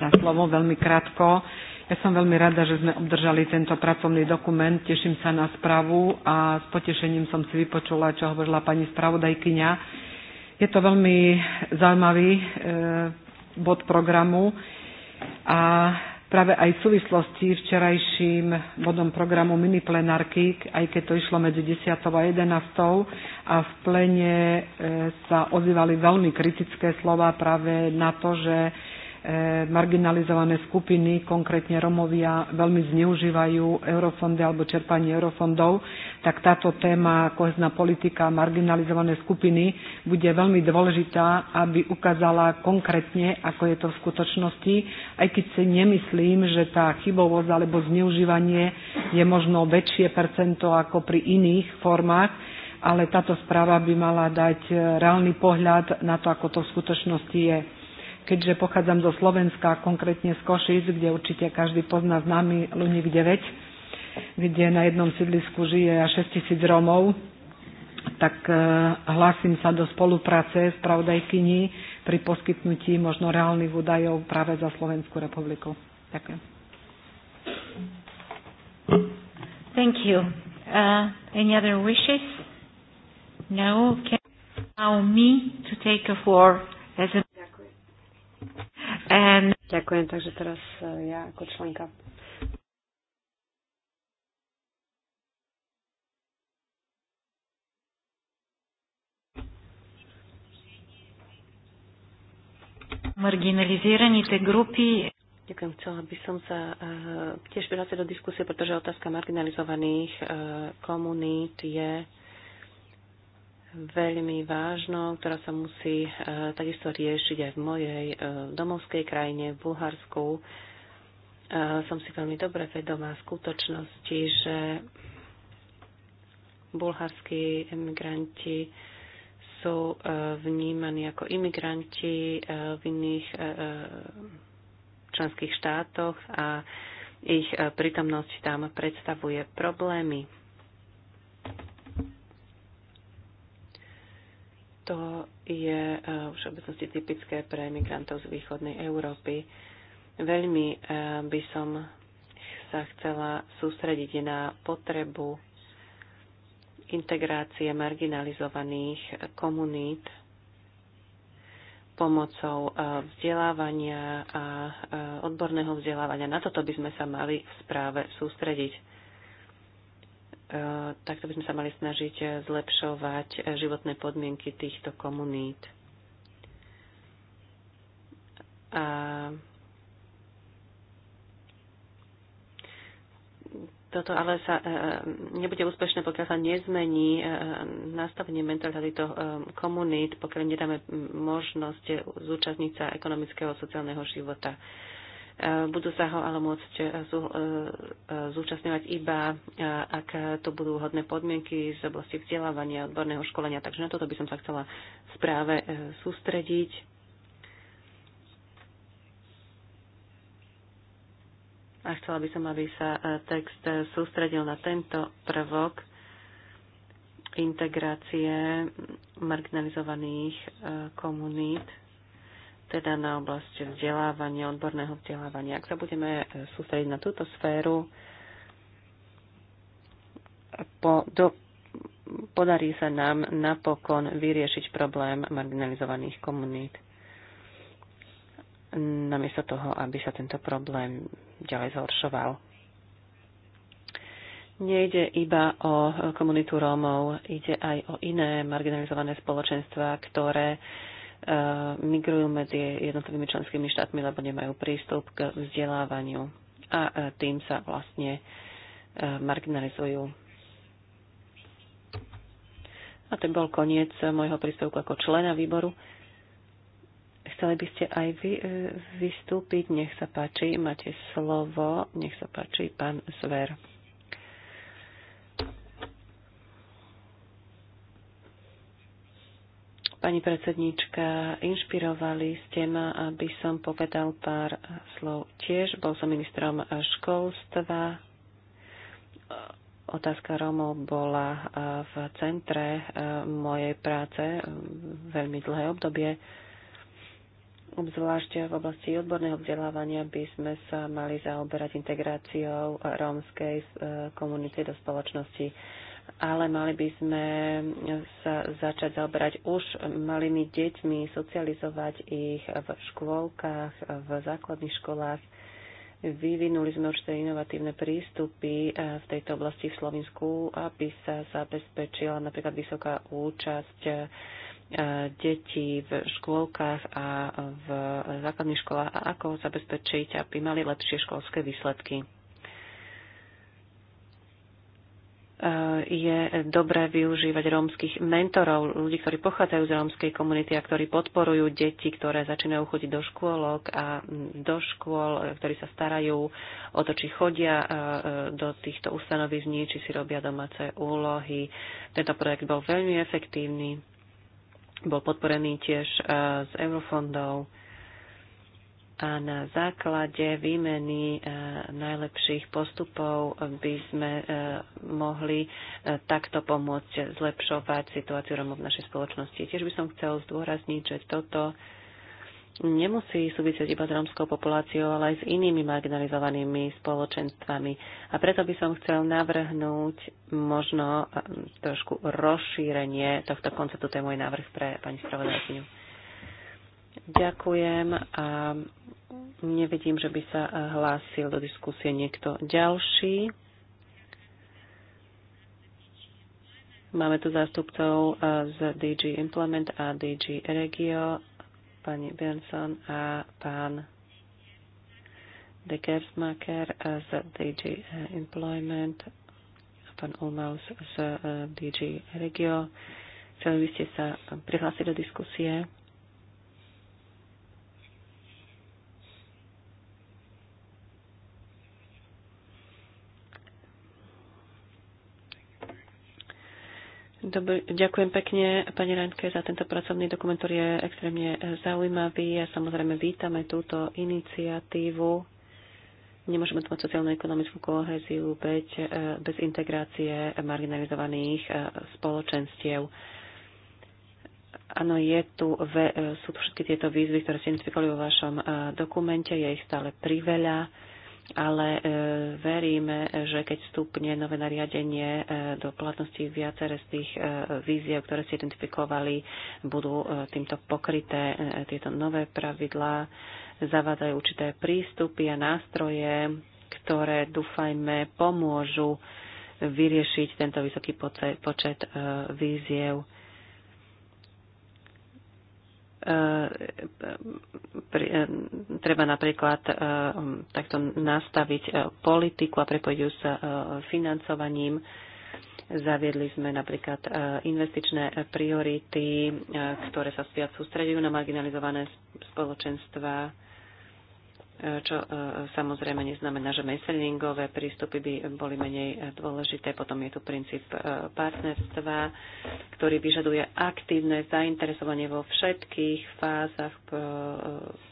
Za slovo veľmi krátko. Ja som veľmi rada, že sme obdržali tento pracovný dokument. Teším sa na správu a s potešením som si vypočula, čo hovorila pani spravodajkyňa. Je to veľmi zaujímavý e, bod programu. A práve aj v súvislosti včerajším bodom programu miniplenárky, aj keď to išlo medzi 10. a 11. a v plene e, sa ozývali veľmi kritické slova práve na to, že E, marginalizované skupiny, konkrétne Romovia, veľmi zneužívajú eurofondy alebo čerpanie eurofondov, tak táto téma kohezná politika marginalizované skupiny bude veľmi dôležitá, aby ukázala konkrétne, ako je to v skutočnosti, aj keď si nemyslím, že tá chybovosť alebo zneužívanie je možno väčšie percento ako pri iných formách, ale táto správa by mala dať e, reálny pohľad na to, ako to v skutočnosti je keďže pochádzam zo Slovenska, konkrétne z Košic, kde určite každý pozná známy Luník 9, kde na jednom sídlisku žije až 6 tisíc Rómov, tak e, hlásim sa do spolupráce s pravdajkyni pri poskytnutí možno reálnych údajov práve za Slovenskú republiku. Ďakujem. Thank you. Uh, any other wishes? No? Can allow me to take a floor as a And... Ďakujem, takže teraz eh, ja ako členka Marginalizovaní marginaliziraните групи. Ďakujem, chcela by som sa uh, tiež vrátiť do diskusie, pretože otázka marginalizovaných uh, komunít je veľmi vážnou, ktorá sa musí e, takisto riešiť aj v mojej e, domovskej krajine, v Bulharsku. E, som si veľmi dobre vedomá skutočnosti, že bulharskí emigranti sú vnímaní ako imigranti v iných členských štátoch a ich prítomnosť tam predstavuje problémy. To je eh, v všeobecnosti typické pre migrantov z východnej Európy. Veľmi eh, by som sa chcela sústrediť na potrebu integrácie marginalizovaných komunít pomocou eh, vzdelávania a odborného vzdelávania. Na toto by sme sa mali v správe sústrediť. E, takto by sme sa mali snažiť zlepšovať životné podmienky týchto komunít. A toto ale sa e, e, nebude úspešné, pokiaľ sa nezmení nastavenie mentality týchto komunít, pokiaľ nedáme možnosť zúčastniť sa ekonomického a sociálneho života. Budú sa ho ale môcť eh, eh, eh, zúčastňovať iba, ak to budú hodné podmienky z oblasti vzdelávania, odborného školenia. Takže na toto by som sa chcela správe sústrediť. A chcela by som, aby sa text sústredil na tento prvok integrácie marginalizovaných komunít teda na oblasť vzdelávania, odborného vzdelávania. Ak sa budeme e, sústrediť na túto sféru, po, do, podarí sa nám napokon vyriešiť problém marginalizovaných komunít. Namiesto toho, aby sa tento problém ďalej zhoršoval. Nejde iba o komunitu Rómov, ide aj o iné marginalizované spoločenstva, ktoré uh, E, migrujú medzi jednotlivými členskými štátmi, lebo nemajú prístup k vzdelávaniu a e, tým sa vlastne e, marginalizujú. A to bol koniec môjho príspevku ako člena výboru. Chceli by ste aj vy vystúpiť? Nech sa páči, máte slovo. Nech sa páči, pán Sver. Pani predsedníčka, inšpirovali ste ma, aby som povedal pár slov tiež. Bol som ministrom školstva. Otázka Rómov bola v centre mojej práce veľmi dlhé obdobie. Obzvlášť v oblasti odborného vzdelávania by sme sa mali zaoberať integráciou rómskej e, komunity do spoločnosti ale mali by sme sa začať zaoberať už malými deťmi, socializovať ich v škôlkach, v základných školách. Vyvinuli sme určité inovatívne prístupy eh, v tejto oblasti v Slovensku, aby sa zabezpečila napríklad vysoká účasť eh, detí v škôlkach a v základných školách a ako zabezpečiť, aby mali lepšie školské výsledky. E, je dobré využívať rómskych mentorov, ľudí, ktorí pochádzajú z rómskej komunity a ktorí podporujú deti, ktoré začínajú chodiť do škôlok a do škôl, e, ktorí sa starajú o to, či chodia e, do týchto ustanovizní, či si robia domáce úlohy. Tento projekt bol veľmi efektívny, bol podporený tiež z eurofondov a na základe výmeny e, najlepších postupov by sme e, mohli e, takto pomôcť zlepšovať situáciu Romov v našej spoločnosti. Tiež by som chcel zdôrazniť, že toto nemusí súvisieť iba s romskou populáciou, ale aj s inými marginalizovanými spoločenstvami. A preto by som chcel navrhnúť možno trošku rozšírenie tohto konceptu, to je môj návrh pre pani spravodajkyňu. Ďakujem a nevidím, že by sa eh, hlásil do diskusie niekto ďalší. Máme tu zástupcov eh, z DG Implement a DG Regio, pani Benson a pán De eh, z DG Employment a pán Ulmaus z DG Regio. Chceli by ste sa prihlásiť do diskusie? Dobre, ďakujem pekne pani Renke za tento pracovný dokument, ktorý je extrémne zaujímavý a samozrejme vítame túto iniciatívu. Nemôžeme tu mať sociálno-ekonomickú koheziu eh, bez integrácie marginalizovaných eh, spoločenstiev. Áno, je tu, eh, sú tu všetky tieto výzvy, ktoré ste identifikovali vo vašom dokumente, je ich stále priveľa ale e, veríme, že keď vstúpne nové nariadenie e, do platnosti, viacere z tých e, víziev, ktoré si identifikovali, budú týmto pokryté. Tieto nové pravidlá zavádzajú určité prístupy a nástroje, ktoré dúfajme pomôžu vyriešiť tento vysoký počet víziev E, e, treba napríklad e, takto nastaviť politiku a prepojiť ju s financovaním. Zaviedli sme napríklad investičné priority, ktoré sa viac sústredujú na marginalizované spoločenstva čo e, samozrejme neznamená, že meselingové prístupy by boli menej dôležité. Potom je tu princíp e, partnerstva, ktorý vyžaduje aktívne zainteresovanie vo všetkých fázach e,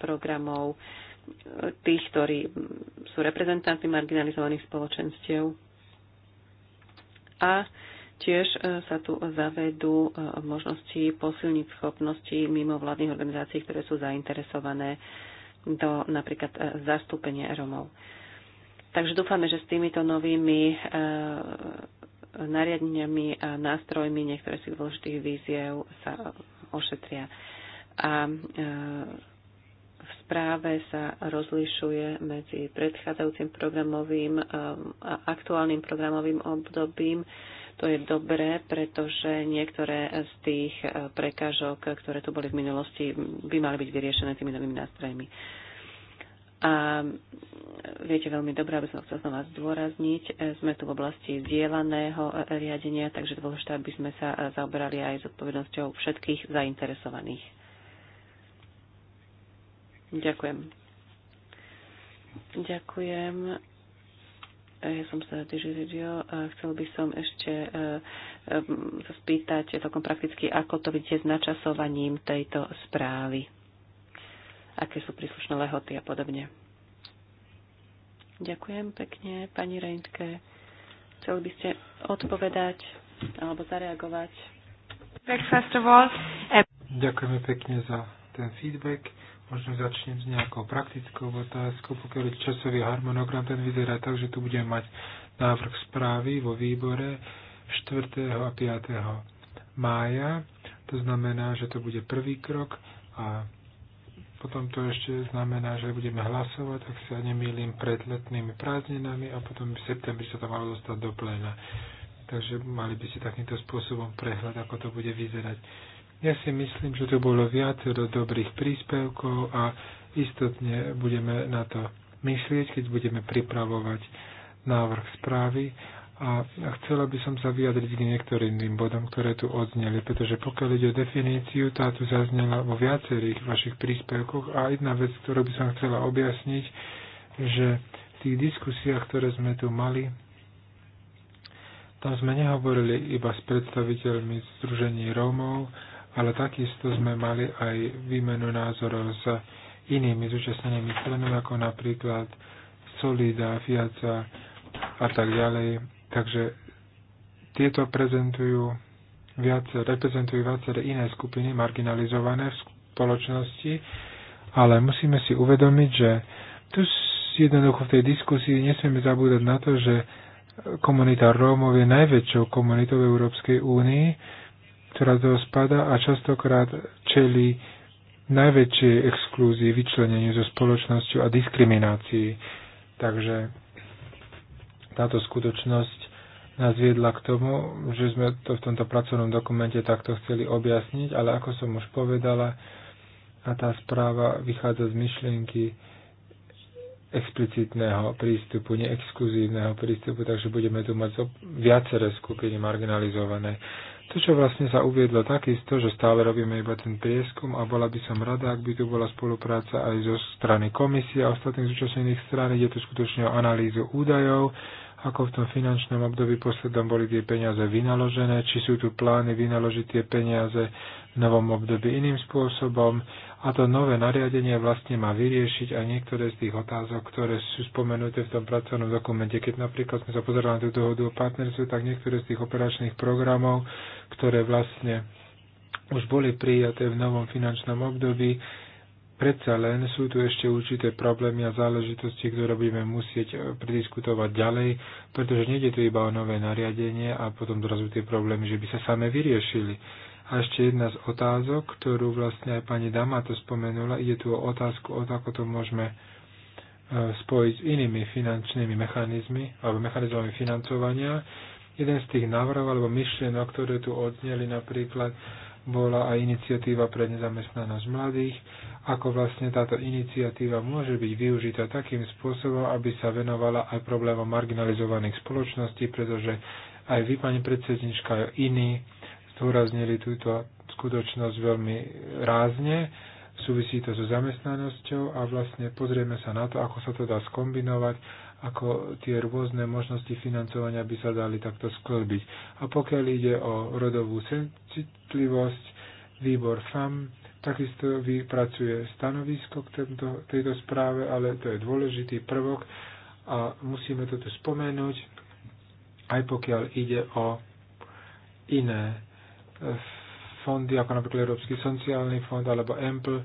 programov tých, ktorí sú reprezentantmi marginalizovaných spoločenstiev. A Tiež sa tu zavedú možnosti posilniť schopnosti mimo vládnych organizácií, ktoré sú zainteresované do napríklad e, zastúpenia Romov. Takže dúfame, že s týmito novými e, nariadeniami a nástrojmi niektoré z tých dôležitých víziev sa ošetria. A e, v správe sa rozlišuje medzi predchádzajúcim programovým a aktuálnym programovým obdobím to je dobré, pretože niektoré z tých e, prekážok, ktoré tu boli v minulosti, by mali byť vyriešené tými novými nástrojmi. A e, viete veľmi dobre, aby som chcel znova zdôrazniť, e, sme tu v oblasti zdieľaného riadenia, takže dôležité, aby sme sa zaoberali aj s odpovednosťou všetkých zainteresovaných. Ďakujem. Ďakujem. E, ja som sa radio, Chcel by som ešte e, e, sa spýtať celkom prakticky, ako to vidíte s načasovaním tejto správy. Aké sú príslušné lehoty a podobne. Ďakujem pekne, pani Reintke. Chceli by ste odpovedať alebo zareagovať? Eh, Ďakujeme pekne za ten feedback. Možno začnem s nejakou praktickou otázkou, pokiaľ je časový harmonogram, ten vyzerá tak, že tu budem mať návrh správy vo výbore 4. a 5. mája. To znamená, že to bude prvý krok a potom to ešte znamená, že budeme hlasovať, ak sa nemýlim, pred letnými prázdninami a potom v septembri sa to malo dostať do pléna. Takže mali by ste takýmto spôsobom prehľad, ako to bude vyzerať. Ja si myslím, že tu bolo viacero dobrých príspevkov a istotne budeme na to myslieť, keď budeme pripravovať návrh správy a chcela by som sa vyjadriť k niektorým tým bodom, ktoré tu odzneli, pretože pokiaľ ide o definíciu, tá tu zaznela vo viacerých vašich príspevkoch a jedna vec, ktorú by som chcela objasniť, že v tých diskusiách, ktoré sme tu mali, tam sme nehovorili iba s predstaviteľmi Združení Rómov, ale takisto sme mali aj výmenu názorov s inými zúčastnenými stranami, ako napríklad Solida, Fiaca a tak ďalej. Takže tieto prezentujú viacer, reprezentujú viaceré iné skupiny marginalizované v spoločnosti, ale musíme si uvedomiť, že tu jednoducho v tej diskusii nesmieme zabúdať na to, že komunita Rómov je najväčšou komunitou v Európskej únii, ktorá do toho spada a častokrát čeli najväčšie exklúzii, vyčleneniu zo spoločnosťou a diskriminácii. Takže táto skutočnosť nás viedla k tomu, že sme to v tomto pracovnom dokumente takto chceli objasniť, ale ako som už povedala, a tá správa vychádza z myšlienky explicitného prístupu, neexkluzívneho prístupu, takže budeme tu mať viaceré skupiny marginalizované. To, čo vlastne sa uviedlo takisto, že stále robíme iba ten prieskum a bola by som rada, ak by tu bola spolupráca aj zo strany komisie a ostatných zúčastnených strán. Ide tu skutočne o analýzu údajov, ako v tom finančnom období poslednom boli tie peniaze vynaložené, či sú tu plány vynaložiť tie peniaze v novom období iným spôsobom, a to nové nariadenie vlastne má vyriešiť aj niektoré z tých otázok, ktoré sú spomenuté v tom pracovnom dokumente. Keď napríklad sme sa pozerali na tú dohodu o partnerstve, tak niektoré z tých operačných programov, ktoré vlastne už boli prijaté v novom finančnom období, predsa len sú tu ešte určité problémy a záležitosti, ktoré budeme musieť e, prediskutovať ďalej, pretože nejde tu iba o nové nariadenie a potom dorazú tie problémy, že by sa same vyriešili a ešte jedna z otázok, ktorú vlastne aj pani Dama to spomenula, ide tu o otázku, o ako to môžeme e, spojiť s inými finančnými mechanizmy alebo mechanizmami financovania. Jeden z tých návrhov alebo myšlienok, ktoré tu odzneli napríklad, bola aj iniciatíva pre nezamestnanosť mladých, ako vlastne táto iniciatíva môže byť využitá takým spôsobom, aby sa venovala aj problémom marginalizovaných spoločností, pretože aj vy, pani predsednička, aj iní zdôraznili túto skutočnosť veľmi rázne. Súvisí to so zamestnanosťou a vlastne pozrieme sa na to, ako sa to dá skombinovať, ako tie rôzne možnosti financovania by sa dali takto sklbiť. A pokiaľ ide o rodovú citlivosť, výbor FAM takisto vypracuje stanovisko k tento, tejto správe, ale to je dôležitý prvok a musíme toto spomenúť, aj pokiaľ ide o iné fondy, ako napríklad Európsky sociálny fond alebo EMPL,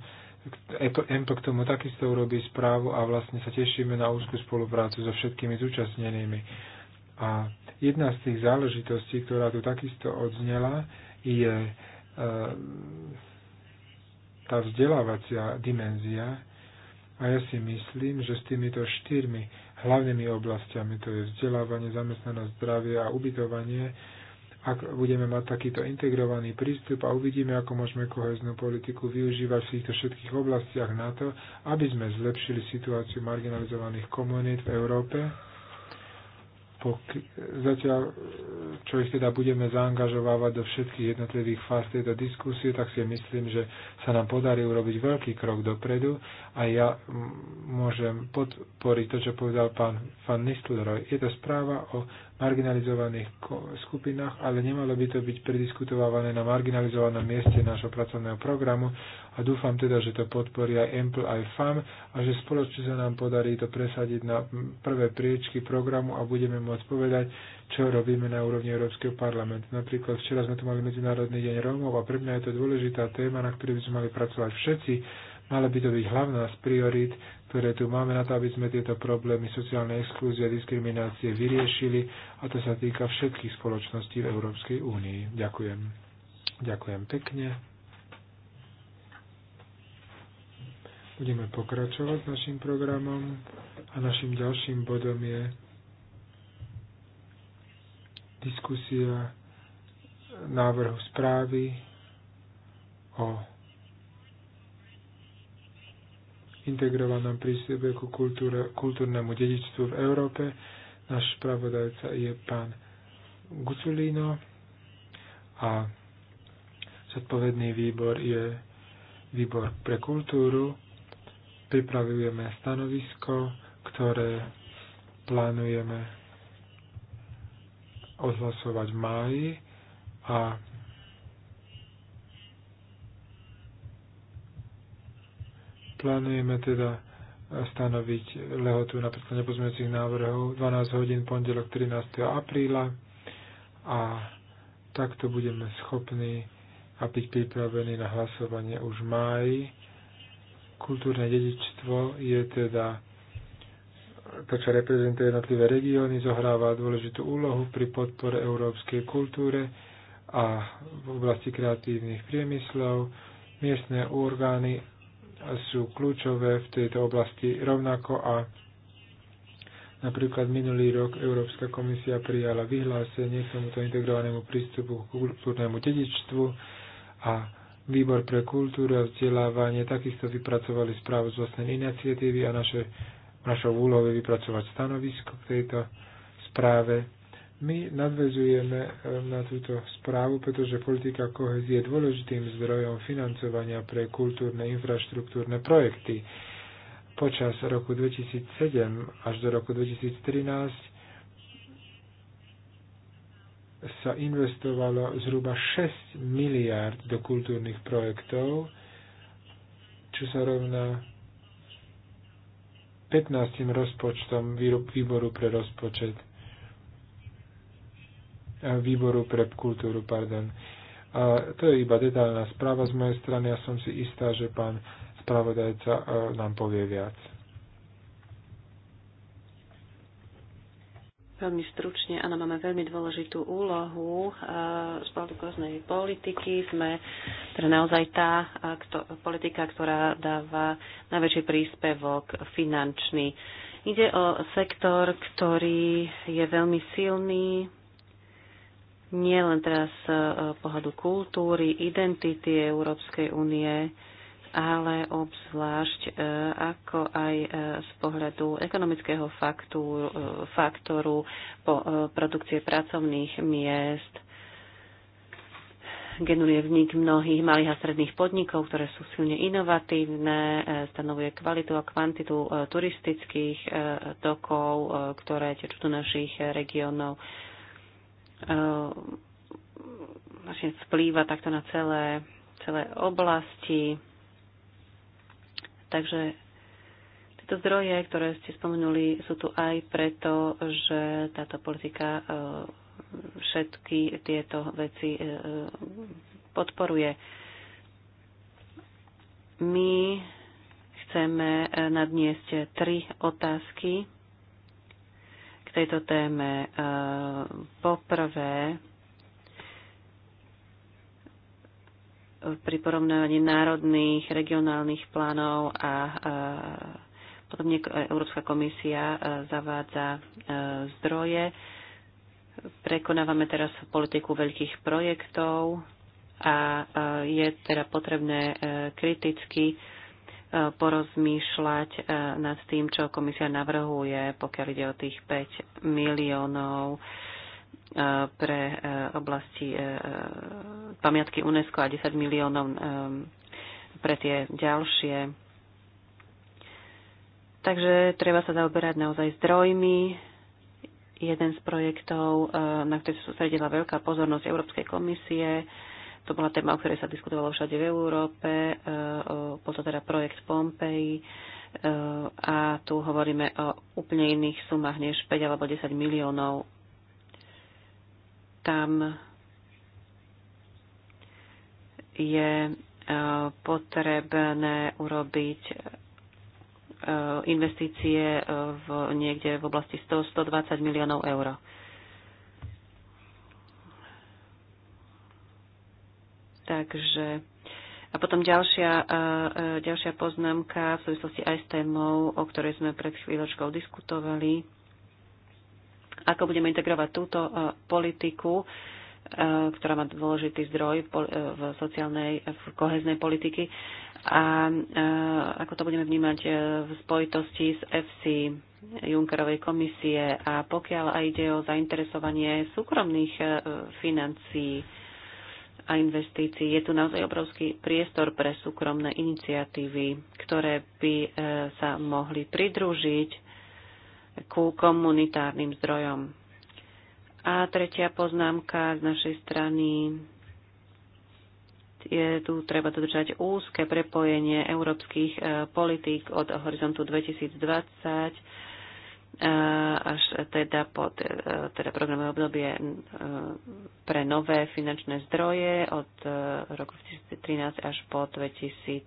EMPL k tomu takisto urobí správu a vlastne sa tešíme na úzkú spoluprácu so všetkými zúčastnenými. A jedna z tých záležitostí, ktorá tu takisto odznela, je e, tá vzdelávacia dimenzia. A ja si myslím, že s týmito štyrmi hlavnými oblastiami, to je vzdelávanie, zamestnanosť, zdravie a ubytovanie, ak budeme mať takýto integrovaný prístup a uvidíme, ako môžeme koheznú politiku využívať v týchto všetkých oblastiach na to, aby sme zlepšili situáciu marginalizovaných komunít v Európe, pok- zatiaľ, čo ich teda budeme zaangažovávať do všetkých jednotlivých fáz tejto diskusie, tak si myslím, že sa nám podarí urobiť veľký krok dopredu a ja môžem podporiť to, čo povedal pán Van Nistelrooy. Je to správa o marginalizovaných skupinách, ale nemalo by to byť prediskutovávané na marginalizovanom mieste nášho pracovného programu a dúfam teda, že to podporí aj EMPL, aj FAM a že spoločne sa nám podarí to presadiť na prvé priečky programu a budeme môcť povedať, čo robíme na úrovni Európskeho parlamentu. Napríklad včera sme tu mali Medzinárodný deň Rómov a pre mňa je to dôležitá téma, na ktorej by sme mali pracovať všetci, Mala by to byť hlavná z priorít, ktoré tu máme na to, aby sme tieto problémy sociálnej exklúzie a diskriminácie vyriešili a to sa týka všetkých spoločností v Európskej únii. Ďakujem. Ďakujem pekne. Budeme pokračovať s našim programom a našim ďalším bodom je diskusia návrhu správy o integrovanom prístupe ku kultúre, kultúrnemu dedičstvu v Európe. Náš pravodajca je pán Gusulino, a zodpovedný výbor je výbor pre kultúru. Pripravujeme stanovisko, ktoré plánujeme odhlasovať v máji a Plánujeme teda stanoviť lehotu na predkladne pozmeňujúcich návrhov 12 hodín pondelok 13. apríla a takto budeme schopní a byť pripravení na hlasovanie už v máji. Kultúrne dedičstvo je teda to, čo reprezentuje jednotlivé regióny, zohráva dôležitú úlohu pri podpore európskej kultúre a v oblasti kreatívnych priemyslov. Miestne orgány sú kľúčové v tejto oblasti rovnako a Napríklad minulý rok Európska komisia prijala vyhlásenie k tomuto integrovanému prístupu k kultúrnemu dedičstvu a Výbor pre kultúru a vzdelávanie takisto vypracovali správu z vlastnej iniciatívy a naše, našou úlohou je vypracovať stanovisko k tejto správe. My nadvezujeme eh, na túto správu, pretože politika kohezie je dôležitým zdrojom financovania pre kultúrne infraštruktúrne projekty. Počas roku 2007 až do roku 2013 sa investovalo zhruba 6 miliárd do kultúrnych projektov, čo sa rovná 15. rozpočtom výboru pre rozpočet výboru pre kultúru, pardon. A to je iba detailná správa z mojej strany a ja som si istá, že pán spravodajca e, nám povie viac. Veľmi stručne, áno, máme veľmi dôležitú úlohu e, z politikoznej politiky. Sme teda naozaj tá e, kto, politika, ktorá dáva najväčší príspevok finančný. Ide o sektor, ktorý je veľmi silný, nie len teraz e, e, pohľadu kultúry, identity Európskej únie, ale obzvlášť e, ako aj z pohľadu ekonomického faktúru, faktoru produkcie pracovných miest. Generuje vznik mnohých malých a stredných podnikov, ktoré sú silne inovatívne, stanovuje kvalitu a kvantitu turistických tokov, ktoré tečú do našich regiónov Ehm, vlastne splýva takto na celé, celé oblasti. Takže tieto zdroje, ktoré ste spomenuli, sú tu aj preto, že táto politika ehm, všetky tieto veci ehm, podporuje. My chceme nadniesť tri otázky k tejto téme. E, poprvé, pri porovnávaní národných, regionálnych plánov a e, potom e, Európska komisia zavádza zdroje. Prekonávame teraz politiku veľkých projektov a je teda potrebné kriticky porozmýšľať e, nad tým, čo komisia navrhuje, pokiaľ ide o tých 5 miliónov e, pre e, oblasti pamiatky UNESCO a 10 miliónov pre tie ďalšie. Takže treba sa zaoberať naozaj zdrojmi. Jeden z projektov, na ktorý sa sústredila veľká pozornosť Európskej komisie, to bola téma, o ktorej sa diskutovalo všade v Európe. E, bol to teda projekt Pompeji e, a tu hovoríme o úplne iných sumách než 5 alebo 10 miliónov. Tam je e, potrebné urobiť investície v niekde v oblasti 100-120 miliónov eur. Takže a potom ďalšia, e, e, ďalšia poznámka v súvislosti aj s témou, o ktorej sme pred chvíľočkou diskutovali. Ako budeme integrovať túto e, politiku, ktorá má dôležitý zdroj v sociálnej, v koheznej politiky a ako to budeme vnímať v spojitosti s FC Junckerovej komisie a pokiaľ aj ide o zainteresovanie súkromných financií a investícií. Je tu naozaj obrovský priestor pre súkromné iniciatívy, ktoré by e, sa mohli pridružiť ku komunitárnym zdrojom. A tretia poznámka z našej strany je tu treba dodržať úzke prepojenie európskych e, politík od horizontu 2020 E, až teda pod e, teda programové obdobie e, pre nové finančné zdroje od roku 2013 až po 2020.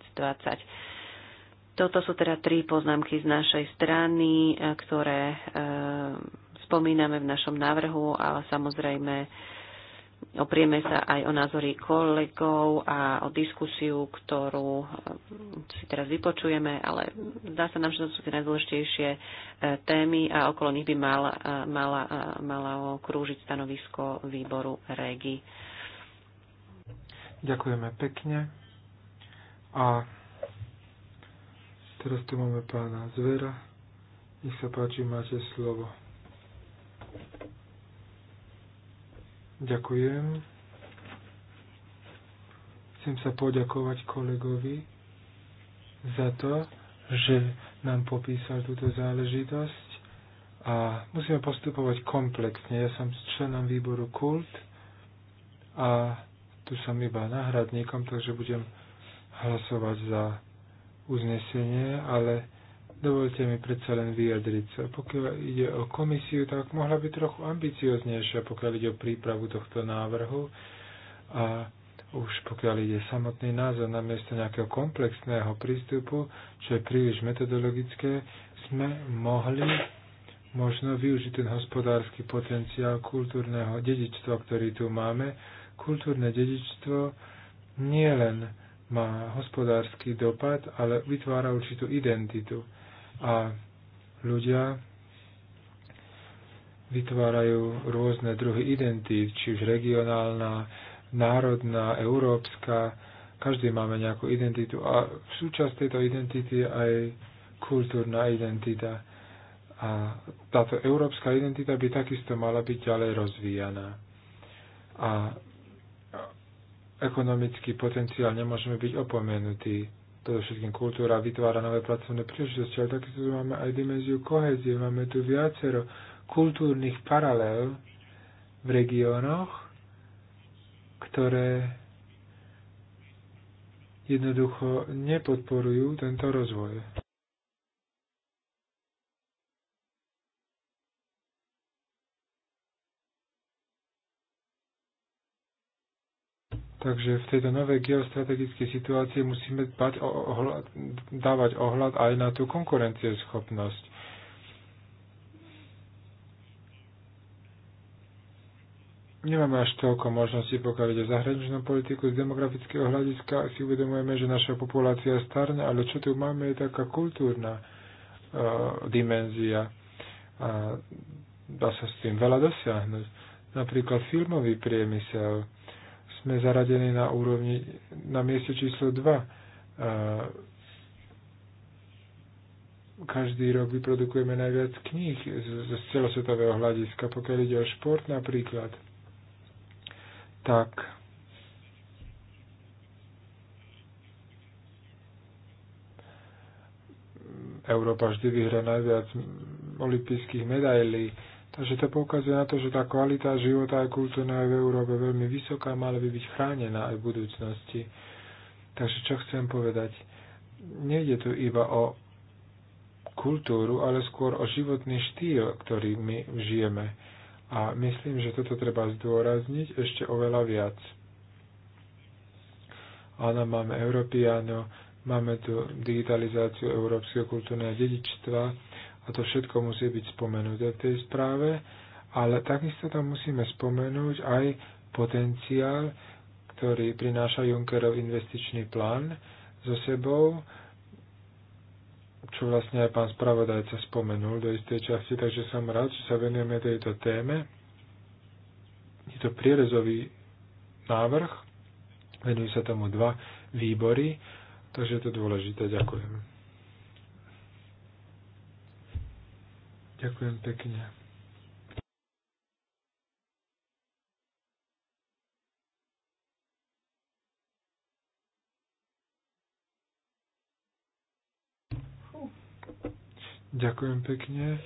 Toto sú teda tri poznámky z našej strany, ktoré spomíname v našom návrhu, ale samozrejme Oprieme sa aj o názory kolegov a o diskusiu, ktorú eh, si teraz vypočujeme, ale zdá sa nám, že to sú tie najdôležitejšie eh, témy a okolo nich by eh, mala, mala, mala krúžiť stanovisko výboru REGI. Ďakujeme pekne. A teraz tu máme pána Zvera. Nech sa páči, máte slovo. Ďakujem. Chcem sa poďakovať kolegovi za to, že nám popísal túto záležitosť a musíme postupovať komplexne. Ja som členom výboru KULT a tu som iba náhradníkom, takže budem hlasovať za uznesenie, ale Dovolte mi predsa len vyjadriť sa. Pokiaľ ide o komisiu, tak mohla byť trochu ambicioznejšia, pokiaľ ide o prípravu tohto návrhu. A už pokiaľ ide samotný názor na miesto nejakého komplexného prístupu, čo je príliš metodologické, sme mohli možno využiť ten hospodársky potenciál kultúrneho dedičstva, ktorý tu máme. Kultúrne dedičstvo nie len má hospodársky dopad, ale vytvára určitú identitu a ľudia vytvárajú rôzne druhy identít, či už regionálna, národná, európska, každý máme nejakú identitu a súčasť tejto identity je aj kultúrna identita. A táto európska identita by takisto mala byť ďalej rozvíjaná. A ekonomický potenciál nemôžeme byť opomenutý predovšetkým kultúra vytvára nové pracovné príležitosti, ale takisto tu máme aj dimenziu kohezie, máme tu viacero kultúrnych paralel v regiónoch, ktoré jednoducho nepodporujú tento rozvoj. Takže v tejto novej geostrategickej situácii musíme dbať o ohľad, dávať ohľad aj na tú konkurencieschopnosť. Nemáme až toľko možností, pokiaľ ide o zahraničnú politiku z demografického hľadiska. Si uvedomujeme, že naša populácia starne, ale čo tu máme je taká kultúrna uh, dimenzia. A dá sa s tým veľa dosiahnuť. Napríklad filmový priemysel sme zaradení na úrovni, na mieste číslo 2. Každý rok vyprodukujeme najviac kníh z celosvetového hľadiska. Pokiaľ ide o šport napríklad, tak Európa vždy vyhra najviac olympijských medailí Takže to poukazuje na to, že tá kvalita života aj kultúrna aj v Európe veľmi vysoká, mala by byť chránená aj v budúcnosti. Takže čo chcem povedať? Nejde tu iba o kultúru, ale skôr o životný štýl, ktorý my žijeme. A myslím, že toto treba zdôrazniť ešte oveľa viac. Áno, máme Európiano, máme tu digitalizáciu európskeho kultúrneho dedičstva, a to všetko musí byť spomenuté v tej správe, ale takisto tam musíme spomenúť aj potenciál, ktorý prináša Junckerov investičný plán so sebou, čo vlastne aj pán spravodajca spomenul do istej časti, takže som rád, že sa venujeme tejto téme. Je to prierezový návrh, venujú sa tomu dva výbory, takže je to dôležité. Ďakujem. Ďakujem pekne. Ďakujem pekne.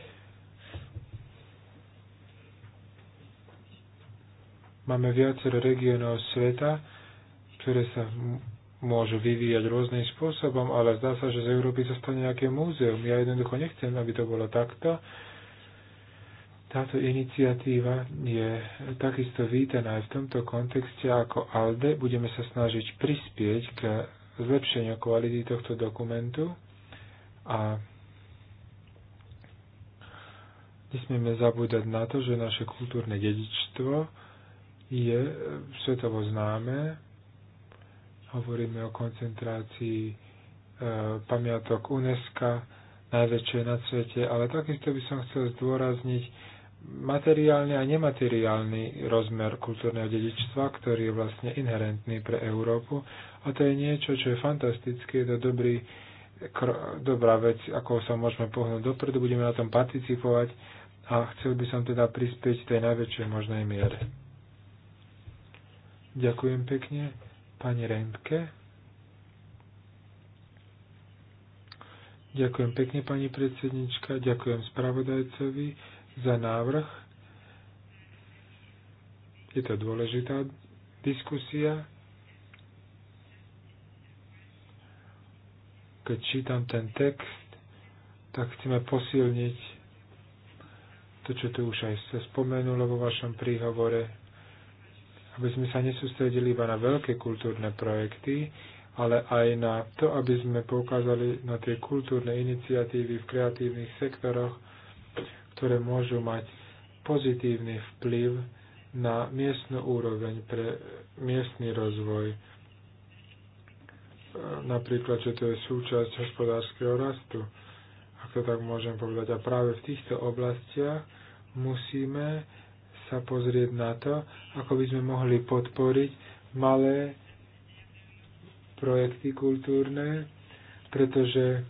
Máme viacero regiónov sveta, ktoré sa môžu vyvíjať rôznym spôsobom, ale zdá sa, že z Európy sa stane nejaké múzeum. Ja jednoducho nechcem, aby to bolo takto. Táto iniciatíva je takisto vítaná aj v tomto kontexte ako ALDE. Budeme sa snažiť prispieť k zlepšeniu kvality tohto dokumentu a nesmieme zabúdať na to, že naše kultúrne dedičstvo je svetovo známe Hovoríme o koncentrácii e, pamiatok UNESCO, najväčšej na svete, ale takisto by som chcel zdôrazniť materiálny a nemateriálny rozmer kultúrneho dedičstva, ktorý je vlastne inherentný pre Európu. A to je niečo, čo je fantastické, je to dobrý, dobrá vec, ako sa môžeme pohnúť dopredu, budeme na tom participovať a chcel by som teda prispieť tej najväčšej možnej miere. Ďakujem pekne. Pani Remke. Ďakujem pekne, pani predsednička. Ďakujem spravodajcovi za návrh. Je to dôležitá diskusia. Keď čítam ten text, tak chceme posilniť to, čo tu už aj sa spomenulo vo vašom príhovore, aby sme sa nesústredili iba na veľké kultúrne projekty, ale aj na to, aby sme poukázali na tie kultúrne iniciatívy v kreatívnych sektoroch, ktoré môžu mať pozitívny vplyv na miestnu úroveň pre miestny rozvoj. Napríklad, že to je súčasť hospodárskeho rastu, ak to tak môžem povedať. A práve v týchto oblastiach musíme sa pozrieť na to, ako by sme mohli podporiť malé projekty kultúrne, pretože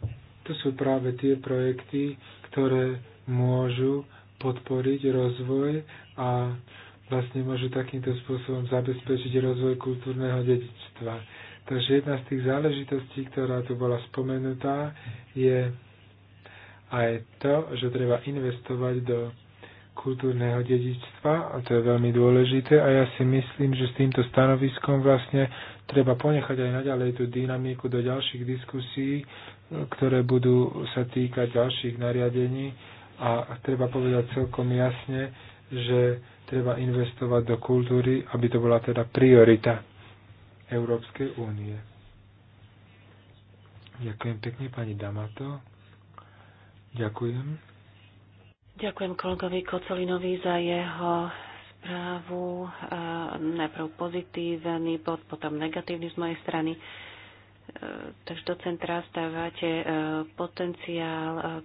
to sú práve tie projekty, ktoré môžu podporiť rozvoj a vlastne môžu takýmto spôsobom zabezpečiť rozvoj kultúrneho dedičstva. Takže jedna z tých záležitostí, ktorá tu bola spomenutá, je aj to, že treba investovať do kultúrneho dedičstva a to je veľmi dôležité a ja si myslím, že s týmto stanoviskom vlastne treba ponechať aj naďalej tú dynamiku do ďalších diskusí, ktoré budú sa týkať ďalších nariadení a treba povedať celkom jasne, že treba investovať do kultúry, aby to bola teda priorita Európskej únie. Ďakujem pekne pani Damato. Ďakujem. Ďakujem kolegovi Kocolinovi za jeho správu. Najprv pozitívny potom negatívny z mojej strany. E, takže do centra stávate e, potenciál e,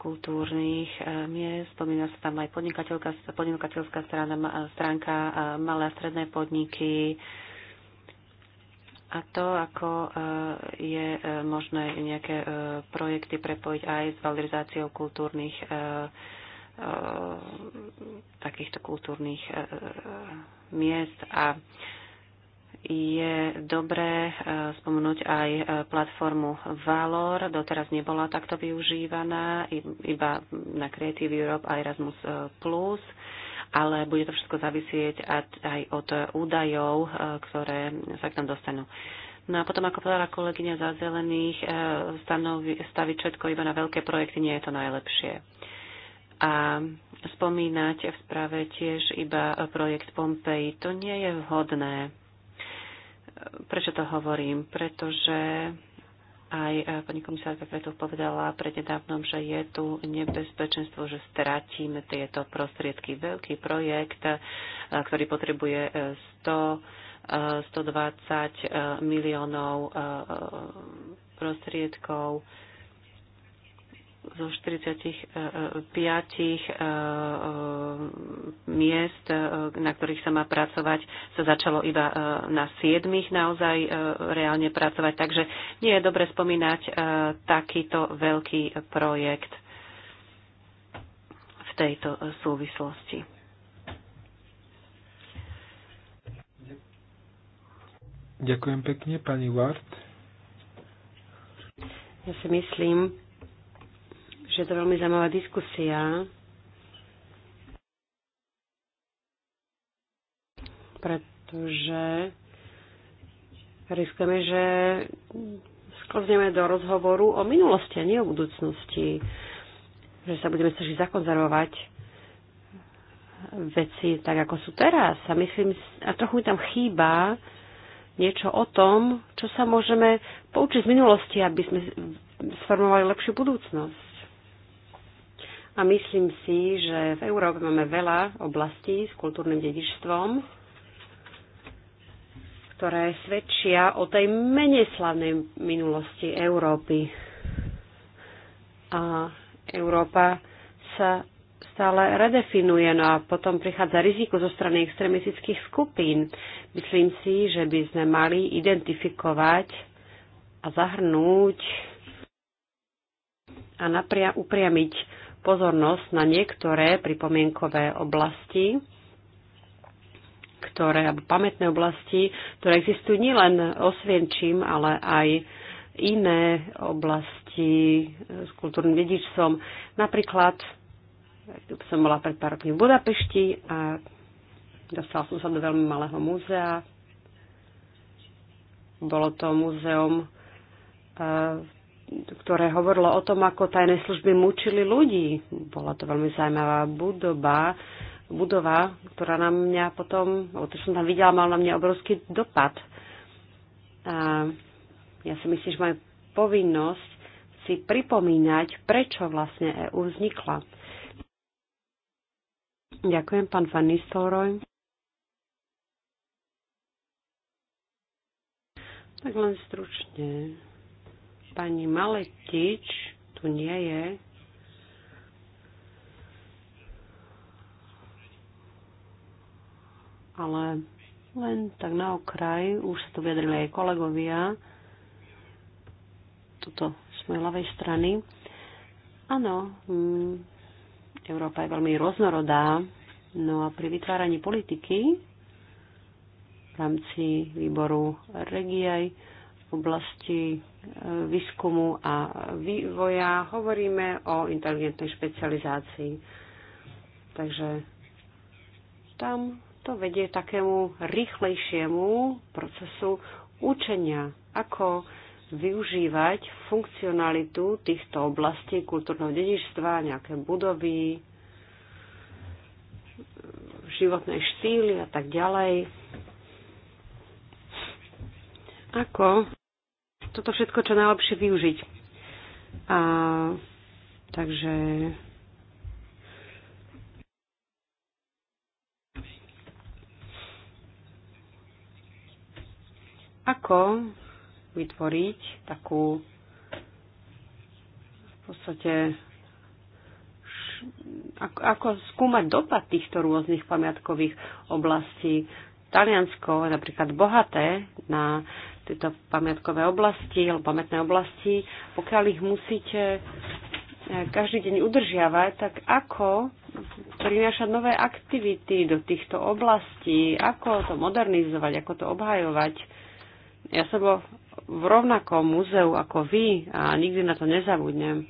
kultúrnych miest. Spomína sa tam aj podnikateľská strana, stránka, malé a stredné podniky, a to, ako je možné nejaké projekty prepojiť aj s valorizáciou kultúrnych Eh, takýchto kultúrnych eh, eh, miest a je dobré spomenúť aj platformu Valor. Doteraz nebola takto využívaná, iba na Creative Europe a Erasmus+, Plus, ale bude to všetko závisieť aj od údajov, ktoré sa k nám dostanú. No a potom, ako povedala kolegyňa za zelených, staviť všetko iba na veľké projekty nie je to najlepšie a spomínať v správe tiež iba projekt Pompeji. To nie je vhodné. Prečo to hovorím? Pretože aj pani komisárka preto povedala prednedávnom, že je tu nebezpečenstvo, že stratíme tieto prostriedky. Veľký projekt, ktorý potrebuje 100, 120 miliónov prostriedkov, zo 45 e, e, e, miest, na ktorých sa má pracovať, sa začalo iba na 7 naozaj reálne pracovať. Takže nie je dobre spomínať takýto veľký projekt v tejto súvislosti. Ďakujem pekne, pani Ward. Ja si myslím, že je to veľmi zaujímavá diskusia, pretože riskujeme, že sklzneme do rozhovoru o minulosti a nie o budúcnosti, že sa budeme snažiť zakonzervovať veci tak, ako sú teraz. A myslím, a trochu mi tam chýba niečo o tom, čo sa môžeme poučiť z minulosti, aby sme sformovali lepšiu budúcnosť. A myslím si, že v Európe máme veľa oblastí s kultúrnym dedičstvom, ktoré svedčia o tej menej slavnej minulosti Európy. A Európa sa stále redefinuje, no a potom prichádza riziko zo strany extremistických skupín. Myslím si, že by sme mali identifikovať a zahrnúť a napria- upriamiť pozornosť na niektoré pripomienkové oblasti, ktoré, alebo pamätné oblasti, ktoré existujú nielen osvienčím, ale aj iné oblasti s kultúrnym dedičstvom. Napríklad som bola pred pár rokmi v Budapešti a dostala som sa do veľmi malého múzea. Bolo to múzeum eh, ktoré hovorilo o tom, ako tajné služby mučili ľudí. Bola to veľmi zaujímavá budoba, budova, ktorá na mňa potom, o to som tam videla, mal na mňa obrovský dopad. A ja si myslím, že moja povinnosť si pripomínať, prečo vlastne EU vznikla. Ďakujem, pán Van Nistelrooy. Tak len stručne. Pani Maletič tu nie je. Ale len tak na okraj, už sa tu vyjadrili aj kolegovia, tuto z mojej ľavej strany. Áno, mm, Európa je veľmi rôznorodá, no a pri vytváraní politiky v rámci výboru Regiaj v oblasti e, výskumu a vývoja. Hovoríme o inteligentnej špecializácii. Takže tam to vedie takému rýchlejšiemu procesu učenia, ako využívať funkcionalitu týchto oblastí kultúrneho dedičstva, nejaké budovy, e, životné štýly a tak ďalej ako toto všetko čo najlepšie využiť. A, takže ako vytvoriť takú v podstate ako, ako skúmať dopad týchto rôznych pamiatkových oblastí. Taliansko je napríklad bohaté na tieto pamiatkové oblasti alebo pamätné oblasti, pokiaľ ich musíte eh, každý deň udržiavať, tak ako prinášať nové aktivity do týchto oblastí, ako to modernizovať, ako to obhajovať. Ja som bol v rovnakom múzeu ako vy a nikdy na to nezabudnem.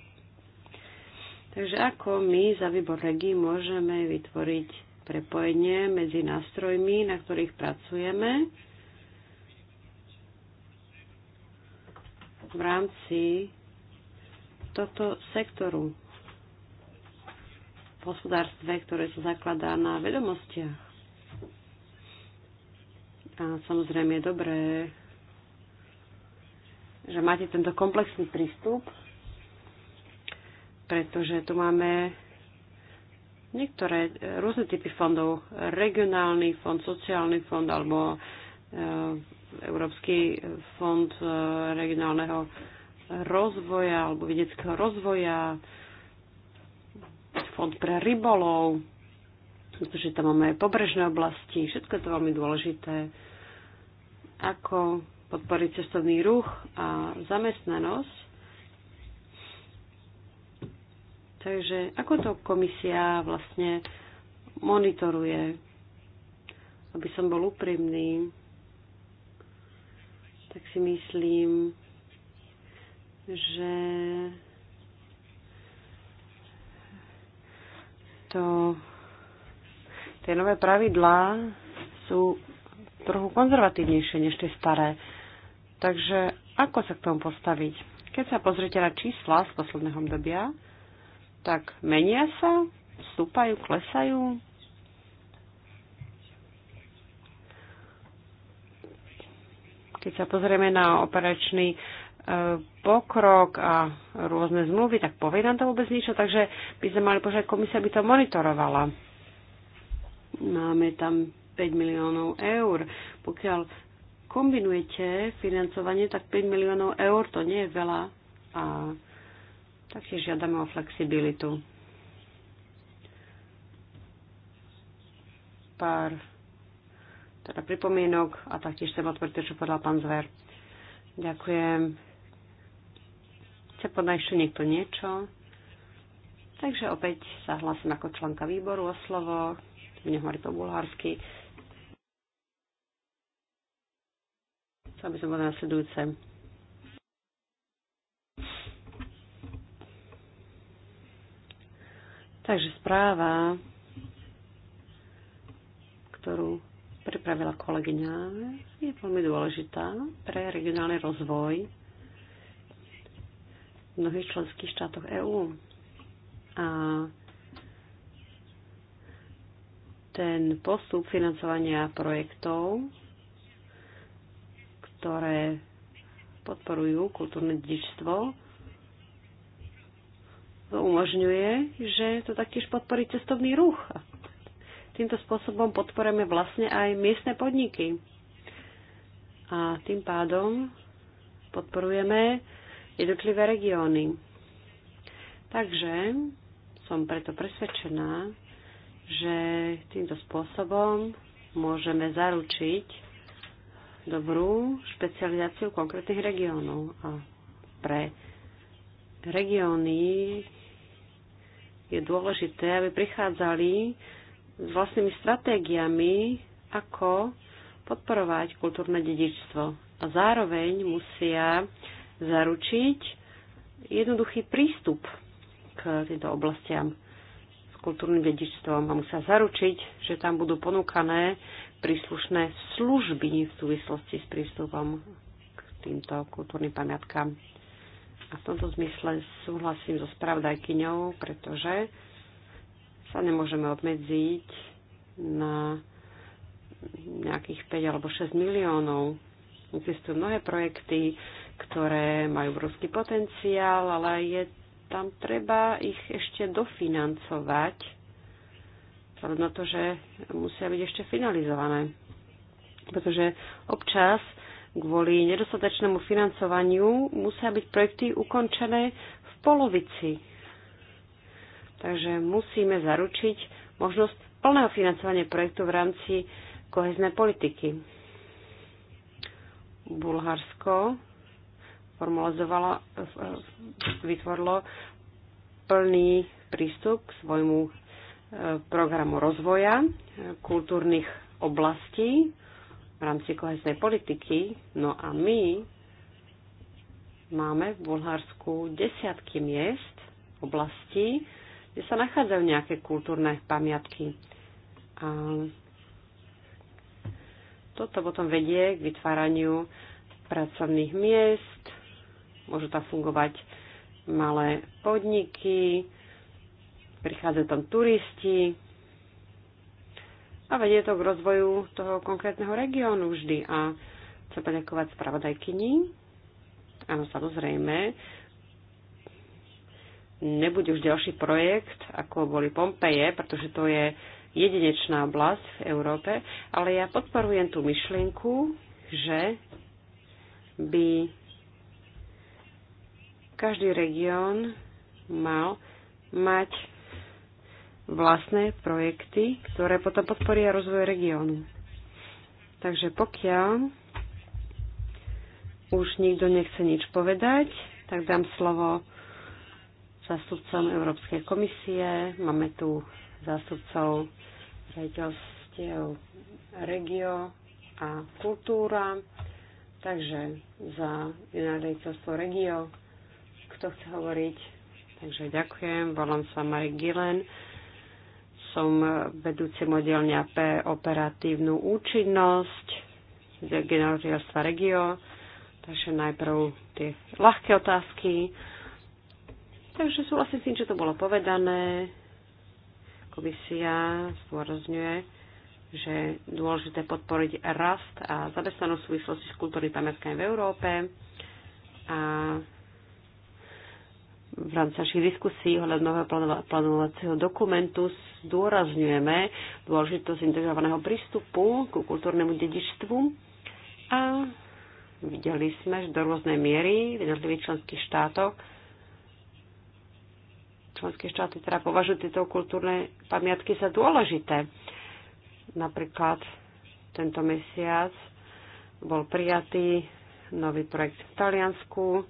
Takže ako my za výbor regí môžeme vytvoriť prepojenie medzi nástrojmi, na ktorých pracujeme v rámci tohto sektoru v hospodárstve, ktoré sa zakladá na vedomostiach. A samozrejme je dobré, že máte tento komplexný prístup, pretože tu máme niektoré e, rôzne typy fondov, regionálny fond, sociálny fond alebo e, Európsky fond e, regionálneho rozvoja alebo vedeckého rozvoja, fond pre rybolov, pretože tam máme aj pobrežné oblasti, všetko je to veľmi dôležité. Ako podporiť cestovný ruch a zamestnanosť, Takže ako to komisia vlastne monitoruje, aby som bol úprimný, tak si myslím, že to tie nové pravidlá sú trochu konzervatívnejšie než tie staré. Takže ako sa k tomu postaviť? Keď sa pozrite na čísla z posledného obdobia, tak menia sa, vstúpajú, klesajú. Keď sa pozrieme na operačný e, pokrok a rôzne zmluvy, tak povie nám to vôbec niečo, takže by sme mali požiadať komisia, by to monitorovala. Máme tam 5 miliónov eur. Pokiaľ kombinujete financovanie, tak 5 miliónov eur to nie je veľa a Taktiež žiadame o flexibilitu. Pár teda pripomienok a taktiež chcem odporúčiť, čo povedal pán Zver. Ďakujem. Chce podať ešte niekto niečo? Takže opäť sa hlasím ako členka výboru o slovo. Budem hovoriť po bulharsky. Chcel by som povedať nasledujúce. Takže správa, ktorú pripravila kolegyňa, je veľmi dôležitá pre regionálny rozvoj v mnohých členských štátoch EÚ. A ten postup financovania projektov, ktoré podporujú kultúrne dedičstvo, to umožňuje, že to taktiež podporí cestovný ruch. Týmto spôsobom podporujeme vlastne aj miestne podniky. A tým pádom podporujeme jednotlivé regióny. Takže som preto presvedčená, že týmto spôsobom môžeme zaručiť dobrú špecializáciu konkrétnych regiónov. A pre regióny je dôležité, aby prichádzali s vlastnými stratégiami, ako podporovať kultúrne dedičstvo. A zároveň musia zaručiť jednoduchý prístup k týmto oblastiam s kultúrnym dedičstvom a musia zaručiť, že tam budú ponúkané príslušné služby v súvislosti s prístupom k týmto kultúrnym pamiatkám. A v tomto zmysle súhlasím so spravodajkyňou, pretože sa nemôžeme obmedziť na nejakých 5 alebo 6 miliónov. Existujú mnohé projekty, ktoré majú obrovský potenciál, ale je tam treba ich ešte dofinancovať, vzhľadom na to, že musia byť ešte finalizované. Pretože občas Kvôli nedostatečnému financovaniu musia byť projekty ukončené v polovici. Takže musíme zaručiť možnosť plného financovania projektu v rámci koheznej politiky. Bulharsko formalizovalo, vytvorilo plný prístup k svojmu eh, programu rozvoja kultúrnych oblastí v rámci kohesnej politiky. No a my máme v Bulharsku desiatky miest, oblastí, kde sa nachádzajú nejaké kultúrne pamiatky. A toto potom vedie k vytváraniu pracovných miest, môžu tam fungovať malé podniky, prichádzajú tam turisti, a vedie to k rozvoju toho konkrétneho regiónu vždy. A chcem poďakovať spravodajkyni. Áno, samozrejme, nebude už ďalší projekt, ako boli Pompeje, pretože to je jedinečná oblasť v Európe, ale ja podporujem tú myšlienku, že by každý región mal mať vlastné projekty, ktoré potom podporia rozvoj regiónu. Takže pokiaľ už nikto nechce nič povedať, tak dám slovo zástupcom Európskej komisie. Máme tu zástupcov rejiteľstiev Regio a Kultúra. Takže za rejiteľstvo Regio, kto chce hovoriť? Takže ďakujem, volám sa Marek Gilen som vedúcim oddelenia pre operatívnu účinnosť z generálstva Regio. Takže najprv tie ľahké otázky. Takže súhlasím s tým, čo to bolo povedané. Komisia zdôrazňuje, že je dôležité podporiť rast a zamestnanosť v súvislosti s kultúrnymi pamiatkami v Európe. A v rámci našich diskusí ohľadom nového plánovacieho dokumentu zdôrazňujeme dôležitosť integrovaného prístupu ku kultúrnemu dedičstvu a videli sme, že do rôznej miery v jednotlivých členských štátoch členské štáty teda považujú tieto kultúrne pamiatky za dôležité. Napríklad tento mesiac bol prijatý nový projekt v Taliansku,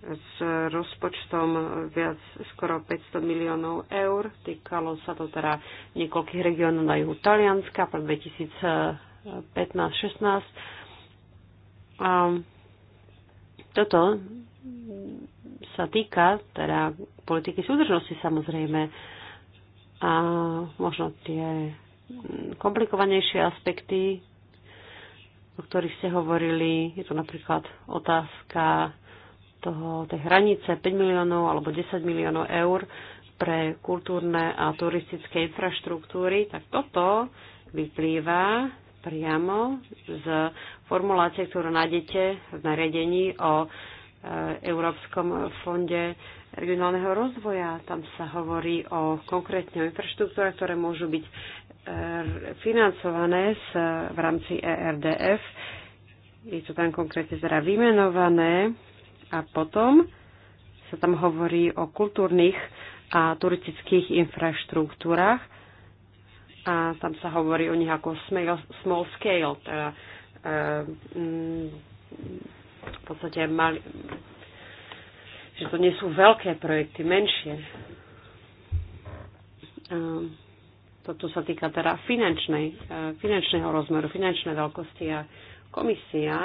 s rozpočtom viac skoro 500 miliónov eur. Týkalo sa to teda niekoľkých regiónov na juhu Talianska pre 2015-16. A toto sa týka teda politiky súdržnosti samozrejme a možno tie komplikovanejšie aspekty, o ktorých ste hovorili, je to napríklad otázka toho, tej hranice 5 miliónov alebo 10 miliónov eur pre kultúrne a turistické infraštruktúry, tak toto vyplýva priamo z formulácie, ktorú nájdete v nariadení o e, Európskom fonde regionálneho rozvoja. Tam sa hovorí o konkrétne infraštruktúre, ktoré môžu byť e, financované v rámci ERDF. Je to tam konkrétne teda vymenované a potom sa tam hovorí o kultúrnych a turistických infraštruktúrach a tam sa hovorí o nich ako small scale, teda eh, mm, v podstate mali, že to nie sú veľké projekty, menšie. Eh, toto sa týka teda finančnej, eh, finančného rozmeru, finančnej veľkosti a komisia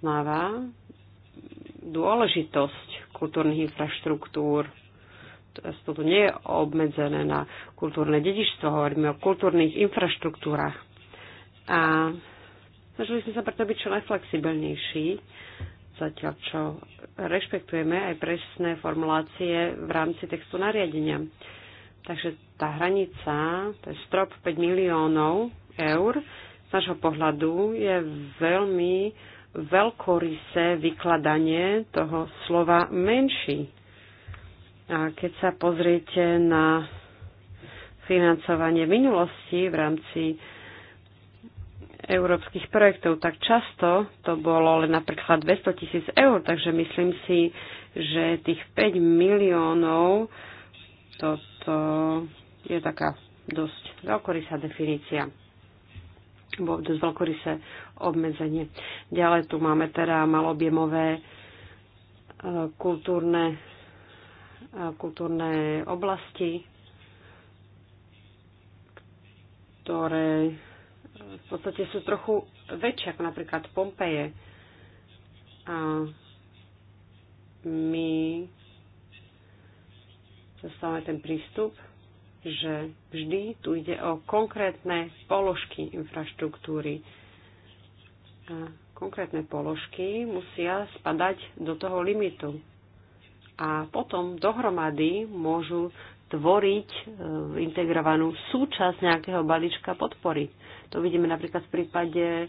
zamestnáva dôležitosť kultúrnych infraštruktúr. To tu nie je obmedzené na kultúrne dedičstvo, hovoríme o kultúrnych infraštruktúrach. A snažili sme sa preto byť čo najflexibilnejší, zatiaľ čo rešpektujeme aj presné formulácie v rámci textu nariadenia. Takže tá hranica, to je strop 5 miliónov eur, z nášho pohľadu je veľmi veľkorysé vykladanie toho slova menší. A keď sa pozriete na financovanie minulosti v rámci európskych projektov, tak často to bolo len napríklad 200 tisíc eur, takže myslím si, že tých 5 miliónov, toto je taká dosť veľkorysá definícia dosť veľkorysé obmedzenie. Ďalej tu máme teda malobjemové e, kultúrne, e, kultúrne oblasti, ktoré e, v podstate sú trochu väčšie, ako napríklad Pompeje. A my zastávame ten prístup, že vždy tu ide o konkrétne položky infraštruktúry. A konkrétne položky musia spadať do toho limitu. A potom dohromady môžu tvoriť e, integrovanú súčasť nejakého balíčka podpory. To vidíme napríklad v prípade e,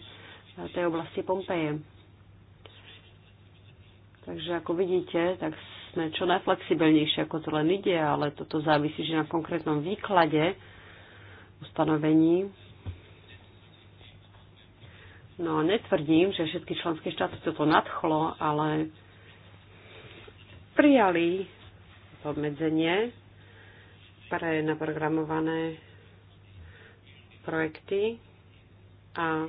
tej oblasti Pompeje. Takže ako vidíte, tak jasné, čo najflexibilnejšie, ako to len ide, ale toto závisí, že na konkrétnom výklade ustanovení. No a netvrdím, že všetky členské štáty toto nadchlo, ale prijali obmedzenie pre naprogramované projekty a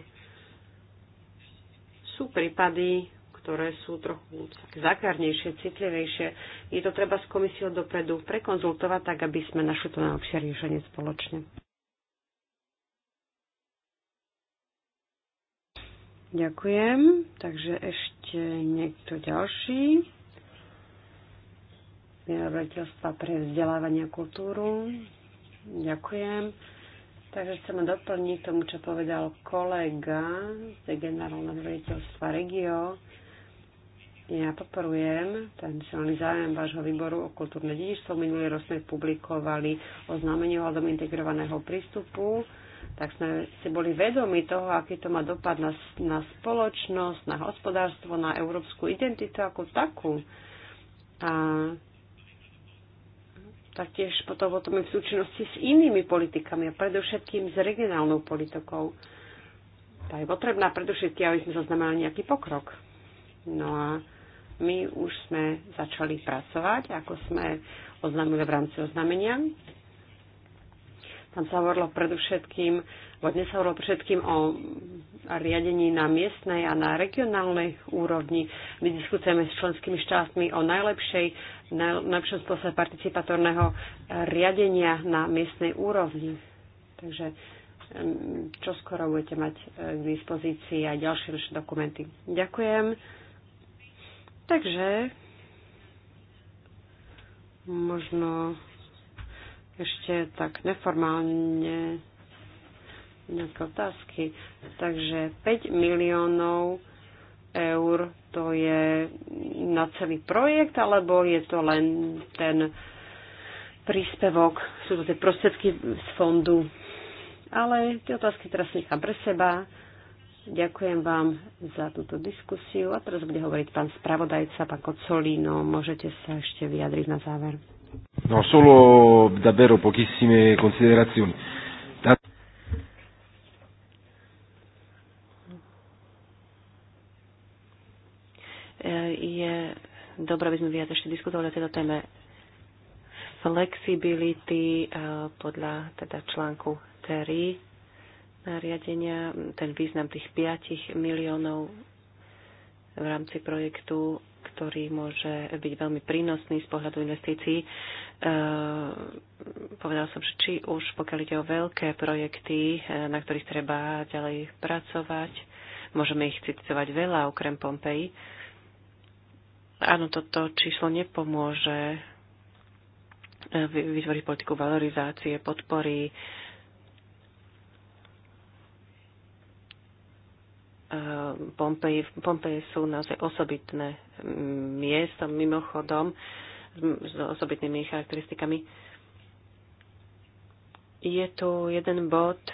sú prípady, ktoré sú trochu zákernejšie, citlivejšie. Je to treba s komisiou dopredu prekonzultovať, tak aby sme našli to najlepšie riešenie spoločne. Ďakujem. Takže ešte niekto ďalší. Mierovateľstva pre vzdelávanie a kultúru. Ďakujem. Takže chcem doplniť tomu, čo povedal kolega z generálneho riaditeľstva Regio. Ja podporujem ten silný zájem vášho výboru o kultúrne dedičstvo. Minulý rok sme publikovali oznámenie hľadom integrovaného prístupu, tak sme si boli vedomi toho, aký to má dopad na, na spoločnosť, na hospodárstvo, na európsku identitu ako takú. A taktiež potom o tom je v súčinnosti s inými politikami a predovšetkým s regionálnou politikou. Tá je potrebná predovšetkým, aby sme zaznamenali nejaký pokrok. No a my už sme začali pracovať, ako sme oznámili v rámci oznámenia. Tam sa hovorilo predovšetkým, dnes sa hovorilo predovšetkým o riadení na miestnej a na regionálnej úrovni. My diskutujeme s členskými štátmi o najlepšej, najlepšom spôsobe participatórneho riadenia na miestnej úrovni. Takže čo skoro budete mať eh, k dispozícii aj ďalšie dokumenty. Ďakujem. Takže možno ešte tak neformálne nejaké otázky. Takže 5 miliónov eur to je na celý projekt, alebo je to len ten príspevok, sú to tie prostriedky z fondu. Ale tie otázky teraz nechám pre seba. Ďakujem vám za túto diskusiu. A teraz bude hovoriť pán spravodajca, pán Kocolino. Môžete sa ešte vyjadriť na záver. No, solo davvero pochissime considerazioni. Je dobré, aby sme viac ešte diskutovali o tejto téme flexibility eh, podľa teda článku 3 nariadenia, ten význam tých 5 miliónov v rámci projektu, ktorý môže byť veľmi prínosný z pohľadu investícií. E, povedal som, že či už pokiaľ ide o veľké projekty, e, na ktorých treba ďalej pracovať, môžeme ich citovať veľa okrem Pompeji. Áno, toto číslo nepomôže e, vytvoriť politiku valorizácie, podpory Pompeji. Pompeji sú naozaj osobitné mm, miesto mimochodom, s osobitnými charakteristikami. Je tu jeden bod, e,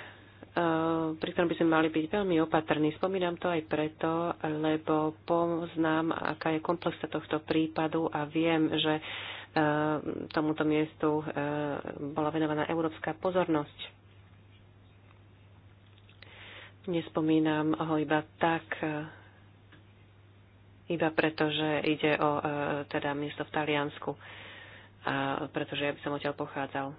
pri ktorom by sme mali byť veľmi opatrní. Spomínam to aj preto, lebo poznám, aká je komplexa tohto prípadu a viem, že e, tomuto miestu e, bola venovaná európska pozornosť. Nespomínam ho iba tak, iba preto, že ide o e, teda miesto v Taliansku, a pretože ja by som odtiaľ pochádzal.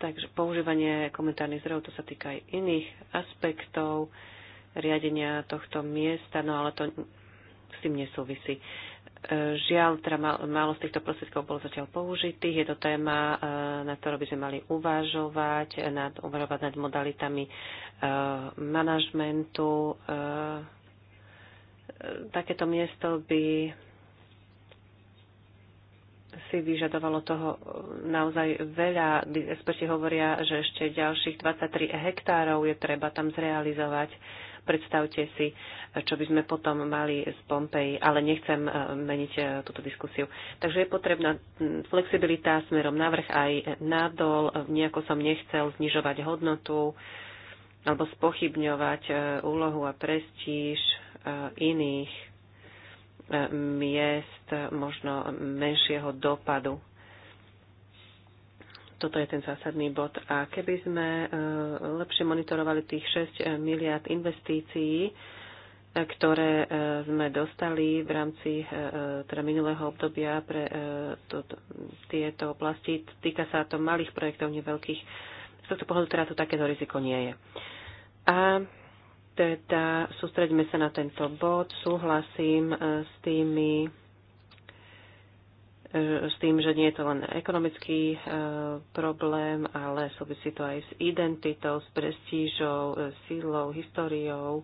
Takže používanie komentárnych zdrojov, to sa týka aj iných aspektov riadenia tohto miesta, no ale to s tým nesúvisí. Žiaľ, teda málo z týchto prostriedkov bolo zatiaľ použitých. Je to téma, eh, na ktorú by sme mali uvažovať, nad, uvažovať nad modalitami eh, manažmentu. Eh, takéto miesto by si vyžadovalo toho naozaj veľa. Experti hovoria, že ešte ďalších 23 hektárov je treba tam zrealizovať Predstavte si, čo by sme potom mali z Pompeji, ale nechcem eh, meniť eh, túto diskusiu. Takže je potrebná hm, flexibilita smerom navrh aj nadol. Eh, nejako som nechcel znižovať hodnotu alebo spochybňovať úlohu a prestíž iných miest možno menšieho dopadu toto je ten zásadný bod. A keby sme e, lepšie monitorovali tých 6 e, miliard investícií, e, ktoré sme dostali v rámci teda minulého obdobia pre to, tieto oblasti. Týka sa to malých projektov, neveľkých. Z tohto pohľadu teda to takéto riziko nie je. A teda sústreďme sa na tento bod. Súhlasím s tými s tým, že nie je to len ekonomický e, problém, ale súvisí to aj s identitou, s prestížou, e, sílou, históriou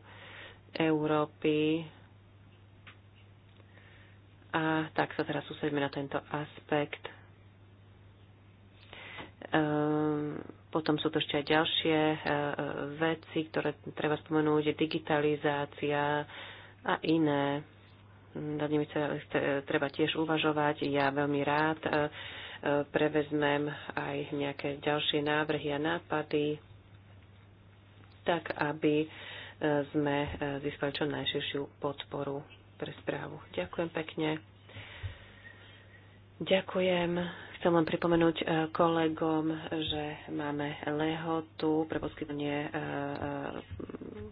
Európy. A tak sa teraz sústredíme na tento aspekt. E, potom sú to ešte aj ďalšie veci, ktoré treba spomenúť, je digitalizácia a iné nad nimi treba tiež uvažovať. Ja veľmi rád e, e, prevezmem aj nejaké ďalšie návrhy a nápady, tak aby e, sme získali čo najširšiu podporu pre správu. Ďakujem pekne. Ďakujem. Chcem len pripomenúť kolegom, že máme lehotu pre poskytnutie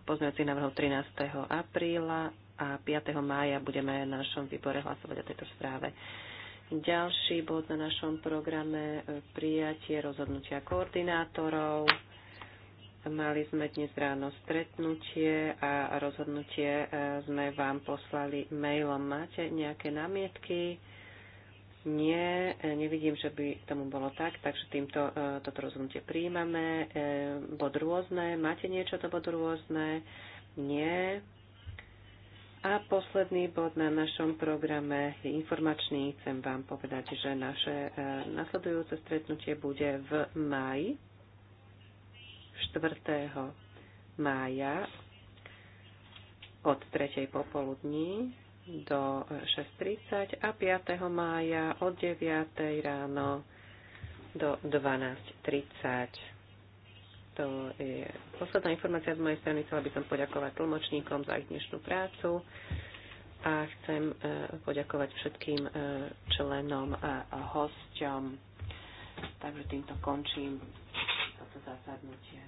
pozmeňovacích návrhov 13. apríla a 5. mája budeme na našom výbore hlasovať o tejto správe. Ďalší bod na našom programe e, prijatie rozhodnutia koordinátorov. Mali sme dnes ráno stretnutie a rozhodnutie e, sme vám poslali mailom. Máte nejaké námietky? Nie, e, nevidím, že by tomu bolo tak, takže týmto toto rozhodnutie príjmame. Bod rôzne, máte niečo do bodu rôzne? Nie, a posledný bod na našom programe je informačný. Chcem vám povedať, že naše e, nasledujúce stretnutie bude v maji, 4. mája od 3. popoludní do 6.30 a 5. mája od 9. ráno do 12.30. To je posledná informácia z mojej strany. Chcela by som poďakovať tlmočníkom za ich dnešnú prácu a chcem e, poďakovať všetkým e, členom a hosťom. Takže týmto končím toto zasadnutie.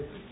Thank you.